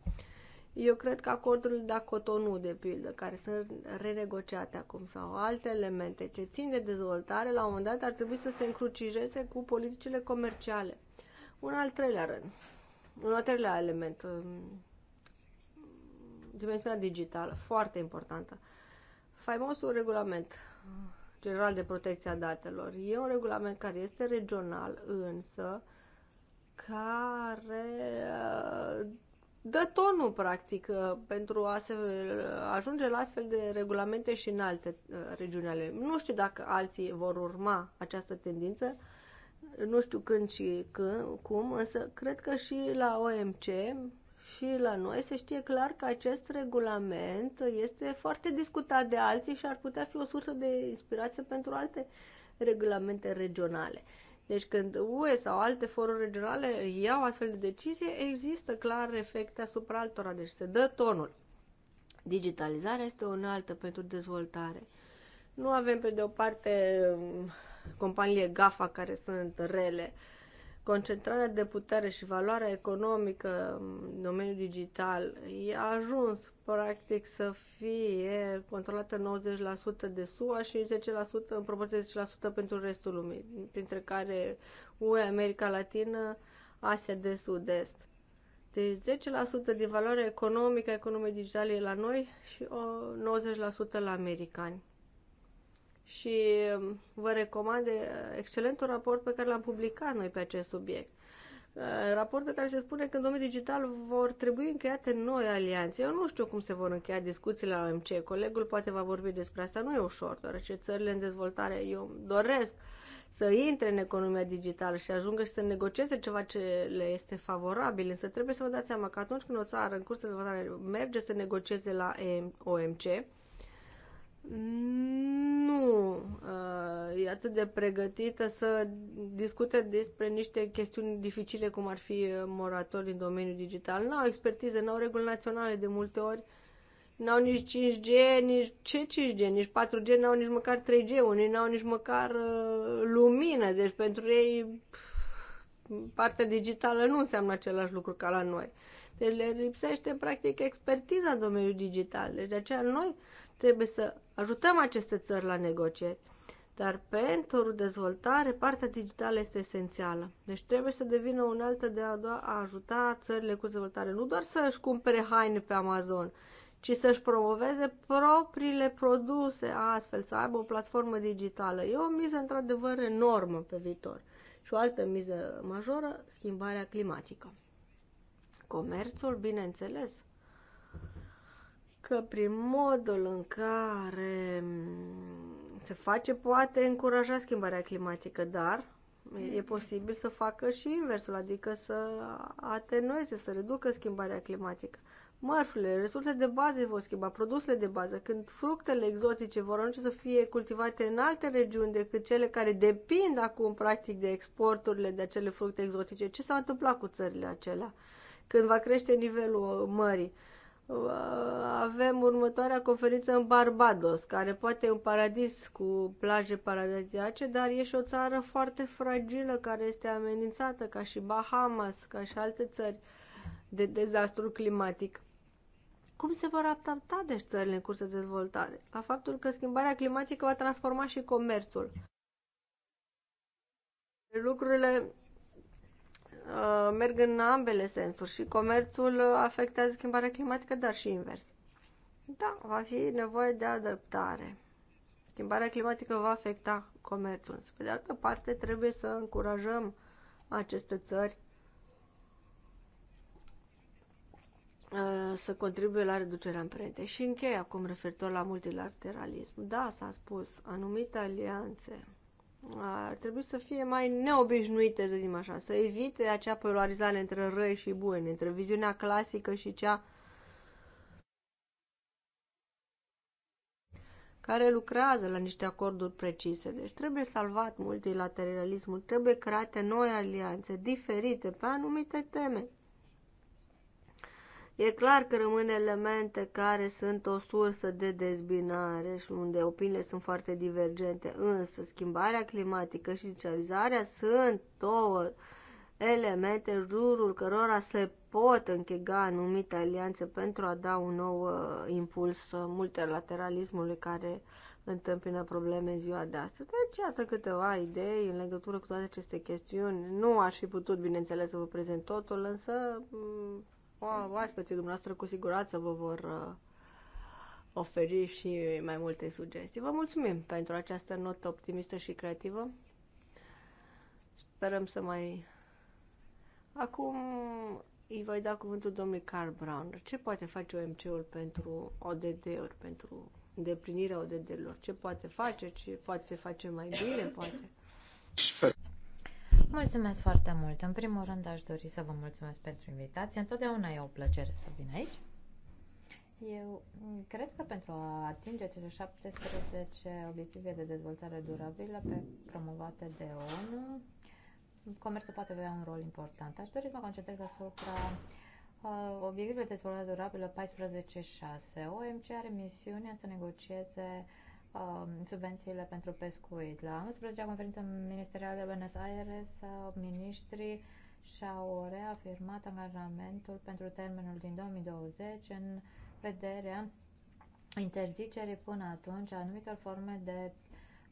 Eu cred că acordul de Cotonou, de pildă, care sunt renegociate acum, sau alte elemente ce țin de dezvoltare, la un moment dat ar trebui să se încrucijeze cu politicile comerciale. Un al treilea rând, un al treilea element, um, dimensiunea digitală, foarte importantă. Faimosul regulament uh, general de protecție a datelor e un regulament care este regional, însă care uh, dă tonul, practic, uh, pentru a se uh, ajunge la astfel de regulamente și în alte uh, regiuni ale. Nu știu dacă alții vor urma această tendință, nu știu când și când, cum, însă cred că și la OMC și la noi se știe clar că acest regulament este foarte discutat de alții și ar putea fi o sursă de inspirație pentru alte regulamente regionale. Deci când UE sau alte foruri regionale iau astfel de decizie, există clar efecte asupra altora, deci se dă tonul. Digitalizarea este o înaltă pentru dezvoltare. Nu avem pe de o parte companiile GAFA care sunt rele. Concentrarea de putere și valoarea economică în domeniul digital a ajuns practic să fie controlată 90% de SUA și 10% în proporție de 10% pentru restul lumii, printre care UE, America Latină, Asia de Sud-Est. Deci 10% din valoarea economică a economiei digitale e la noi și 90% la americani. Și vă recomand excelentul raport pe care l-am publicat noi pe acest subiect raport care se spune că în domeniul digital vor trebui încheiate noi alianțe. Eu nu știu cum se vor încheia discuțiile la OMC. Colegul poate va vorbi despre asta. Nu e ușor, deoarece țările în dezvoltare, eu doresc să intre în economia digitală și ajungă și să negocieze ceva ce le este favorabil. Însă trebuie să vă dați seama că atunci când o țară în curs de dezvoltare merge să negocieze la OMC, nu uh, e atât de pregătită să discute despre niște chestiuni dificile cum ar fi uh, moratorii în domeniul digital. n au expertiză, n au reguli naționale de multe ori, n au nici 5G, nici ce 5G, nici 4G, n au nici măcar 3G, unii n au nici măcar uh, lumină, deci pentru ei partea digitală nu înseamnă același lucru ca la noi. Deci le lipsește practic expertiza în domeniul digital. Deci de aceea noi trebuie să Ajutăm aceste țări la negocieri. Dar pentru dezvoltare, partea digitală este esențială. Deci trebuie să devină o altă de a, a ajuta țările cu dezvoltare. Nu doar să își cumpere haine pe Amazon, ci să-și promoveze propriile produse astfel, să aibă o platformă digitală. E o miză într-adevăr enormă pe viitor. Și o altă miză majoră, schimbarea climatică. Comerțul, bineînțeles, că prin modul în care se face poate încuraja schimbarea climatică, dar e posibil să facă și inversul, adică să atenueze, să reducă schimbarea climatică. Mărfurile, resursele de bază vor schimba, produsele de bază, când fructele exotice vor ajunge să fie cultivate în alte regiuni decât cele care depind acum practic de exporturile de acele fructe exotice, ce s-a întâmplat cu țările acelea? Când va crește nivelul mării? avem următoarea conferință în Barbados, care poate e un paradis cu plaje paradisiace, dar e și o țară foarte fragilă care este amenințată, ca și Bahamas, ca și alte țări, de dezastru climatic. Cum se vor adapta deci țările în curs de dezvoltare? A faptul că schimbarea climatică va transforma și comerțul. Lucrurile Uh, merg în ambele sensuri și comerțul uh, afectează schimbarea climatică, dar și invers. Da, va fi nevoie de adaptare. Schimbarea climatică va afecta comerțul. Pe de altă parte, trebuie să încurajăm aceste țări uh, să contribuie la reducerea amprentei. Și închei acum referitor la multilateralism. Da, s-a spus, anumite alianțe ar trebui să fie mai neobișnuite, să zicem așa, să evite acea polarizare între răi și buni, între viziunea clasică și cea care lucrează la niște acorduri precise. Deci trebuie salvat multilateralismul, trebuie create noi alianțe diferite pe anumite teme. E clar că rămân elemente care sunt o sursă de dezbinare și unde opiniile sunt foarte divergente, însă schimbarea climatică și digitalizarea sunt două elemente în jurul cărora se pot închega anumite alianțe pentru a da un nou uh, impuls uh, multilateralismului care întâmpină probleme în ziua de astăzi. Deci, iată câteva idei în legătură cu toate aceste chestiuni. Nu aș fi putut, bineînțeles, să vă prezint totul, însă mm, oaspeții dumneavoastră cu siguranță vă vor uh, oferi și mai multe sugestii. Vă mulțumim pentru această notă optimistă și creativă. Sperăm să mai... Acum îi voi da cuvântul domnului Carl Brown. Ce poate face OMC-ul pentru ODD-uri, pentru îndeplinirea ODD-urilor? Ce poate face? Ce poate face mai bine? Poate. Mulțumesc foarte mult! În primul rând aș dori să vă mulțumesc pentru invitație. Întotdeauna e o plăcere să vin aici. Eu cred că pentru a atinge cele 17 obiective de dezvoltare durabilă pe promovate de ONU, comerțul poate avea un rol important. Aș dori să mă concentrez asupra uh, obiectivele de dezvoltare durabilă 14.6. OMC are misiunea să negocieze uh, Um, subvențiile pentru pescuit. La 11-a conferință ministerială de Buenos Aires, ministrii și-au reafirmat angajamentul pentru termenul din 2020 în vederea interzicerii până atunci anumitor forme de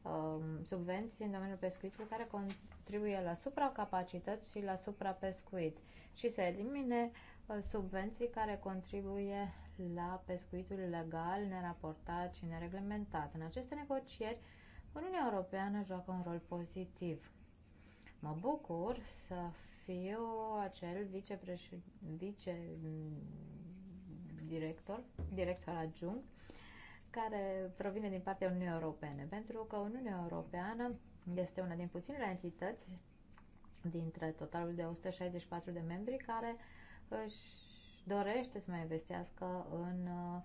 um, subvenții în domeniul pescuitului care contribuie la supracapacități și la suprapescuit și să elimine subvenții care contribuie la pescuitul ilegal, neraportat și nereglementat. În aceste negocieri, Uniunea Europeană joacă un rol pozitiv. Mă bucur să fiu acel vice-director, director adjunct, care provine din partea Uniunii Europene, pentru că Uniunea Europeană este una din puținele entități dintre totalul de 164 de membri care uh, își dorește să mai investească în uh,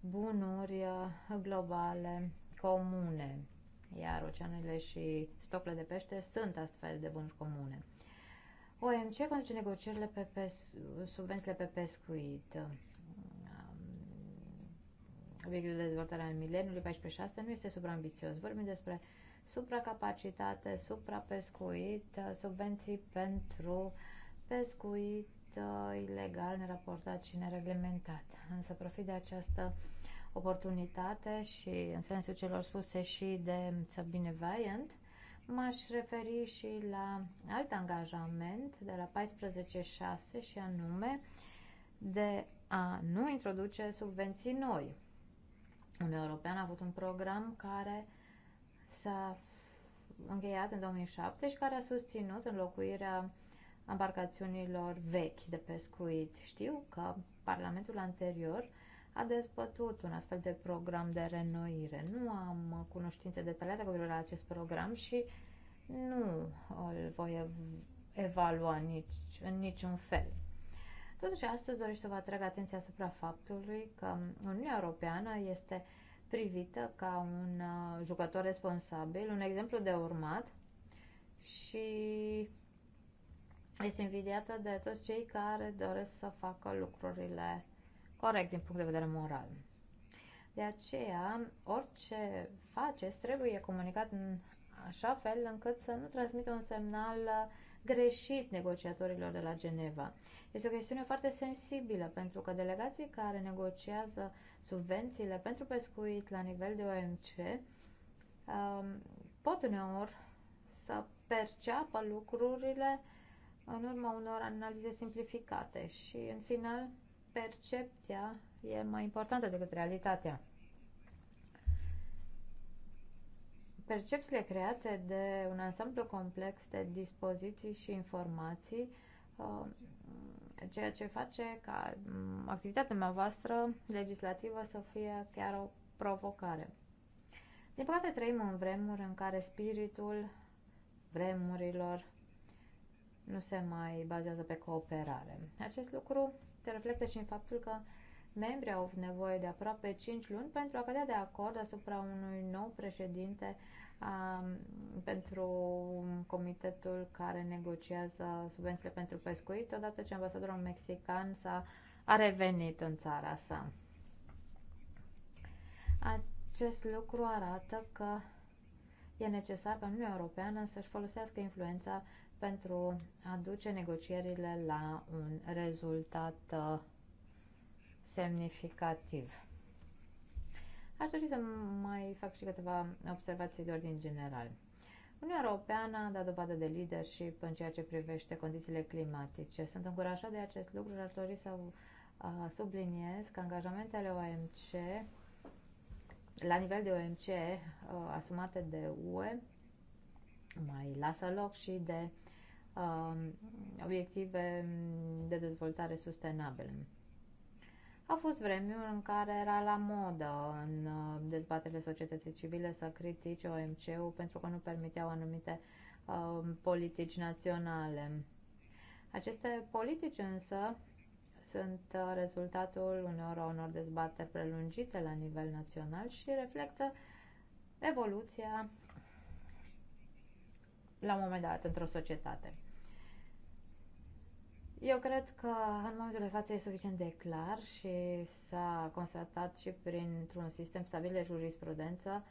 bunuri uh, globale comune, iar oceanele și stocurile de pește sunt astfel de bunuri comune. OMC conduce negocierile pe pes- subvențiile pe pescuit. Um, Obiectul de dezvoltare al mileniului 14.6 nu este supraambițios. Vorbim despre supracapacitate, suprapescuit, uh, subvenții pentru pescuit uh, ilegal, neraportat și nereglementat. Însă profit de această oportunitate și în sensul celor spuse și de Sabine Vaient, m-aș referi și la alt angajament de la 14.6 și anume de a nu introduce subvenții noi. Uniunea Europeană a avut un program care s-a încheiat în 2007 și care a susținut înlocuirea embarcațiunilor vechi de pescuit. Știu că Parlamentul anterior a dezbătut un astfel de program de renoire. Nu am cunoștințe detaliate cu privire la acest program și nu îl voi evalua nici, în niciun fel. Totuși, astăzi doresc să vă atrag atenția asupra faptului că Uniunea Europeană este privită ca un uh, jucător responsabil, un exemplu de urmat și este invidiată de toți cei care doresc să facă lucrurile corect din punct de vedere moral. De aceea, orice faceți trebuie comunicat în așa fel încât să nu transmită un semnal greșit negociatorilor de la Geneva. Este o chestiune foarte sensibilă pentru că delegații care negociază subvențiile pentru pescuit la nivel de OMC um, pot uneori să perceapă lucrurile în urma unor analize simplificate și, în final, percepția e mai importantă decât realitatea. Percepțiile create de un ansamblu complex de dispoziții și informații, uh, ceea ce face ca mm, activitatea mea voastră legislativă să fie chiar o provocare. Din păcate trăim în vremuri în care spiritul vremurilor nu se mai bazează pe cooperare. Acest lucru se reflectă și în faptul că membrii au nevoie de aproape 5 luni pentru a cădea de acord asupra unui nou președinte a, pentru comitetul care negociază subvențiile pentru pescuit, odată ce ambasadorul mexican s-a a revenit în țara sa. Acest lucru arată că e necesar ca Uniunea Europeană să-și folosească influența pentru a duce negocierile la un rezultat uh, semnificativ. Aș dori să mai fac și câteva observații de ordin general. Uniunea Europeană a dat dovadă de leadership în ceea ce privește condițiile climatice. Sunt încurajat de acest lucru și aș dori să uh, subliniez că angajamentele OMC la nivel de OMC uh, asumate de UE mai lasă loc și de Um, obiective de dezvoltare sustenabilă. A fost vremuri în care era la modă în uh, dezbaterile societății civile să critici OMC-ul pentru că nu permiteau anumite uh, politici naționale. Aceste politici însă sunt uh, rezultatul uneori unor dezbateri prelungite la nivel național și reflectă evoluția la un moment dat într-o societate. Eu cred că în momentul de față e suficient de clar și s-a constatat și printr-un sistem stabil de jurisprudență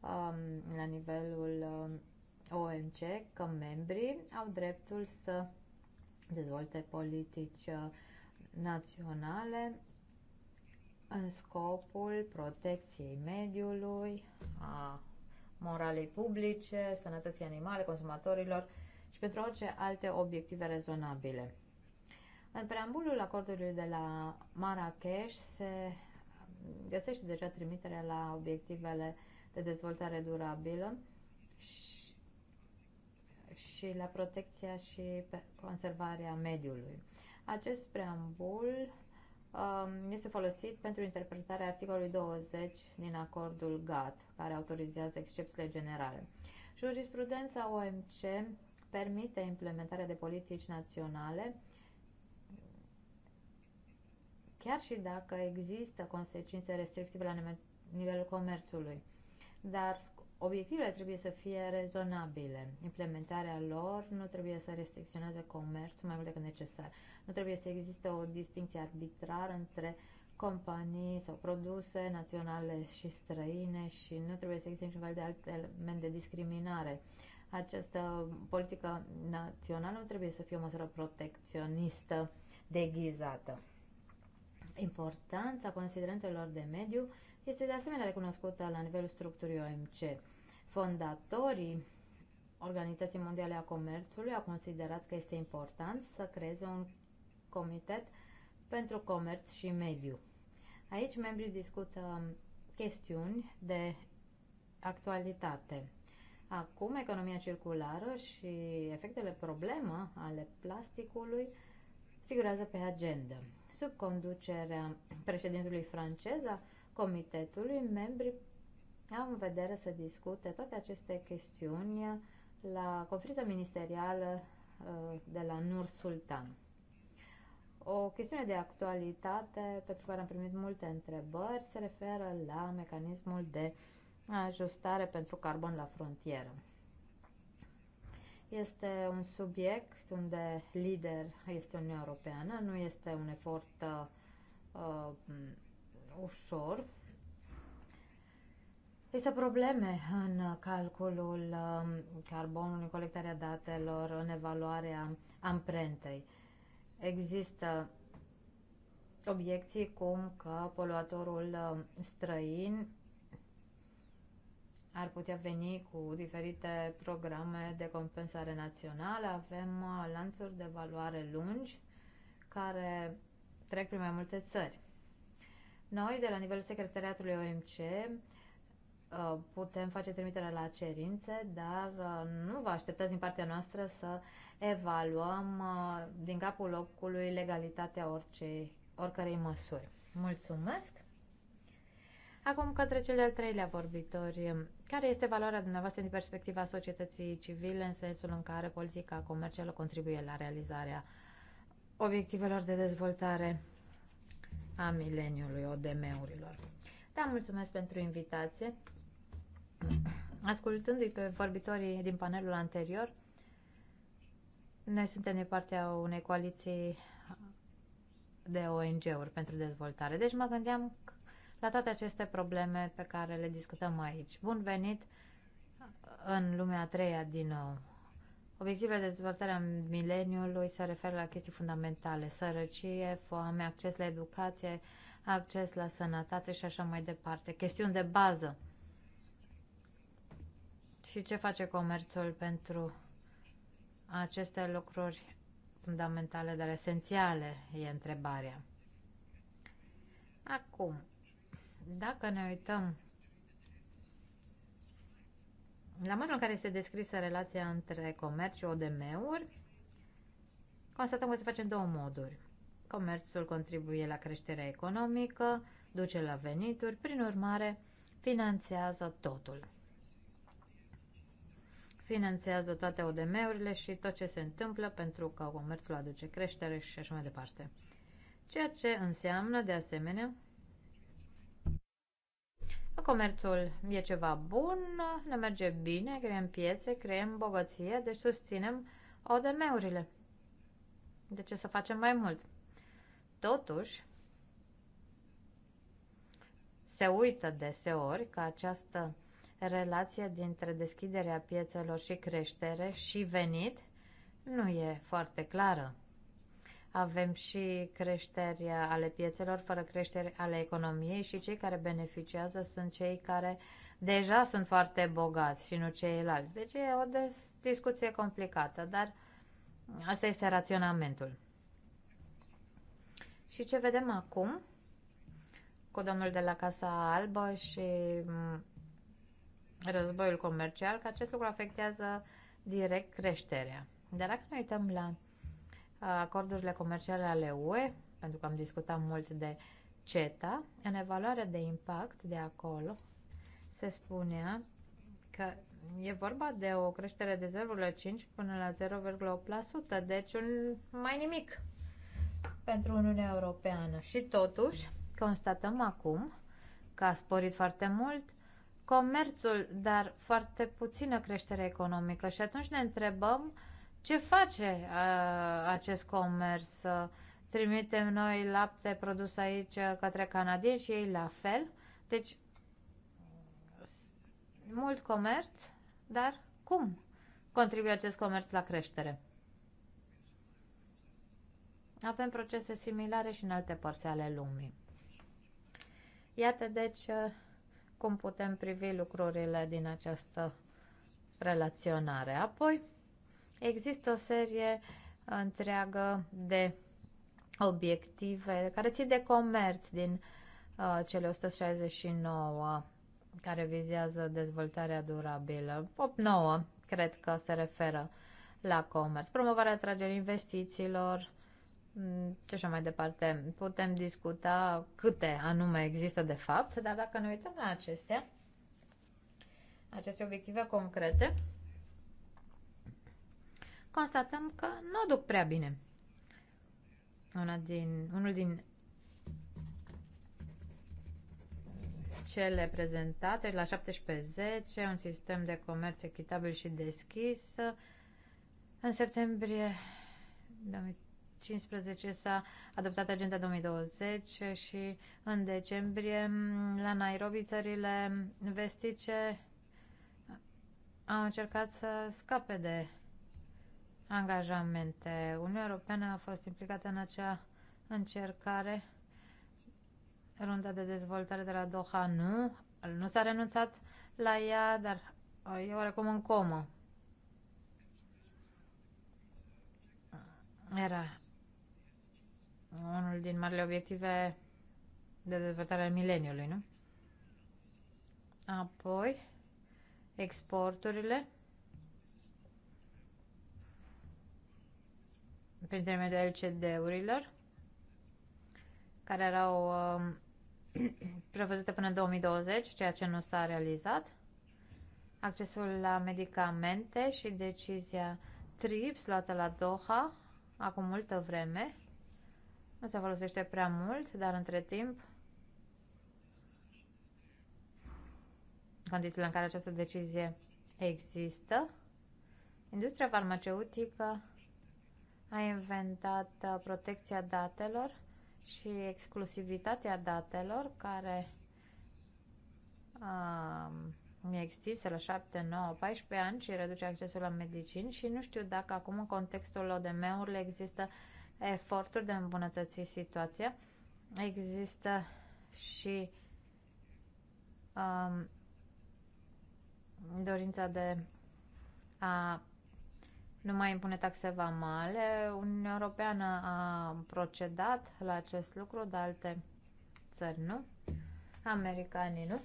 um, la nivelul um, OMC că membrii au dreptul să dezvolte politici uh, naționale în scopul protecției mediului, a moralei publice, sănătății animale, consumatorilor și pentru orice alte obiective rezonabile. În preambulul acordului de la Marrakesh se găsește deja trimiterea la obiectivele de dezvoltare durabilă și, și la protecția și conservarea mediului. Acest preambul um, este folosit pentru interpretarea articolului 20 din acordul GATT, care autorizează excepțiile generale. Jurisprudența OMC permite implementarea de politici naționale chiar și dacă există consecințe restrictive la nivelul comerțului. Dar obiectivele trebuie să fie rezonabile. Implementarea lor nu trebuie să restricționeze comerțul mai mult decât necesar. Nu trebuie să existe o distinție arbitrară între companii sau produse naționale și străine și nu trebuie să existe niciun fel de alt element de discriminare. Această politică națională nu trebuie să fie o măsură protecționistă deghizată. Importanța considerentelor de mediu este de asemenea recunoscută la nivelul structurii OMC. Fondatorii Organizației Mondiale a Comerțului au considerat că este important să creeze un comitet pentru comerț și mediu. Aici membrii discută chestiuni de actualitate. Acum, economia circulară și efectele problemă ale plasticului figurează pe agenda sub conducerea președintelui francez a comitetului, membrii au în vedere să discute toate aceste chestiuni la conferința ministerială uh, de la Nur Sultan. O chestiune de actualitate pentru care am primit multe întrebări se referă la mecanismul de ajustare pentru carbon la frontieră. Este un subiect unde lider este Uniunea Europeană, nu este un efort uh, ușor. Există probleme în calculul uh, carbonului, colectarea datelor, în evaluarea amprentei. Există obiecții cum că poluatorul uh, străin ar putea veni cu diferite programe de compensare națională. Avem uh, lanțuri de valoare lungi care trec prin mai multe țări. Noi, de la nivelul secretariatului OMC, uh, putem face trimitere la cerințe, dar uh, nu vă așteptați din partea noastră să evaluăm din capul locului legalitatea orice, oricărei măsuri. Mulțumesc! Acum către cel de-al treilea vorbitor. Care este valoarea dumneavoastră din perspectiva societății civile în sensul în care politica comercială contribuie la realizarea obiectivelor de dezvoltare a mileniului, ODM-urilor? Da, mulțumesc pentru invitație. Ascultându-i pe vorbitorii din panelul anterior, noi suntem de partea unei coaliții de ONG-uri pentru dezvoltare. Deci mă gândeam la toate aceste probleme pe care le discutăm aici. Bun venit în lumea a treia din nou. Obiectivele de dezvoltare a mileniului se referă la chestii fundamentale, sărăcie, foame, acces la educație, acces la sănătate și așa mai departe, chestiuni de bază. Și ce face comerțul pentru aceste lucruri fundamentale, dar esențiale, e întrebarea. Acum, dacă ne uităm la modul în care este descrisă relația între comerț și ODM-uri, constatăm că se face în două moduri. Comerțul contribuie la creșterea economică, duce la venituri, prin urmare, finanțează totul. Finanțează toate ODM-urile și tot ce se întâmplă pentru că comerțul aduce creștere și așa mai departe. Ceea ce înseamnă, de asemenea, Comerțul e ceva bun, ne merge bine, creăm piețe, creăm bogăție, deci susținem ODM-urile. De ce să facem mai mult? Totuși, se uită deseori că această relație dintre deschiderea piețelor și creștere și venit nu e foarte clară avem și creșteri ale piețelor fără creșteri ale economiei și cei care beneficiază sunt cei care deja sunt foarte bogați și nu ceilalți. Deci e o discuție complicată, dar asta este raționamentul. Și ce vedem acum cu domnul de la Casa Albă și mm, războiul comercial, că acest lucru afectează direct creșterea. Dar dacă ne uităm la acordurile comerciale ale UE, pentru că am discutat mult de CETA, în evaluarea de impact de acolo se spunea că e vorba de o creștere de 0,5 până la 0,8%, deci un mai nimic pentru Uniunea Europeană. Și totuși, constatăm acum că a sporit foarte mult comerțul, dar foarte puțină creștere economică și atunci ne întrebăm uh, ce face uh, acest comerț? Trimitem noi lapte produs aici uh, către canadieni și ei la fel? Deci, mult comerț, dar cum contribuie acest comerț la creștere? Avem procese similare și în alte părți ale lumii. Iată deci uh, cum putem privi lucrurile din această relaționare. Apoi, Există o serie întreagă de obiective care țin de comerț din uh, cele 169 care vizează dezvoltarea durabilă. 8-9 cred că se referă la comerț. Promovarea atragerii investițiilor și mm, așa mai departe. Putem discuta câte anume există de fapt, dar dacă ne uităm la acestea, aceste obiective concrete, constatăm că nu o duc prea bine. Una din, unul din cele prezentate la 17 un sistem de comerț echitabil și deschis. În septembrie 2015 s-a adoptat agenda 2020 și în decembrie mm, la Nairobi țările vestice au încercat să scape de angajamente. Uniunea Europeană a fost implicată în acea încercare. Runda de dezvoltare de la Doha nu, nu s-a renunțat la ea, dar e oarecum în comă. Era unul din marile obiective de dezvoltare al mileniului, nu? Apoi, exporturile. prin intermediul LCD-urilor, care erau uh, prevăzute până în 2020, ceea ce nu s-a realizat, accesul la medicamente și decizia TRIPS luată la Doha acum multă vreme. Nu se folosește prea mult, dar între timp condițiile în care această decizie există. Industria farmaceutică a inventat uh, protecția datelor și exclusivitatea datelor care mi um, există la 7, 9, 14 ani și reduce accesul la medicini și nu știu dacă acum în contextul ODM-urilor există eforturi de a îmbunătăți situația. Există și um, dorința de a nu mai impune taxe vamale. Uniunea Europeană a procedat la acest lucru, dar alte țări nu. Americanii nu.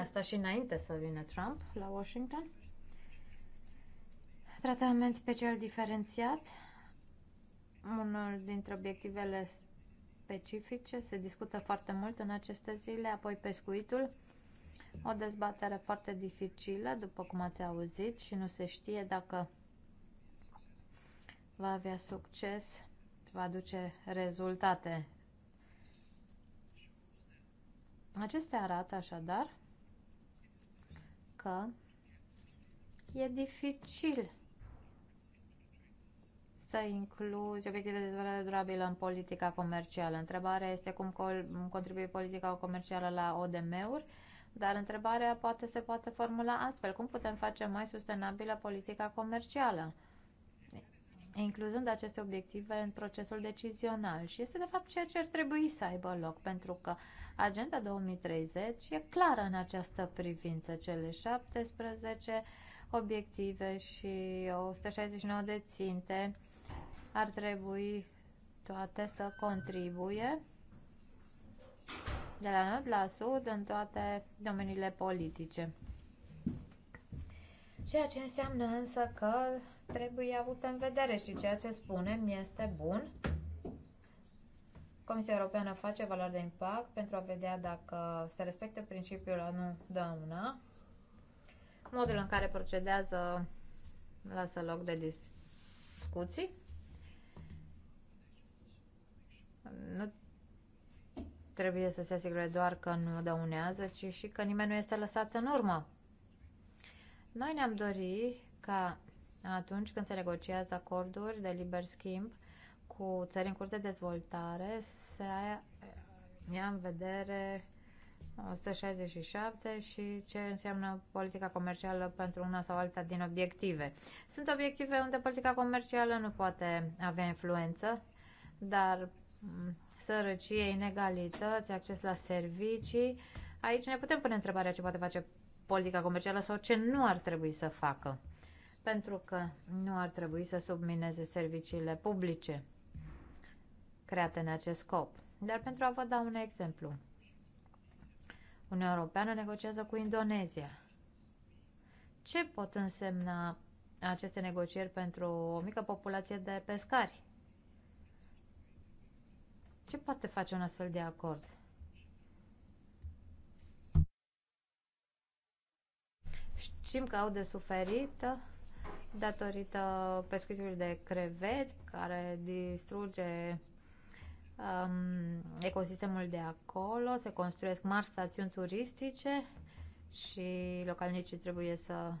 Asta și înainte să vină Trump la Washington. Tratament special diferențiat. Unul dintre obiectivele specifice se discută foarte mult în aceste zile, apoi pescuitul o dezbatere foarte dificilă, după cum ați auzit, și nu se știe dacă va avea succes, va aduce rezultate. Acestea arată așadar că e dificil să incluzi obiective de dezvoltare durabilă în politica comercială. Întrebarea este cum contribuie politica comercială la ODM-uri dar întrebarea poate se poate formula astfel. Cum putem face mai sustenabilă politica comercială? incluzând aceste obiective în procesul decizional și este de fapt ceea ce ar trebui să aibă loc, pentru că Agenda 2030 e clară în această privință, cele 17 obiective și 169 de ținte ar trebui toate să contribuie de la nord la sud în toate domeniile politice. Ceea ce înseamnă însă că trebuie avut în vedere și ceea ce spunem este bun. Comisia Europeană face valoare de impact pentru a vedea dacă se respectă principiul a nu una. Modul în care procedează lasă loc de discuții. Nu trebuie să se asigure doar că nu dăunează, ci și că nimeni nu este lăsat în urmă. Noi ne-am dorit ca atunci când se negociază acorduri de liber schimb cu țări în curs de dezvoltare să ia în vedere 167 și ce înseamnă politica comercială pentru una sau alta din obiective. Sunt obiective unde politica comercială nu poate avea influență, dar sărăcie, inegalități, acces la servicii. Aici ne putem pune întrebarea ce poate face politica comercială sau ce nu ar trebui să facă. Pentru că nu ar trebui să submineze serviciile publice create în acest scop. Dar pentru a vă da un exemplu, Uniunea Europeană negociază cu Indonezia. Ce pot însemna aceste negocieri pentru o mică populație de pescari? Ce poate face un astfel de acord? Știm că au de suferit datorită pescuitului de crevet care distruge um, ecosistemul de acolo, se construiesc mari stațiuni turistice și localnicii trebuie să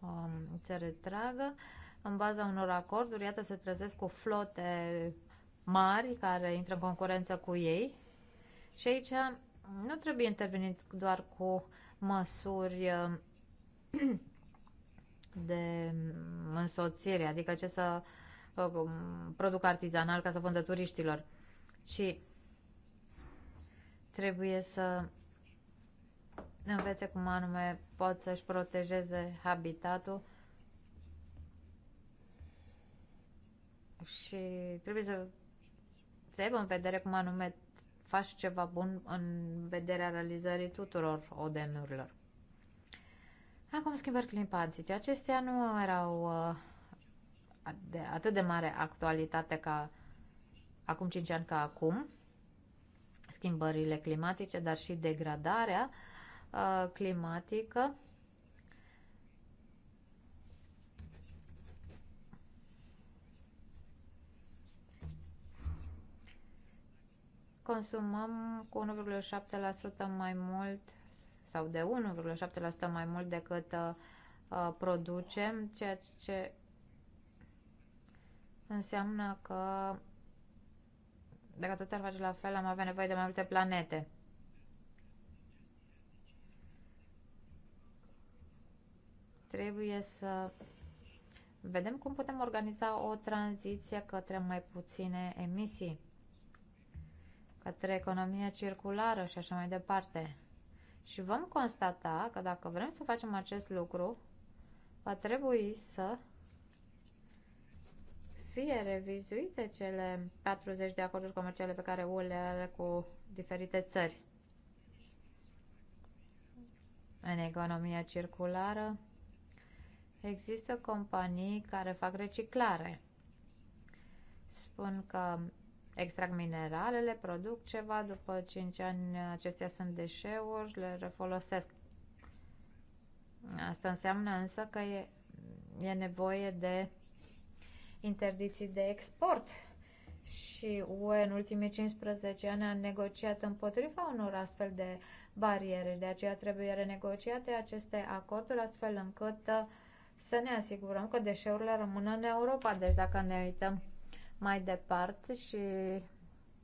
um, se retragă. În baza unor acorduri, iată, se trezesc cu flote mari care intră în concurență cu ei. Și aici nu trebuie intervenit doar cu măsuri eh, de însoțire, adică ce să eh, produc artizanal ca să vândă turiștilor, ci trebuie să învețe cum anume pot să-și protejeze habitatul și trebuie să să în vedere cum anume faci ceva bun în vederea realizării tuturor ODM-urilor. Acum schimbări climatice. Acestea nu erau uh, de atât de mare actualitate ca acum 5 ani ca acum, schimbările climatice, dar și degradarea uh, climatică consumăm cu 1,7% mai mult sau de 1,7% mai mult decât uh, producem, ceea ce înseamnă că dacă tot ar face la fel, am avea nevoie de mai multe planete. Trebuie să vedem cum putem organiza o tranziție către mai puține emisii către economia circulară și așa mai departe. Și vom constata că dacă vrem să facem acest lucru, va trebui să fie revizuite cele 40 de acorduri comerciale pe care UE le are cu diferite țări. În economia circulară există companii care fac reciclare. Spun că extrag mineralele, produc ceva, după 5 ani acestea sunt deșeuri, le refolosesc. Asta înseamnă însă că e, e nevoie de interdiții de export și UE în ultimii 15 ani a negociat împotriva unor astfel de bariere. De aceea trebuie renegociate aceste acorduri astfel încât uh, să ne asigurăm că deșeurile rămân în Europa. Deci dacă ne uităm mai departe și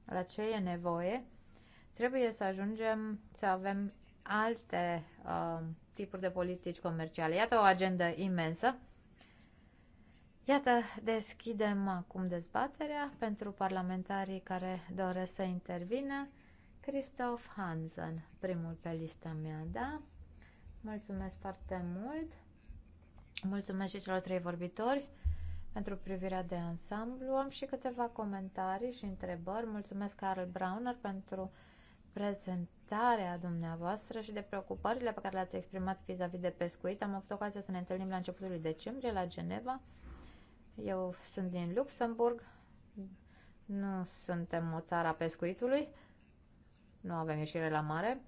la ce e nevoie, trebuie să ajungem să avem alte uh, tipuri de politici comerciale. Iată o agendă imensă. Iată, deschidem acum dezbaterea pentru parlamentarii care doresc să intervină. Christoph Hansen, primul pe lista mea, da? Mulțumesc foarte mult. Mulțumesc și celor trei vorbitori pentru privirea de ansamblu. Am și câteva comentarii și întrebări. Mulțumesc, Carl Browner, pentru prezentarea dumneavoastră și de preocupările pe care le-ați exprimat vis-a-vis -vis de pescuit. Am avut ocazia să ne întâlnim la începutul lui decembrie la Geneva. Eu sunt din Luxemburg. Nu suntem o țară a pescuitului. Nu avem ieșire la mare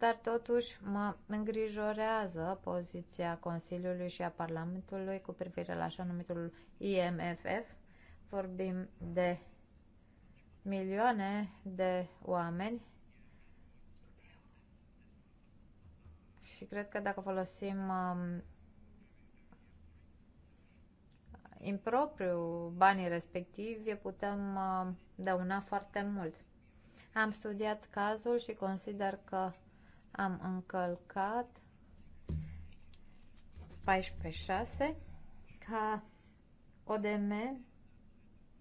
dar totuși mă îngrijorează poziția Consiliului și a Parlamentului cu privire la așa numitul IMFF. Vorbim de milioane de oameni și cred că dacă folosim um, impropriu banii respectivi, putem uh, dăuna foarte mult. Am studiat cazul și consider că am încălcat 14.6 ca ODM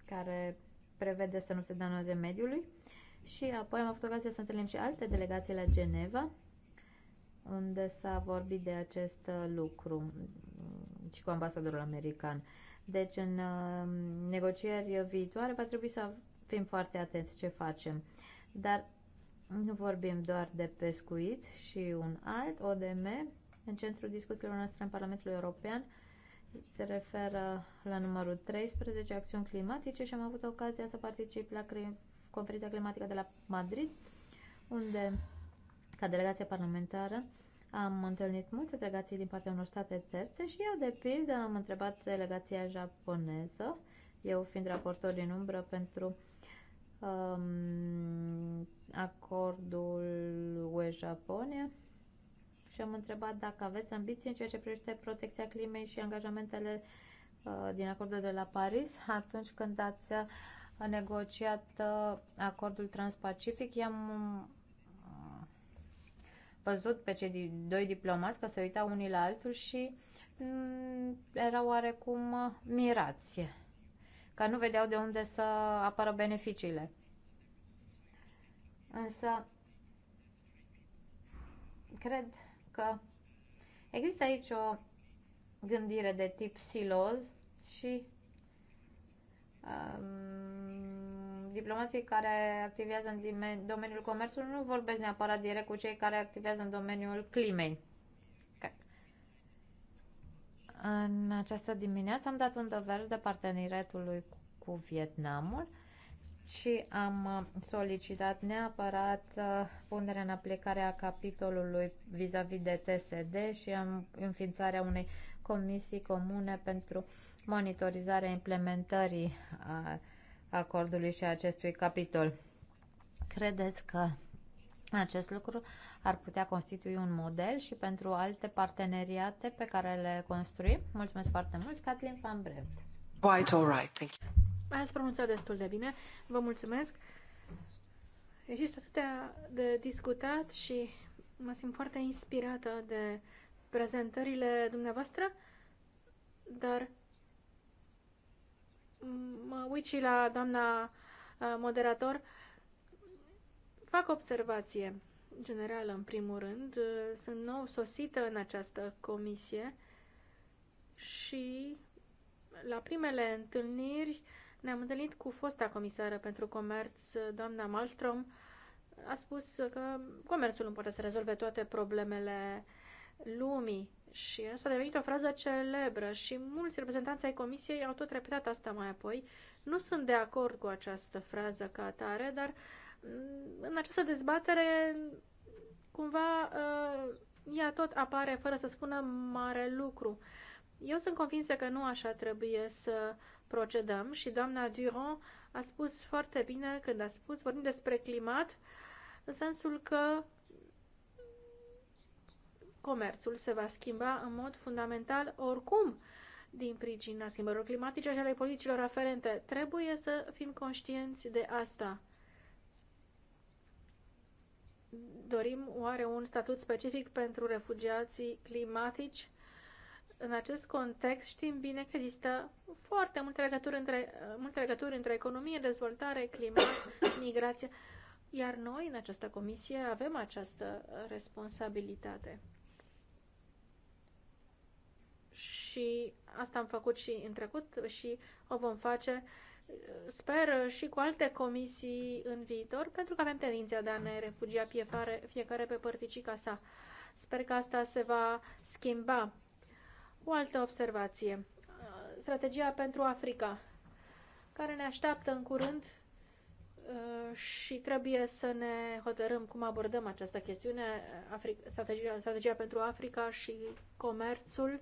care prevede să nu se danoze mediului și apoi am avut ocazia să întâlnim și alte delegații la Geneva unde s-a vorbit de acest lucru și cu ambasadorul american. Deci în uh, negocieri viitoare va trebui să fim foarte atenți ce facem. Dar nu vorbim doar de pescuit și un alt ODM în centrul discuțiilor noastre în Parlamentul European se referă la numărul 13, acțiuni climatice și am avut ocazia să particip la conferința climatică de la Madrid, unde, ca delegație parlamentară, am întâlnit multe delegații din partea unor state terțe și eu, de pildă, am întrebat delegația japoneză, eu fiind raportor din umbră pentru um, acordul UE-Japonia și am întrebat dacă aveți ambiții în ceea ce privește protecția climei și angajamentele uh, din acordul de la Paris atunci când ați uh, negociat uh, acordul transpacific. I-am uh, văzut pe cei doi diplomați că se uitau unii la altul și mm, erau oarecum uh, mirați că nu vedeau de unde să apară beneficiile. Însă, cred că există aici o gândire de tip siloz și um, diplomații care activează în domeniul comerțului nu vorbesc neapărat direct cu cei care activează în domeniul climei. În această dimineață am dat undă verde parteneriatului cu Vietnamul și am uh, solicitat neapărat uh, punerea în aplicare a capitolului vis-a-vis -vis de TSD și am înființarea unei comisii comune pentru monitorizarea implementării a uh, acordului și a acestui capitol. Credeți că acest lucru ar putea constitui un model și pentru alte parteneriate pe care le construim. Mulțumesc foarte mult, Kathleen Van Bremt. Quite all right, thank you. Ați pronunțat destul de bine. Vă mulțumesc. Există atâtea de discutat și mă simt foarte inspirată de prezentările dumneavoastră, dar mă uit și la doamna uh, moderator Fac observație generală, în primul rând. Sunt nou sosită în această comisie și la primele întâlniri ne-am întâlnit cu fosta comisară pentru comerț, doamna Malmström, a spus că comerțul nu poate să rezolve toate problemele lumii și asta a devenit o frază celebră și mulți reprezentanți ai comisiei au tot repetat asta mai apoi. Nu sunt de acord cu această frază ca atare, dar în această dezbatere, cumva, uh, ea tot apare fără să spună mare lucru. Eu sunt convinsă că nu așa trebuie să procedăm și doamna Durand a spus foarte bine când a spus, vorbim despre climat, în sensul că comerțul se va schimba în mod fundamental oricum din pricina schimbărilor climatice și ale politicilor aferente. Trebuie să fim conștienți de asta. Dorim oare un statut specific pentru refugiații climatici? În acest context știm bine că există foarte multe legături între, multe legături între economie, dezvoltare, climat, migrație. Iar noi, în această comisie, avem această responsabilitate. Și asta am făcut și în trecut și o vom face uh, sper și cu alte comisii în viitor, pentru că avem tendința de a ne refugia fiecare, fiecare pe părticica sa. Sper că asta se va schimba. O altă observație. Strategia pentru Africa, care ne așteaptă în curând uh, și trebuie să ne hotărâm cum abordăm această chestiune, strategia, strategia pentru Africa și comerțul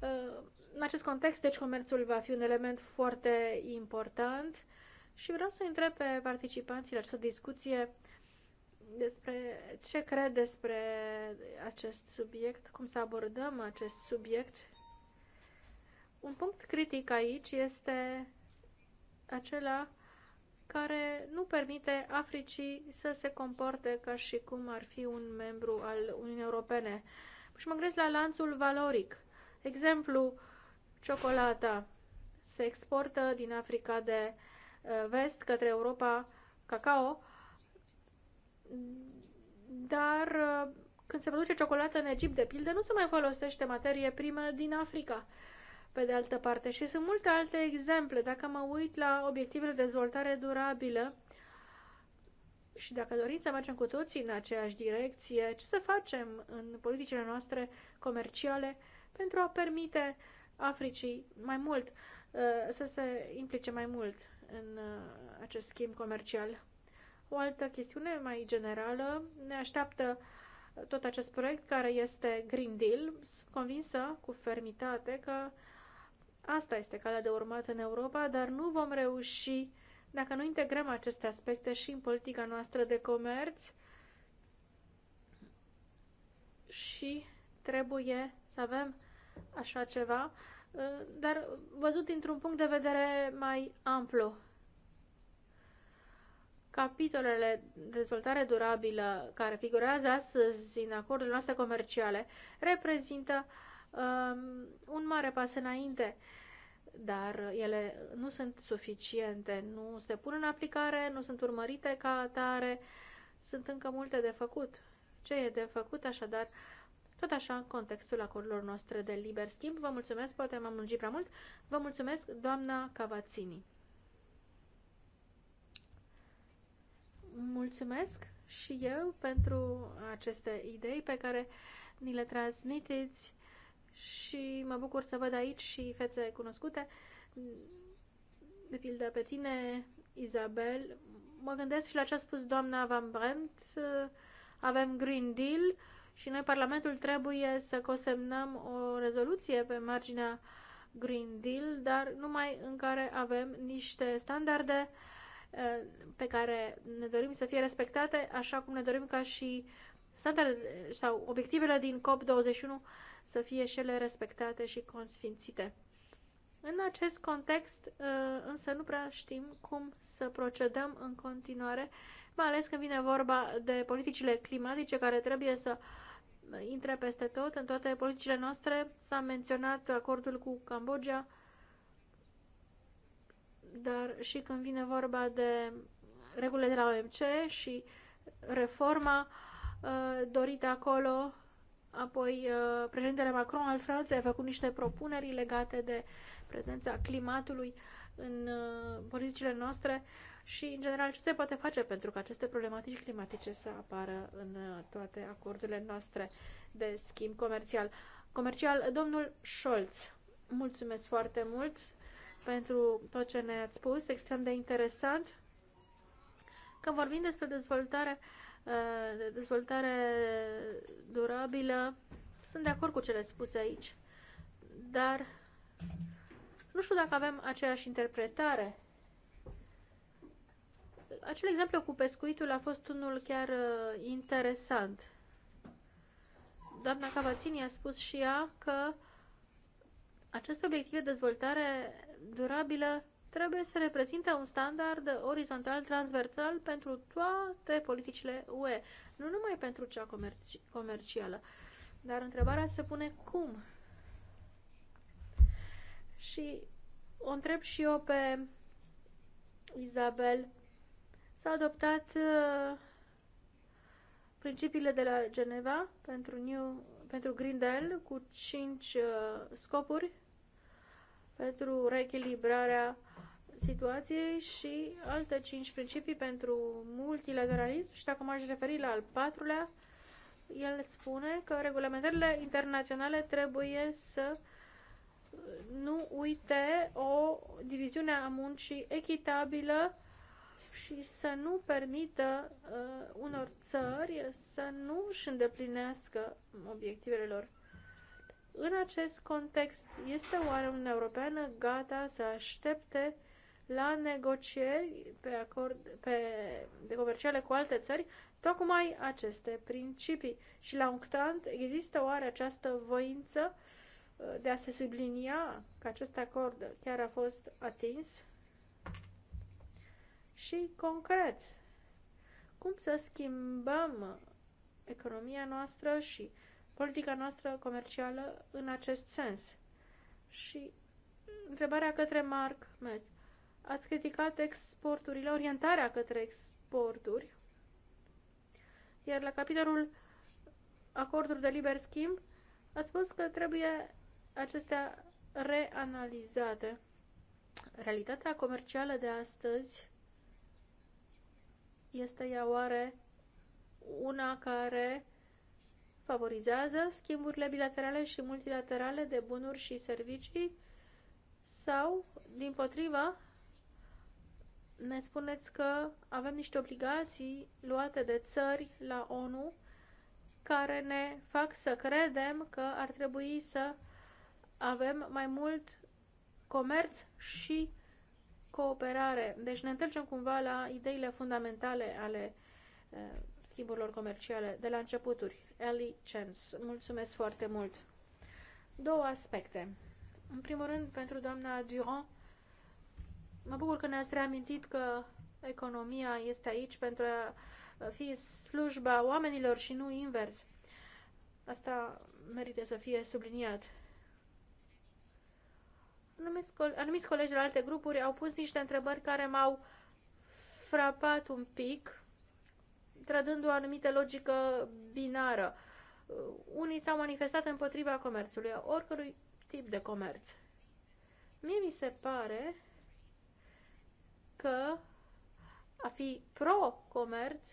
uh, în acest context, deci, comerțul va fi un element foarte important și vreau să întreb pe participanții la această discuție despre ce cred despre acest subiect, cum să abordăm acest subiect. Un punct critic aici este acela care nu permite Africii să se comporte ca și cum ar fi un membru al Uniunii Europene. Și mă gândesc la lanțul valoric. Exemplu, Ciocolata se exportă din Africa de uh, vest către Europa cacao, dar uh, când se produce ciocolată în Egipt, de pildă, nu se mai folosește materie primă din Africa, pe de altă parte. Și sunt multe alte exemple. Dacă mă uit la obiectivele de dezvoltare durabilă și dacă dorim să mergem cu toții în aceeași direcție, ce să facem în politicile noastre comerciale pentru a permite uh, Africii mai mult, uh, să se implice mai mult în uh, acest schimb comercial. O altă chestiune mai generală ne așteaptă tot acest proiect care este Green Deal. convinsă cu fermitate că asta este calea de urmat în Europa, dar nu vom reuși dacă nu integrăm aceste aspecte și în politica noastră de comerț și trebuie să avem așa ceva, ă, dar văzut dintr-un punct de vedere mai amplu. Capitolele dezvoltare durabilă care figurează astăzi în acordurile noastre comerciale reprezintă um, un mare pas înainte, dar ele nu sunt suficiente, nu se pun în aplicare, nu sunt urmărite ca atare, sunt încă multe de făcut. Ce e de făcut așadar? Uh, tot așa în contextul acordurilor noastre de liber schimb. Vă mulțumesc, poate m-am lungit prea mult. Vă mulțumesc, doamna Cavazzini. Mulțumesc și eu pentru aceste idei pe care ni le transmiteți și mă bucur să văd aici și fețe cunoscute. De pildă pe tine, Isabel, mă gândesc și la ce a spus doamna Van Bremt, avem Green Deal, și noi, Parlamentul, trebuie să cosemnăm o rezoluție pe marginea Green Deal, dar numai în care avem niște standarde eh, pe care ne dorim să fie respectate, așa cum ne dorim ca și standarde sau obiectivele din COP21 să fie și ele respectate și consfințite. În acest context, eh, însă, nu prea știm cum să procedăm în continuare, mai ales când vine vorba de politicile climatice care trebuie să uh, intre peste tot, în toate politicile noastre. S-a menționat acordul cu Cambodgia, dar și când vine vorba de regulile de la OMC și reforma uh, dorită acolo, apoi uh, președintele Macron al Franței a făcut niște propuneri legate de prezența climatului în uh, politicile noastre și, în general, ce se poate face pentru că aceste problematici climatice să apară în uh, toate acordurile noastre de schimb comercial. Comercial, domnul Scholz, mulțumesc foarte mult pentru tot ce ne-ați spus, extrem de interesant. Când vorbim despre dezvoltare, uh, dezvoltare durabilă, sunt de acord cu cele spuse aici, dar nu știu dacă avem aceeași interpretare acel exemplu cu pescuitul a fost unul chiar uh, interesant. Doamna Cavațini a spus și ea că aceste obiective de dezvoltare durabilă trebuie să reprezinte un standard orizontal, transversal pentru toate politicile UE, nu numai pentru cea comerci comercială. Dar întrebarea se pune cum. Și o întreb și eu pe Isabel s a adoptat uh, principiile de la Geneva pentru, New, pentru Green Deal cu cinci uh, scopuri pentru reechilibrarea situației și alte cinci principii pentru multilateralism și dacă m-aș referi la al patrulea, el spune că regulamentările internaționale trebuie să nu uite o diviziune a muncii echitabilă și să nu permită uh, unor țări să nu își îndeplinească obiectivele lor. În acest context, este oare Uniunea Europeană gata să aștepte la negocieri pe acord, pe, de comerciale cu alte țări tocmai aceste principii? Și la UNCTAD există oare această voință uh, de a se sublinia că acest acord chiar a fost atins? și concret. Cum să schimbăm economia noastră și politica noastră comercială în acest sens? Și întrebarea către Mark Mez. Ați criticat exporturile, orientarea către exporturi, iar la capitolul acorduri de liber schimb, ați spus că trebuie acestea reanalizate. Realitatea comercială de astăzi este ea oare una care favorizează schimburile bilaterale și multilaterale de bunuri și servicii sau, din potrivă, ne spuneți că avem niște obligații luate de țări la ONU care ne fac să credem că ar trebui să avem mai mult comerț și cooperare. Deci ne întâlcem cumva la ideile fundamentale ale eh, schimburilor comerciale de la începuturi. Ellie Chance, mulțumesc foarte mult! Două aspecte. În primul rând, pentru doamna Durand, mă bucur că ne-ați reamintit că economia este aici pentru a fi slujba oamenilor și nu invers. Asta merită să fie subliniat anumiți, co anumiți colegi de la alte grupuri au pus niște întrebări care m-au frapat un pic, trădând o anumită logică binară. Uh, unii s-au manifestat împotriva comerțului, oricărui tip de comerț. Mie mi se pare că a fi pro-comerț,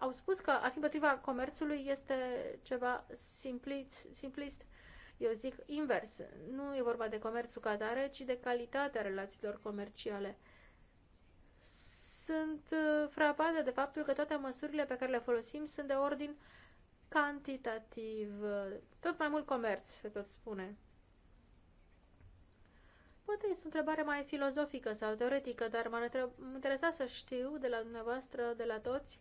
au spus că a fi împotriva comerțului este ceva simplist, simplist. Eu zic invers. Nu e vorba de comerțul ca tare, ci de calitatea relațiilor comerciale. Sunt uh, frapată de faptul că toate măsurile pe care le folosim sunt de ordin cantitativ. Tot mai mult comerț, se tot spune. Poate este o întrebare mai filozofică sau teoretică, dar m-ar interesa să știu de la dumneavoastră, de la toți,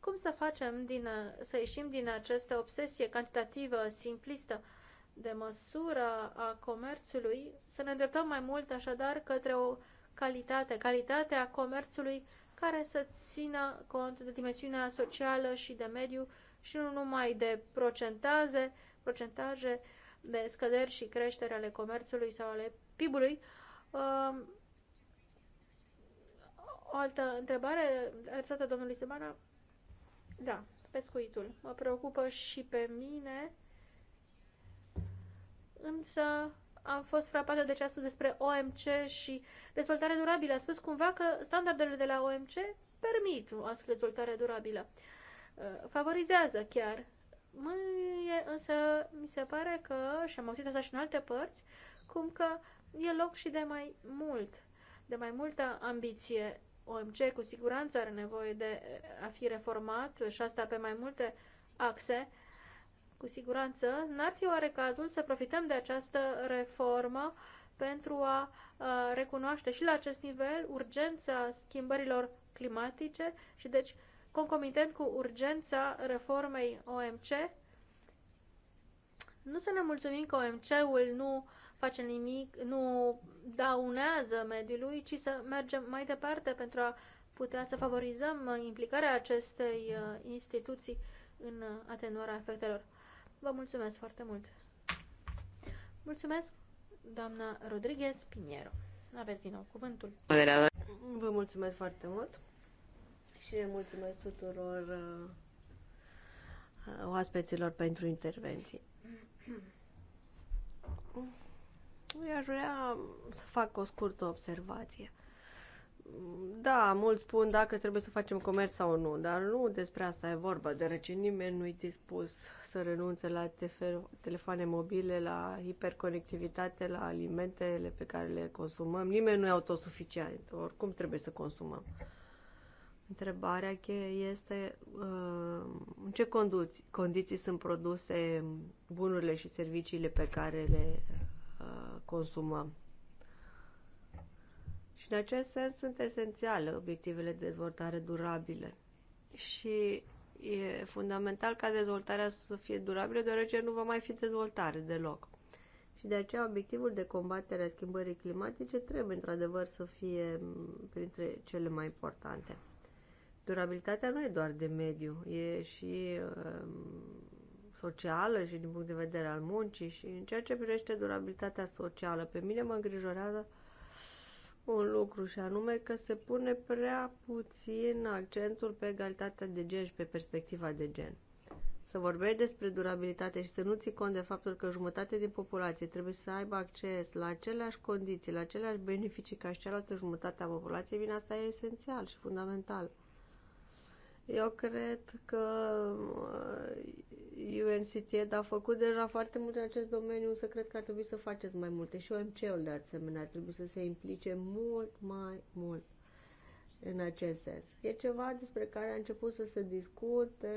cum să facem din, să ieșim din această obsesie cantitativă, simplistă, de măsură a comerțului, să ne îndreptăm mai mult așadar către o calitate, calitatea comerțului care să țină cont de dimensiunea socială și de mediu și nu numai de procentaze procentaje de scăderi și creștere ale comerțului sau ale PIB-ului. Um, o altă întrebare adresată domnului Sebana? Da, pescuitul. Mă preocupă și pe mine însă am fost frapată de ce a spus despre OMC și dezvoltare durabilă. A spus cumva că standardele de la OMC permit o astfel de dezvoltare durabilă. Uh, favorizează chiar. Mâine însă mi se pare că, și am auzit asta și în alte părți, cum că e loc și de mai mult, de mai multă ambiție. OMC cu siguranță are nevoie de a fi reformat și asta pe mai multe axe cu siguranță, n-ar fi oare cazul să profităm de această reformă pentru a recunoaște și la acest nivel urgența schimbărilor climatice și deci concomitent cu urgența reformei OMC? Nu să ne mulțumim că OMC-ul nu face nimic, nu daunează mediului, ci să mergem mai departe pentru a putea să favorizăm implicarea acestei instituții în atenuarea efectelor. Vă mulțumesc foarte mult! Mulțumesc, doamna Rodriguez Piniero. Aveți din nou cuvântul. Vă mulțumesc foarte mult și le mulțumesc tuturor uh, oaspeților pentru intervenții. Eu aș vrea să fac o scurtă observație. Da, mulți spun dacă trebuie să facem comerț sau nu, dar nu despre asta e vorba, deoarece nimeni nu-i dispus să renunțe la telefoane mobile, la hiperconectivitate, la alimentele pe care le consumăm. Nimeni nu e autosuficient, oricum trebuie să consumăm. Întrebarea cheie este uh, în ce condiții sunt produse bunurile și serviciile pe care le uh, consumăm. Și în acest sens sunt esențiale obiectivele de dezvoltare durabile. Și e fundamental ca dezvoltarea să fie durabilă, deoarece nu va mai fi dezvoltare deloc. Și de aceea obiectivul de combatere a schimbării climatice trebuie într-adevăr să fie printre cele mai importante. Durabilitatea nu e doar de mediu, e și um, socială și din punct de vedere al muncii și în ceea ce privește durabilitatea socială. Pe mine mă îngrijorează uh, un lucru și anume că se pune prea puțin accentul pe egalitatea de gen și pe perspectiva de gen. Să vorbești despre durabilitate și să nu ții cont de faptul că jumătate din populație trebuie să aibă acces la aceleași condiții, la aceleași beneficii ca și cealaltă jumătate a populației, bine, asta e esențial și fundamental. Eu cred că UNCTED uh, a făcut deja foarte mult în acest domeniu, însă cred că ar trebui să faceți mai multe și OMC-ul de asemenea ar trebui să se implice mult mai mult în acest sens. E ceva despre care a început să se discute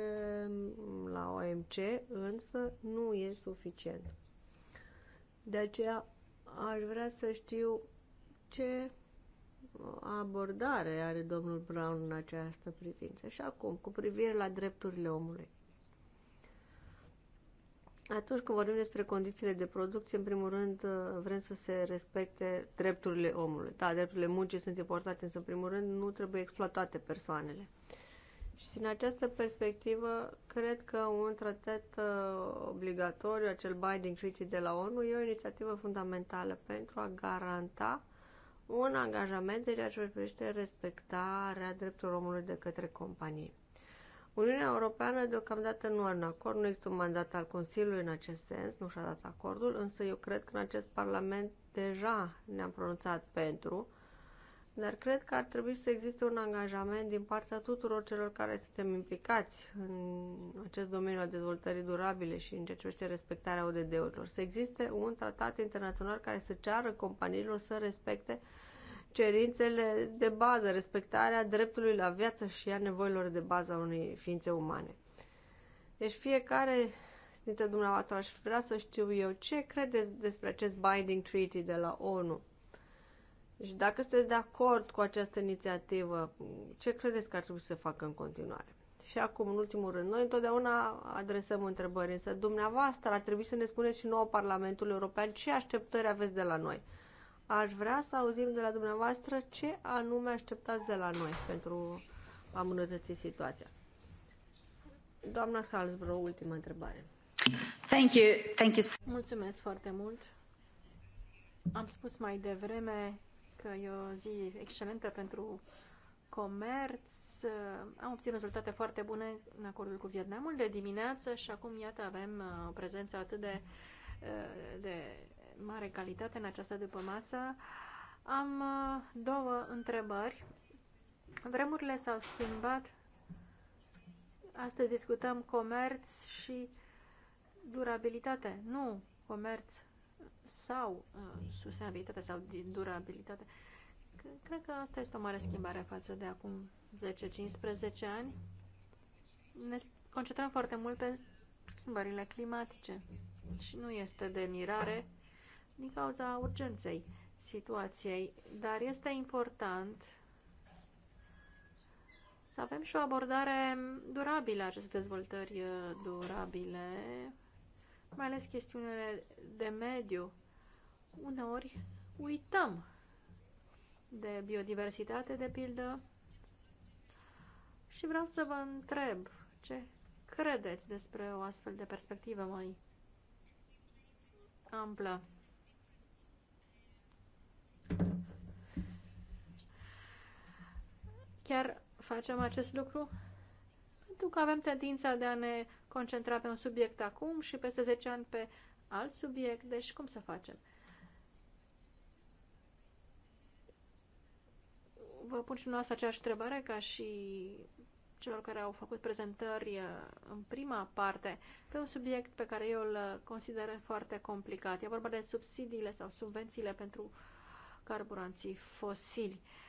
mm, la OMC, însă nu e suficient. De aceea aș vrea să știu ce abordare are domnul Brown în această privință. Și acum, cu privire la drepturile omului. Atunci când vorbim despre condițiile de producție, în primul rând uh, vrem să se respecte drepturile omului. Da, drepturile muncii sunt importante, însă în primul rând nu trebuie exploatate persoanele. Și din această perspectivă, cred că un tratat uh, obligatoriu, acel Binding Treaty de la ONU, e o inițiativă fundamentală pentru a garanta un angajament de ceea ce privește respectarea drepturilor omului de către companii. Uniunea Europeană deocamdată nu are un acord, nu există un mandat al Consiliului în acest sens, nu și-a dat acordul, însă eu cred că în acest Parlament deja ne-am pronunțat pentru, dar cred că ar trebui să existe un angajament din partea tuturor celor care suntem implicați în acest domeniu al dezvoltării durabile și în ceea ce privește respectarea ODD-urilor. Să existe un tratat internațional care să ceară companiilor să respecte cerințele de bază, respectarea dreptului la viață și a nevoilor de bază a unei ființe umane. Deci fiecare dintre dumneavoastră aș vrea să știu eu ce credeți despre acest binding treaty de la ONU. Și dacă sunteți de acord cu această inițiativă, ce credeți că ar trebui să se facă în continuare? Și acum, în ultimul rând, noi întotdeauna adresăm întrebări, însă dumneavoastră ar trebui să ne spuneți și nouă Parlamentul European ce așteptări aveți de la noi. Aș vrea să auzim de la dumneavoastră ce anume așteptați de la noi pentru a îmbunătăți situația. Doamna Halsbro, ultima întrebare. Thank you. Thank you. Mulțumesc foarte mult. Am spus mai devreme că e o zi excelentă pentru comerț. Am obținut rezultate foarte bune în acordul cu Vietnamul de dimineață și acum, iată, avem uh, o prezență atât de, uh, de mare calitate în această masă. Am uh, două întrebări. Vremurile s-au schimbat. Astăzi discutăm comerț și durabilitate. Nu comerț sau uh, sustenabilitate sau durabilitate. Cred că asta este o mare schimbare față de acum 10-15 ani. Ne concentrăm foarte mult pe schimbările climatice și nu este de mirare din cauza urgenței situației, dar este important să avem și o abordare durabilă a acestei dezvoltări uh, durabile, mai ales chestiunile de mediu. Uneori uităm de biodiversitate, de pildă, și vreau să vă întreb ce credeți despre o astfel de perspectivă mai amplă. chiar facem acest lucru? Pentru că avem tendința de a ne concentra pe un subiect acum și peste 10 ani pe alt subiect, deci cum să facem? Vă pun și noastră aceeași întrebare ca și celor care au făcut prezentări uh, în prima parte pe un subiect pe care eu îl consider foarte complicat. E vorba de subsidiile sau subvențiile pentru carburanții fosili. Uh,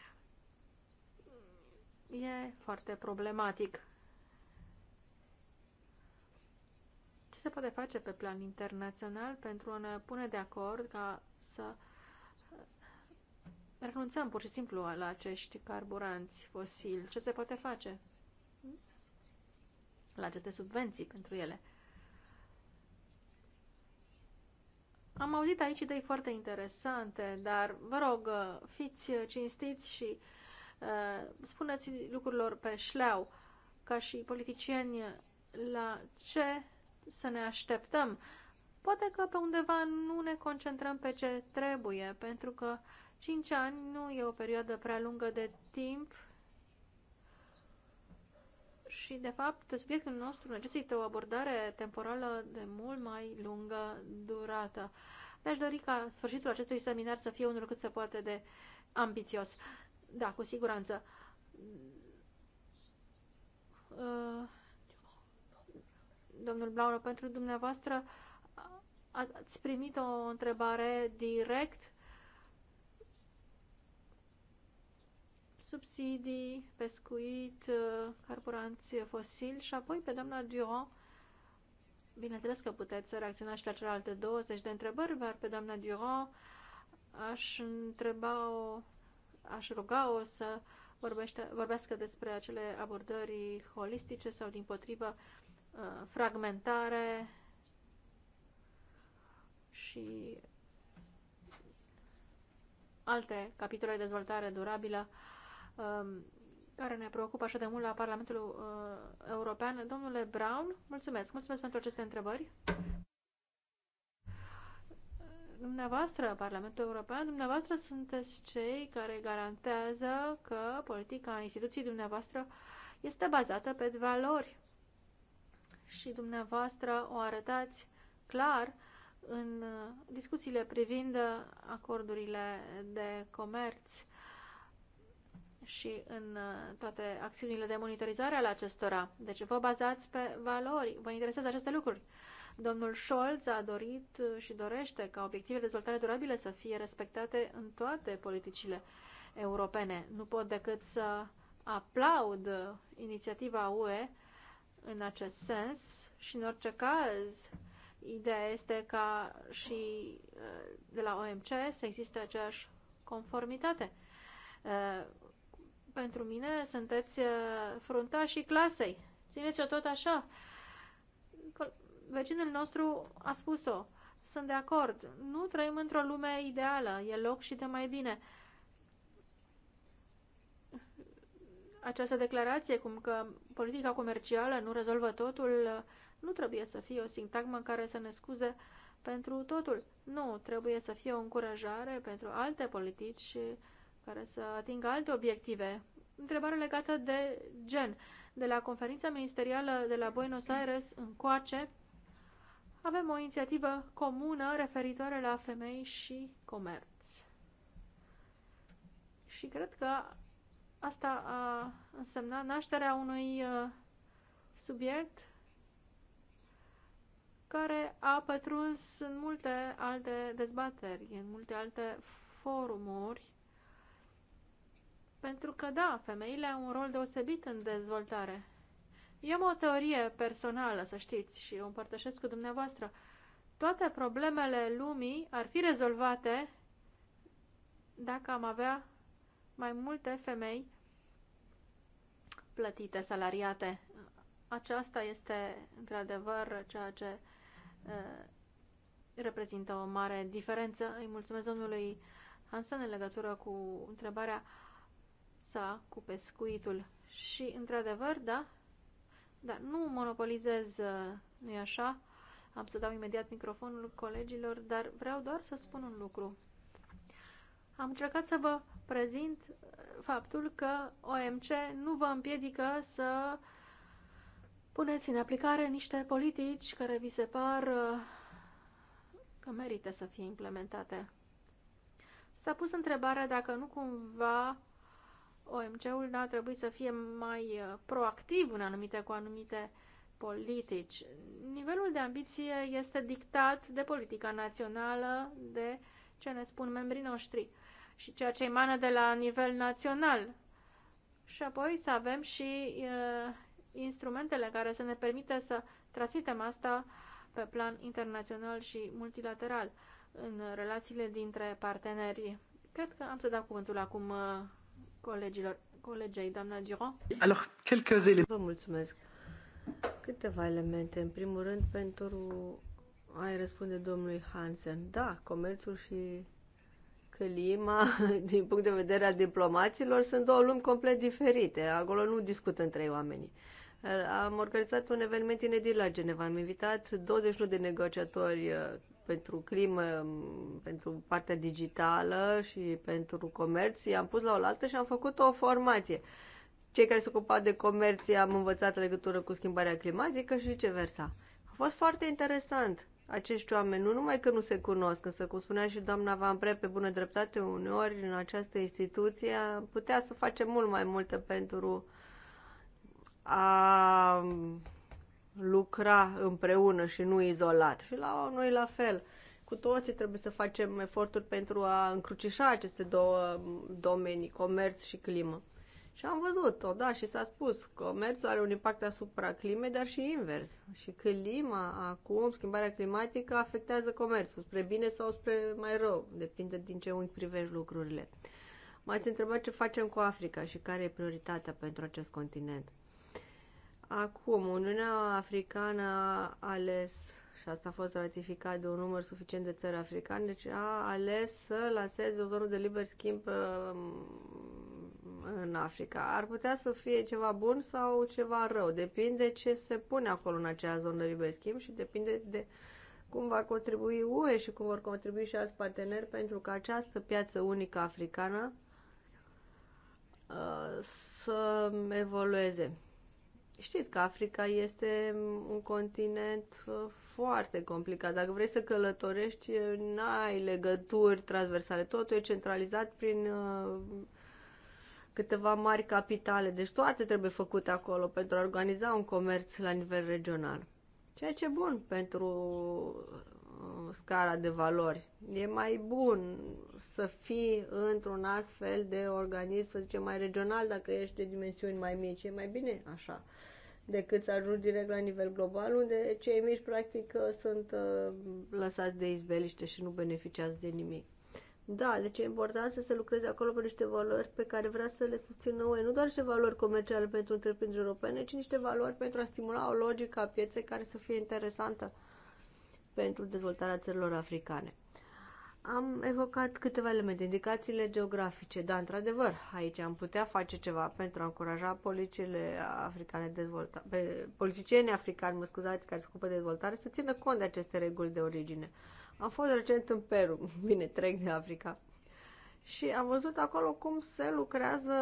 e foarte problematic. Ce se poate face pe plan internațional pentru a ne pune de acord ca să renunțăm pur și simplu la acești carburanți fosili? Ce se poate face la aceste subvenții pentru ele? Am auzit aici idei foarte interesante, dar vă rog, fiți cinstiți și Uh, spuneți lucrurilor pe șleau, ca și politicieni, la ce să ne așteptăm. Poate că pe undeva nu ne concentrăm pe ce trebuie, pentru că 5 ani nu e o perioadă prea lungă de timp și, de fapt, subiectul nostru necesită o abordare temporală de mult mai lungă durată. Mi-aș dori ca sfârșitul acestui seminar să fie unul cât se poate de ambițios. Da, cu siguranță. Uh, domnul Blauro, pentru dumneavoastră ați primit o întrebare direct subsidii, pescuit, uh, carburanți fosili și apoi pe doamna Dion Bineînțeles că puteți să reacționați și la celelalte 20 de întrebări, dar pe doamna Durand aș întreba-o aș ruga-o să vorbește, vorbească despre acele abordări holistice sau, din potrivă, uh, fragmentare și alte capitole de dezvoltare durabilă um, care ne preocupă așa de mult la Parlamentul uh, European. Domnule Brown, mulțumesc. Mulțumesc pentru aceste întrebări. Dumneavoastră, Parlamentul European, dumneavoastră sunteți cei care garantează că politica instituției dumneavoastră este bazată pe valori. Și dumneavoastră o arătați clar în discuțiile privind acordurile de comerț și în toate acțiunile de monitorizare ale acestora. Deci vă bazați pe valori, vă interesează aceste lucruri. Domnul Scholz a dorit uh, și dorește ca obiectivele de dezvoltare durabile să fie respectate în toate politicile europene. Nu pot decât să aplaud inițiativa UE în acest sens și în orice caz ideea este ca și uh, de la OMC să existe aceeași conformitate. Uh, pentru mine sunteți fruntașii clasei. Țineți-o tot așa vecinul nostru a spus-o. Sunt de acord. Nu trăim într-o lume ideală. E loc și de mai bine. Această declarație, cum că politica comercială nu rezolvă totul, nu trebuie să fie o sintagmă care să ne scuze pentru totul. Nu, trebuie să fie o încurajare pentru alte politici care să atingă alte obiective. Întrebare legată de gen. De la conferința ministerială de la Buenos Aires încoace, avem o inițiativă comună referitoare la femei și comerț. Și cred că asta a însemnat nașterea unui uh, subiect care a pătruns în multe alte dezbateri, în multe alte forumuri, pentru că, da, femeile au un rol deosebit în dezvoltare eu am o teorie personală, să știți, și o împărtășesc cu dumneavoastră. Toate problemele lumii ar fi rezolvate dacă am avea mai multe femei plătite, salariate. Aceasta este, într-adevăr, ceea ce uh, reprezintă o mare diferență. Îi mulțumesc domnului Hansen în legătură cu întrebarea sa cu pescuitul. Și, într-adevăr, da, dar nu monopolizez, uh, nu-i așa? Am să dau imediat microfonul colegilor, dar vreau doar să spun un lucru. Am încercat să vă prezint uh, faptul că OMC nu vă împiedică să puneți în aplicare niște politici care vi se par uh, că merită să fie implementate. S-a pus întrebarea dacă nu cumva OMC-ul n-ar trebui să fie mai uh, proactiv în anumite cu anumite politici. Nivelul de ambiție este dictat de politica națională, de ce ne spun membrii noștri și ceea ce emană de la nivel național. Și apoi să avem și uh, instrumentele care să ne permită să transmitem asta pe plan internațional și multilateral în relațiile dintre partenerii. Cred că am să dau cuvântul acum uh, colegilor, colegei, doamna Giro. Alors, quelques elemente. Vă mulțumesc. Câteva elemente. În primul rând, pentru a răspunde domnului Hansen. Da, comerțul și clima, din punct de vedere al diplomaților, sunt două lumi complet diferite. Acolo nu discută între oamenii. Am organizat un eveniment inedit la Geneva. Am invitat 21 de negociatori pentru crimă, pentru partea digitală și pentru comerț, i-am pus la oaltă și am făcut o formație. Cei care se ocupau de comerț am învățat legătură cu schimbarea climatică și viceversa. A fost foarte interesant. Acești oameni nu numai că nu se cunosc, însă, cum spunea și doamna Pre, pe bună dreptate, uneori în această instituție putea să facem mult mai multe pentru a lucra împreună și nu izolat. Și la noi la fel. Cu toții trebuie să facem eforturi pentru a încrucișa aceste două domenii, comerț și climă. Și am văzut-o, da, și s-a spus, comerțul are un impact asupra climei, dar și invers. Și clima acum, schimbarea climatică, afectează comerțul, spre bine sau spre mai rău, depinde din ce unghi privești lucrurile. M-ați întrebat ce facem cu Africa și care e prioritatea pentru acest continent. Acum, Uniunea Africană a ales, și asta a fost ratificat de un număr suficient de țări africane, deci a ales să lanseze o zonă de liber schimb um, în Africa. Ar putea să fie ceva bun sau ceva rău. Depinde ce se pune acolo în acea zonă de liber schimb și depinde de cum va contribui UE și cum vor contribui și alți parteneri pentru că această piață unică africană uh, să evolueze. Știți că Africa este un continent uh, foarte complicat. Dacă vrei să călătorești, uh, n-ai legături transversale. Totul e centralizat prin uh, câteva mari capitale. Deci toate trebuie făcute acolo pentru a organiza un comerț la nivel regional. Ceea ce e bun pentru Uh, scara de valori. E mai bun să fii într-un astfel de organism, să zicem, mai regional, dacă ești de dimensiuni mai mici, e mai bine așa, decât să ajungi direct la nivel global, unde cei mici, practic, uh, sunt uh, lăsați de izbeliște și nu beneficiază de nimic. Da, deci e important să se lucreze acolo pe niște valori pe care vrea să le susțină UE, nu doar niște valori comerciale pentru întreprinderi europene, ci niște valori pentru a stimula o logică a pieței care să fie interesantă pentru dezvoltarea țărilor africane. Am evocat câteva elemente, indicațiile geografice. dar într-adevăr, aici am putea face ceva pentru a încuraja politicile africane dezvolta, pe politicieni africani, mă scuzați, care se ocupă de dezvoltare, să țină cont de aceste reguli de origine. Am fost recent în Peru, bine, trec de Africa, și am văzut acolo cum se lucrează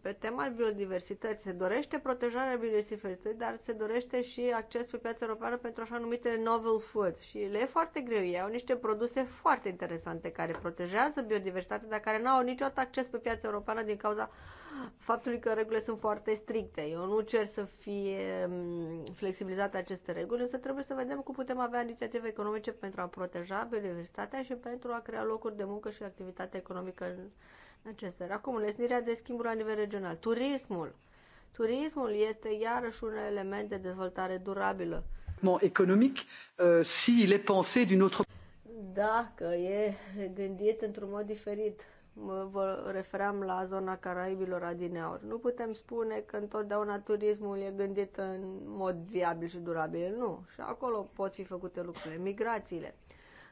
pe tema biodiversității. Se dorește protejarea biodiversității, dar se dorește și acces pe piața europeană pentru așa numitele novel foods. Și le e foarte greu. Ei au niște produse foarte interesante care protejează biodiversitatea, dar care nu au niciodată acces pe piața europeană din cauza faptului că regulile sunt foarte stricte. Eu nu cer să fie mm, flexibilizate aceste reguli, însă trebuie să vedem cum putem avea inițiative economice pentru a proteja biodiversitatea și pentru a crea locuri de muncă și activitate economică în acestea. Acum, lesnirea de schimburi la nivel regional. Turismul. Turismul este iarăși un element de dezvoltare durabilă. Economic, euh, si il est pensé d'une autre... Dacă e gândit într-un mod diferit, vă refeream la zona Caraibilor Adineaur. Nu putem spune că întotdeauna turismul e gândit în mod viabil și durabil. Nu. Și acolo pot fi făcute lucrurile. Migrațiile.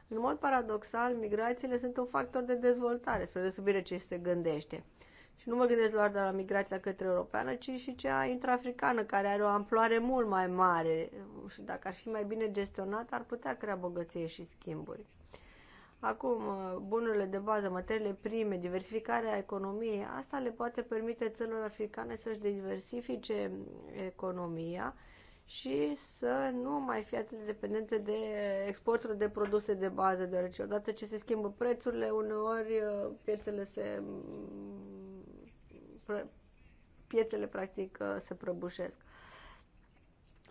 În mod paradoxal, migrațiile sunt un factor de dezvoltare, spre deosebire ce se gândește. Și nu mă gândesc doar de la migrația către europeană, ci și cea intraafricană, care are o amploare mult mai mare și dacă ar fi mai bine gestionată, ar putea crea bogăție și schimburi. Acum, uh, bunurile de bază, materiile prime, diversificarea economiei, asta le poate permite țărilor africane să-și diversifice mm, economia și să nu mai fie atât de dependente de exportul de produse de bază, deoarece odată ce se schimbă prețurile, uneori uh, piețele se mm, piețele practic uh, se prăbușesc.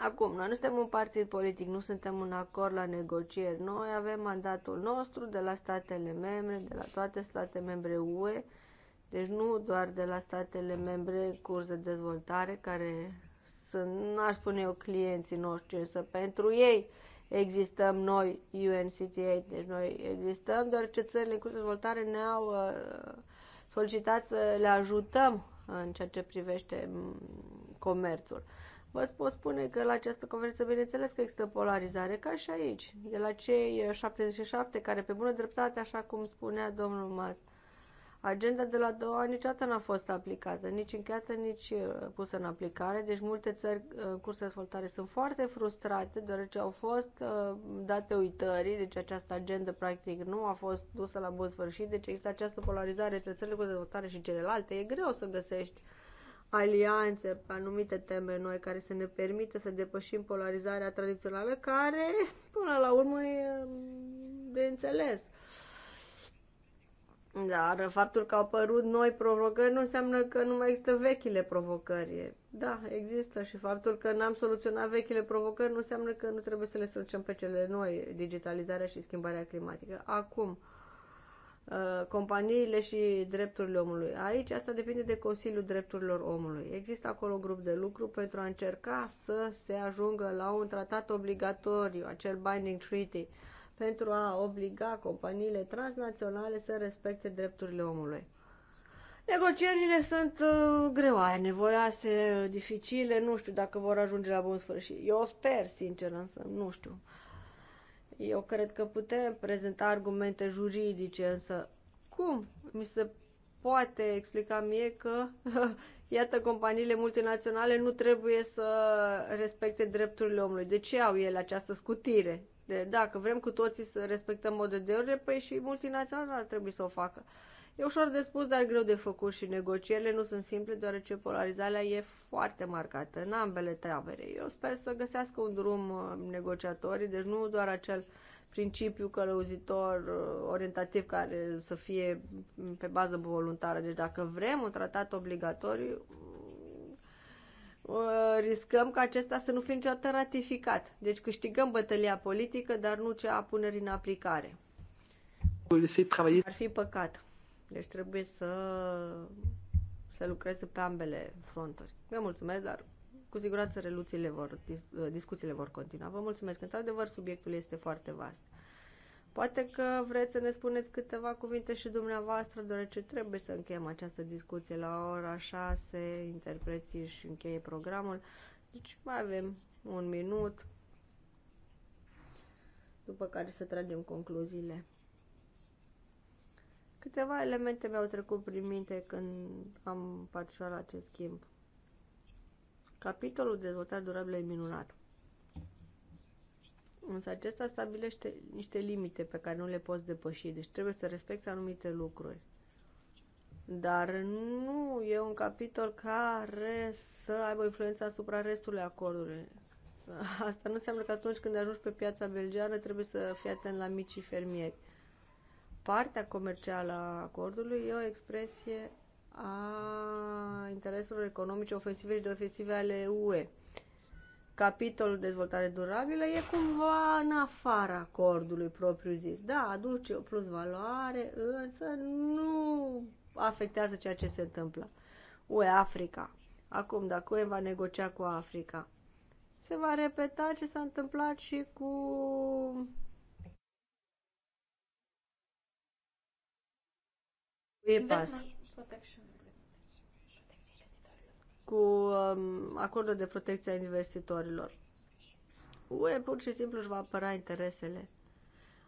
Acum, noi nu suntem un partid politic, nu suntem un acord la negocieri. Noi avem mandatul nostru de la statele membre, de la toate state membre UE, deci nu doar de la statele membre în curs de dezvoltare, care sunt, n-aș spune eu, clienții noștri, însă pentru ei existăm noi, UNCTA, deci noi existăm, Doar ce țările în curs de dezvoltare ne-au uh, solicitat să le ajutăm în ceea ce privește mm, comerțul. Vă pot spune că la această conferință, bineînțeles că există polarizare, ca și aici, de la cei 77 care, pe bună dreptate, așa cum spunea domnul Mas, agenda de la două ani niciodată n-a fost aplicată, nici încheiată, nici uh, pusă în aplicare, deci multe țări uh, în curs de dezvoltare sunt foarte frustrate, deoarece au fost uh, date uitării, deci această agendă practic nu a fost dusă la bun sfârșit, deci există această polarizare între țările cu dezvoltare și celelalte, e greu să găsești alianțe pe anumite teme noi care să ne permită să depășim polarizarea tradițională care, până la urmă, e mm, de înțeles. Dar faptul că au apărut noi provocări nu înseamnă că nu mai există vechile provocări. Da, există și faptul că n-am soluționat vechile provocări nu înseamnă că nu trebuie să le soluționăm pe cele noi, digitalizarea și schimbarea climatică. Acum, Uh, companiile și drepturile omului. Aici asta depinde de Consiliul Drepturilor Omului. Există acolo un grup de lucru pentru a încerca să se ajungă la un tratat obligatoriu, acel binding treaty, pentru a obliga companiile transnaționale să respecte drepturile omului. Negocierile sunt uh, greoaie, nevoioase, dificile, nu știu dacă vor ajunge la bun sfârșit. Eu sper, sincer, însă, nu știu. Uh, eu cred că putem prezenta argumente juridice, însă cum mi se poate explica mie că, iată, companiile multinaționale nu trebuie să respecte drepturile omului. De ce au ele această scutire? De, dacă vrem cu toții să respectăm ODD-urile, păi și multinaționale ar trebui să o facă. E ușor de spus, dar greu de făcut și negocierile nu sunt simple, deoarece polarizarea e foarte marcată în ambele tabere. Eu sper să găsească un drum uh, negociatorii, deci nu doar acel principiu călăuzitor uh, orientativ care să fie pe bază voluntară. Deci dacă vrem un tratat obligatoriu, uh, riscăm ca acesta să nu fie niciodată ratificat. Deci câștigăm bătălia politică, dar nu cea a punerii în aplicare. Ar fi păcat. Deci trebuie să să lucreze pe ambele fronturi. Vă mulțumesc, dar cu siguranță reluțiile vor, ă, discuțiile vor continua. Vă mulțumesc. Într-adevăr, subiectul este foarte vast. Poate că vreți să ne spuneți câteva cuvinte și dumneavoastră, deoarece trebuie să încheiem această discuție la ora 6, interpreții și încheie programul. Deci mai avem un minut, după care să tragem concluziile. Câteva elemente mi-au trecut prin minte când am participat la acest schimb. Capitolul dezvoltare durabilă e minunat. Însă acesta stabilește niște limite pe care nu le poți depăși, deci trebuie să respecti anumite lucruri. Dar nu e un capitol care să aibă influența asupra restului acordului. Asta nu înseamnă că atunci când ajungi pe piața belgeană trebuie să fii atent la micii fermieri partea comercială a acordului e o expresie a intereselor economice ofensive și defensive ale UE. Capitolul dezvoltare durabilă e cumva în afara acordului propriu zis. Da, aduce o plus valoare, însă nu afectează ceea ce se întâmplă. UE Africa. Acum, dacă UE va negocia cu Africa, se va repeta ce s-a întâmplat și cu pas. Cu um, acordul de protecție a investitorilor. UE pur și simplu își va apăra interesele.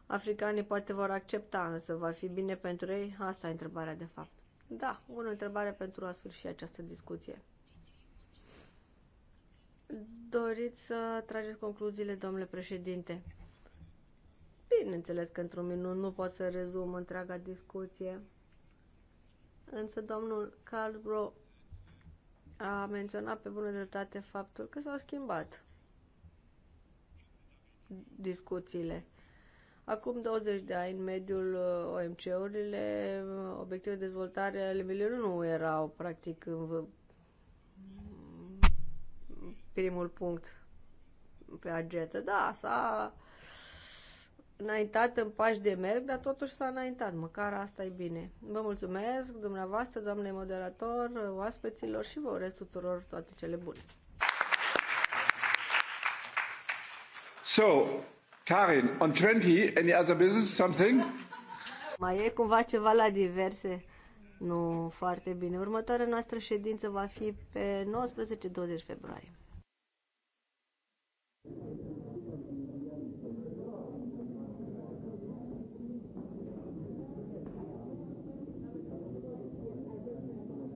Africanii poate vor accepta, însă va fi bine pentru ei? Asta e întrebarea de fapt. Da, bună întrebare pentru a sfârși această discuție. Doriți să trageți concluziile, domnule președinte? Bineînțeles că într-un minut nu pot să rezum întreaga discuție. Însă domnul Calbro a menționat pe bună dreptate faptul că s-au schimbat discuțiile. Acum 20 de ani, în mediul uh, OMC-urile, uh, obiectivele de dezvoltare ale milionului nu erau, practic, în primul punct pe agenda. Da, s-a înaintat în pași de merg, dar totuși s-a înaintat, măcar asta e bine. Vă mulțumesc dumneavoastră, doamne moderator, oaspeților și vă urez tuturor toate cele bune. So, Karin, on 20, any other business, something? Mai e cumva ceva la diverse? Nu, foarte bine. Următoarea noastră ședință va fi pe 19-20 februarie.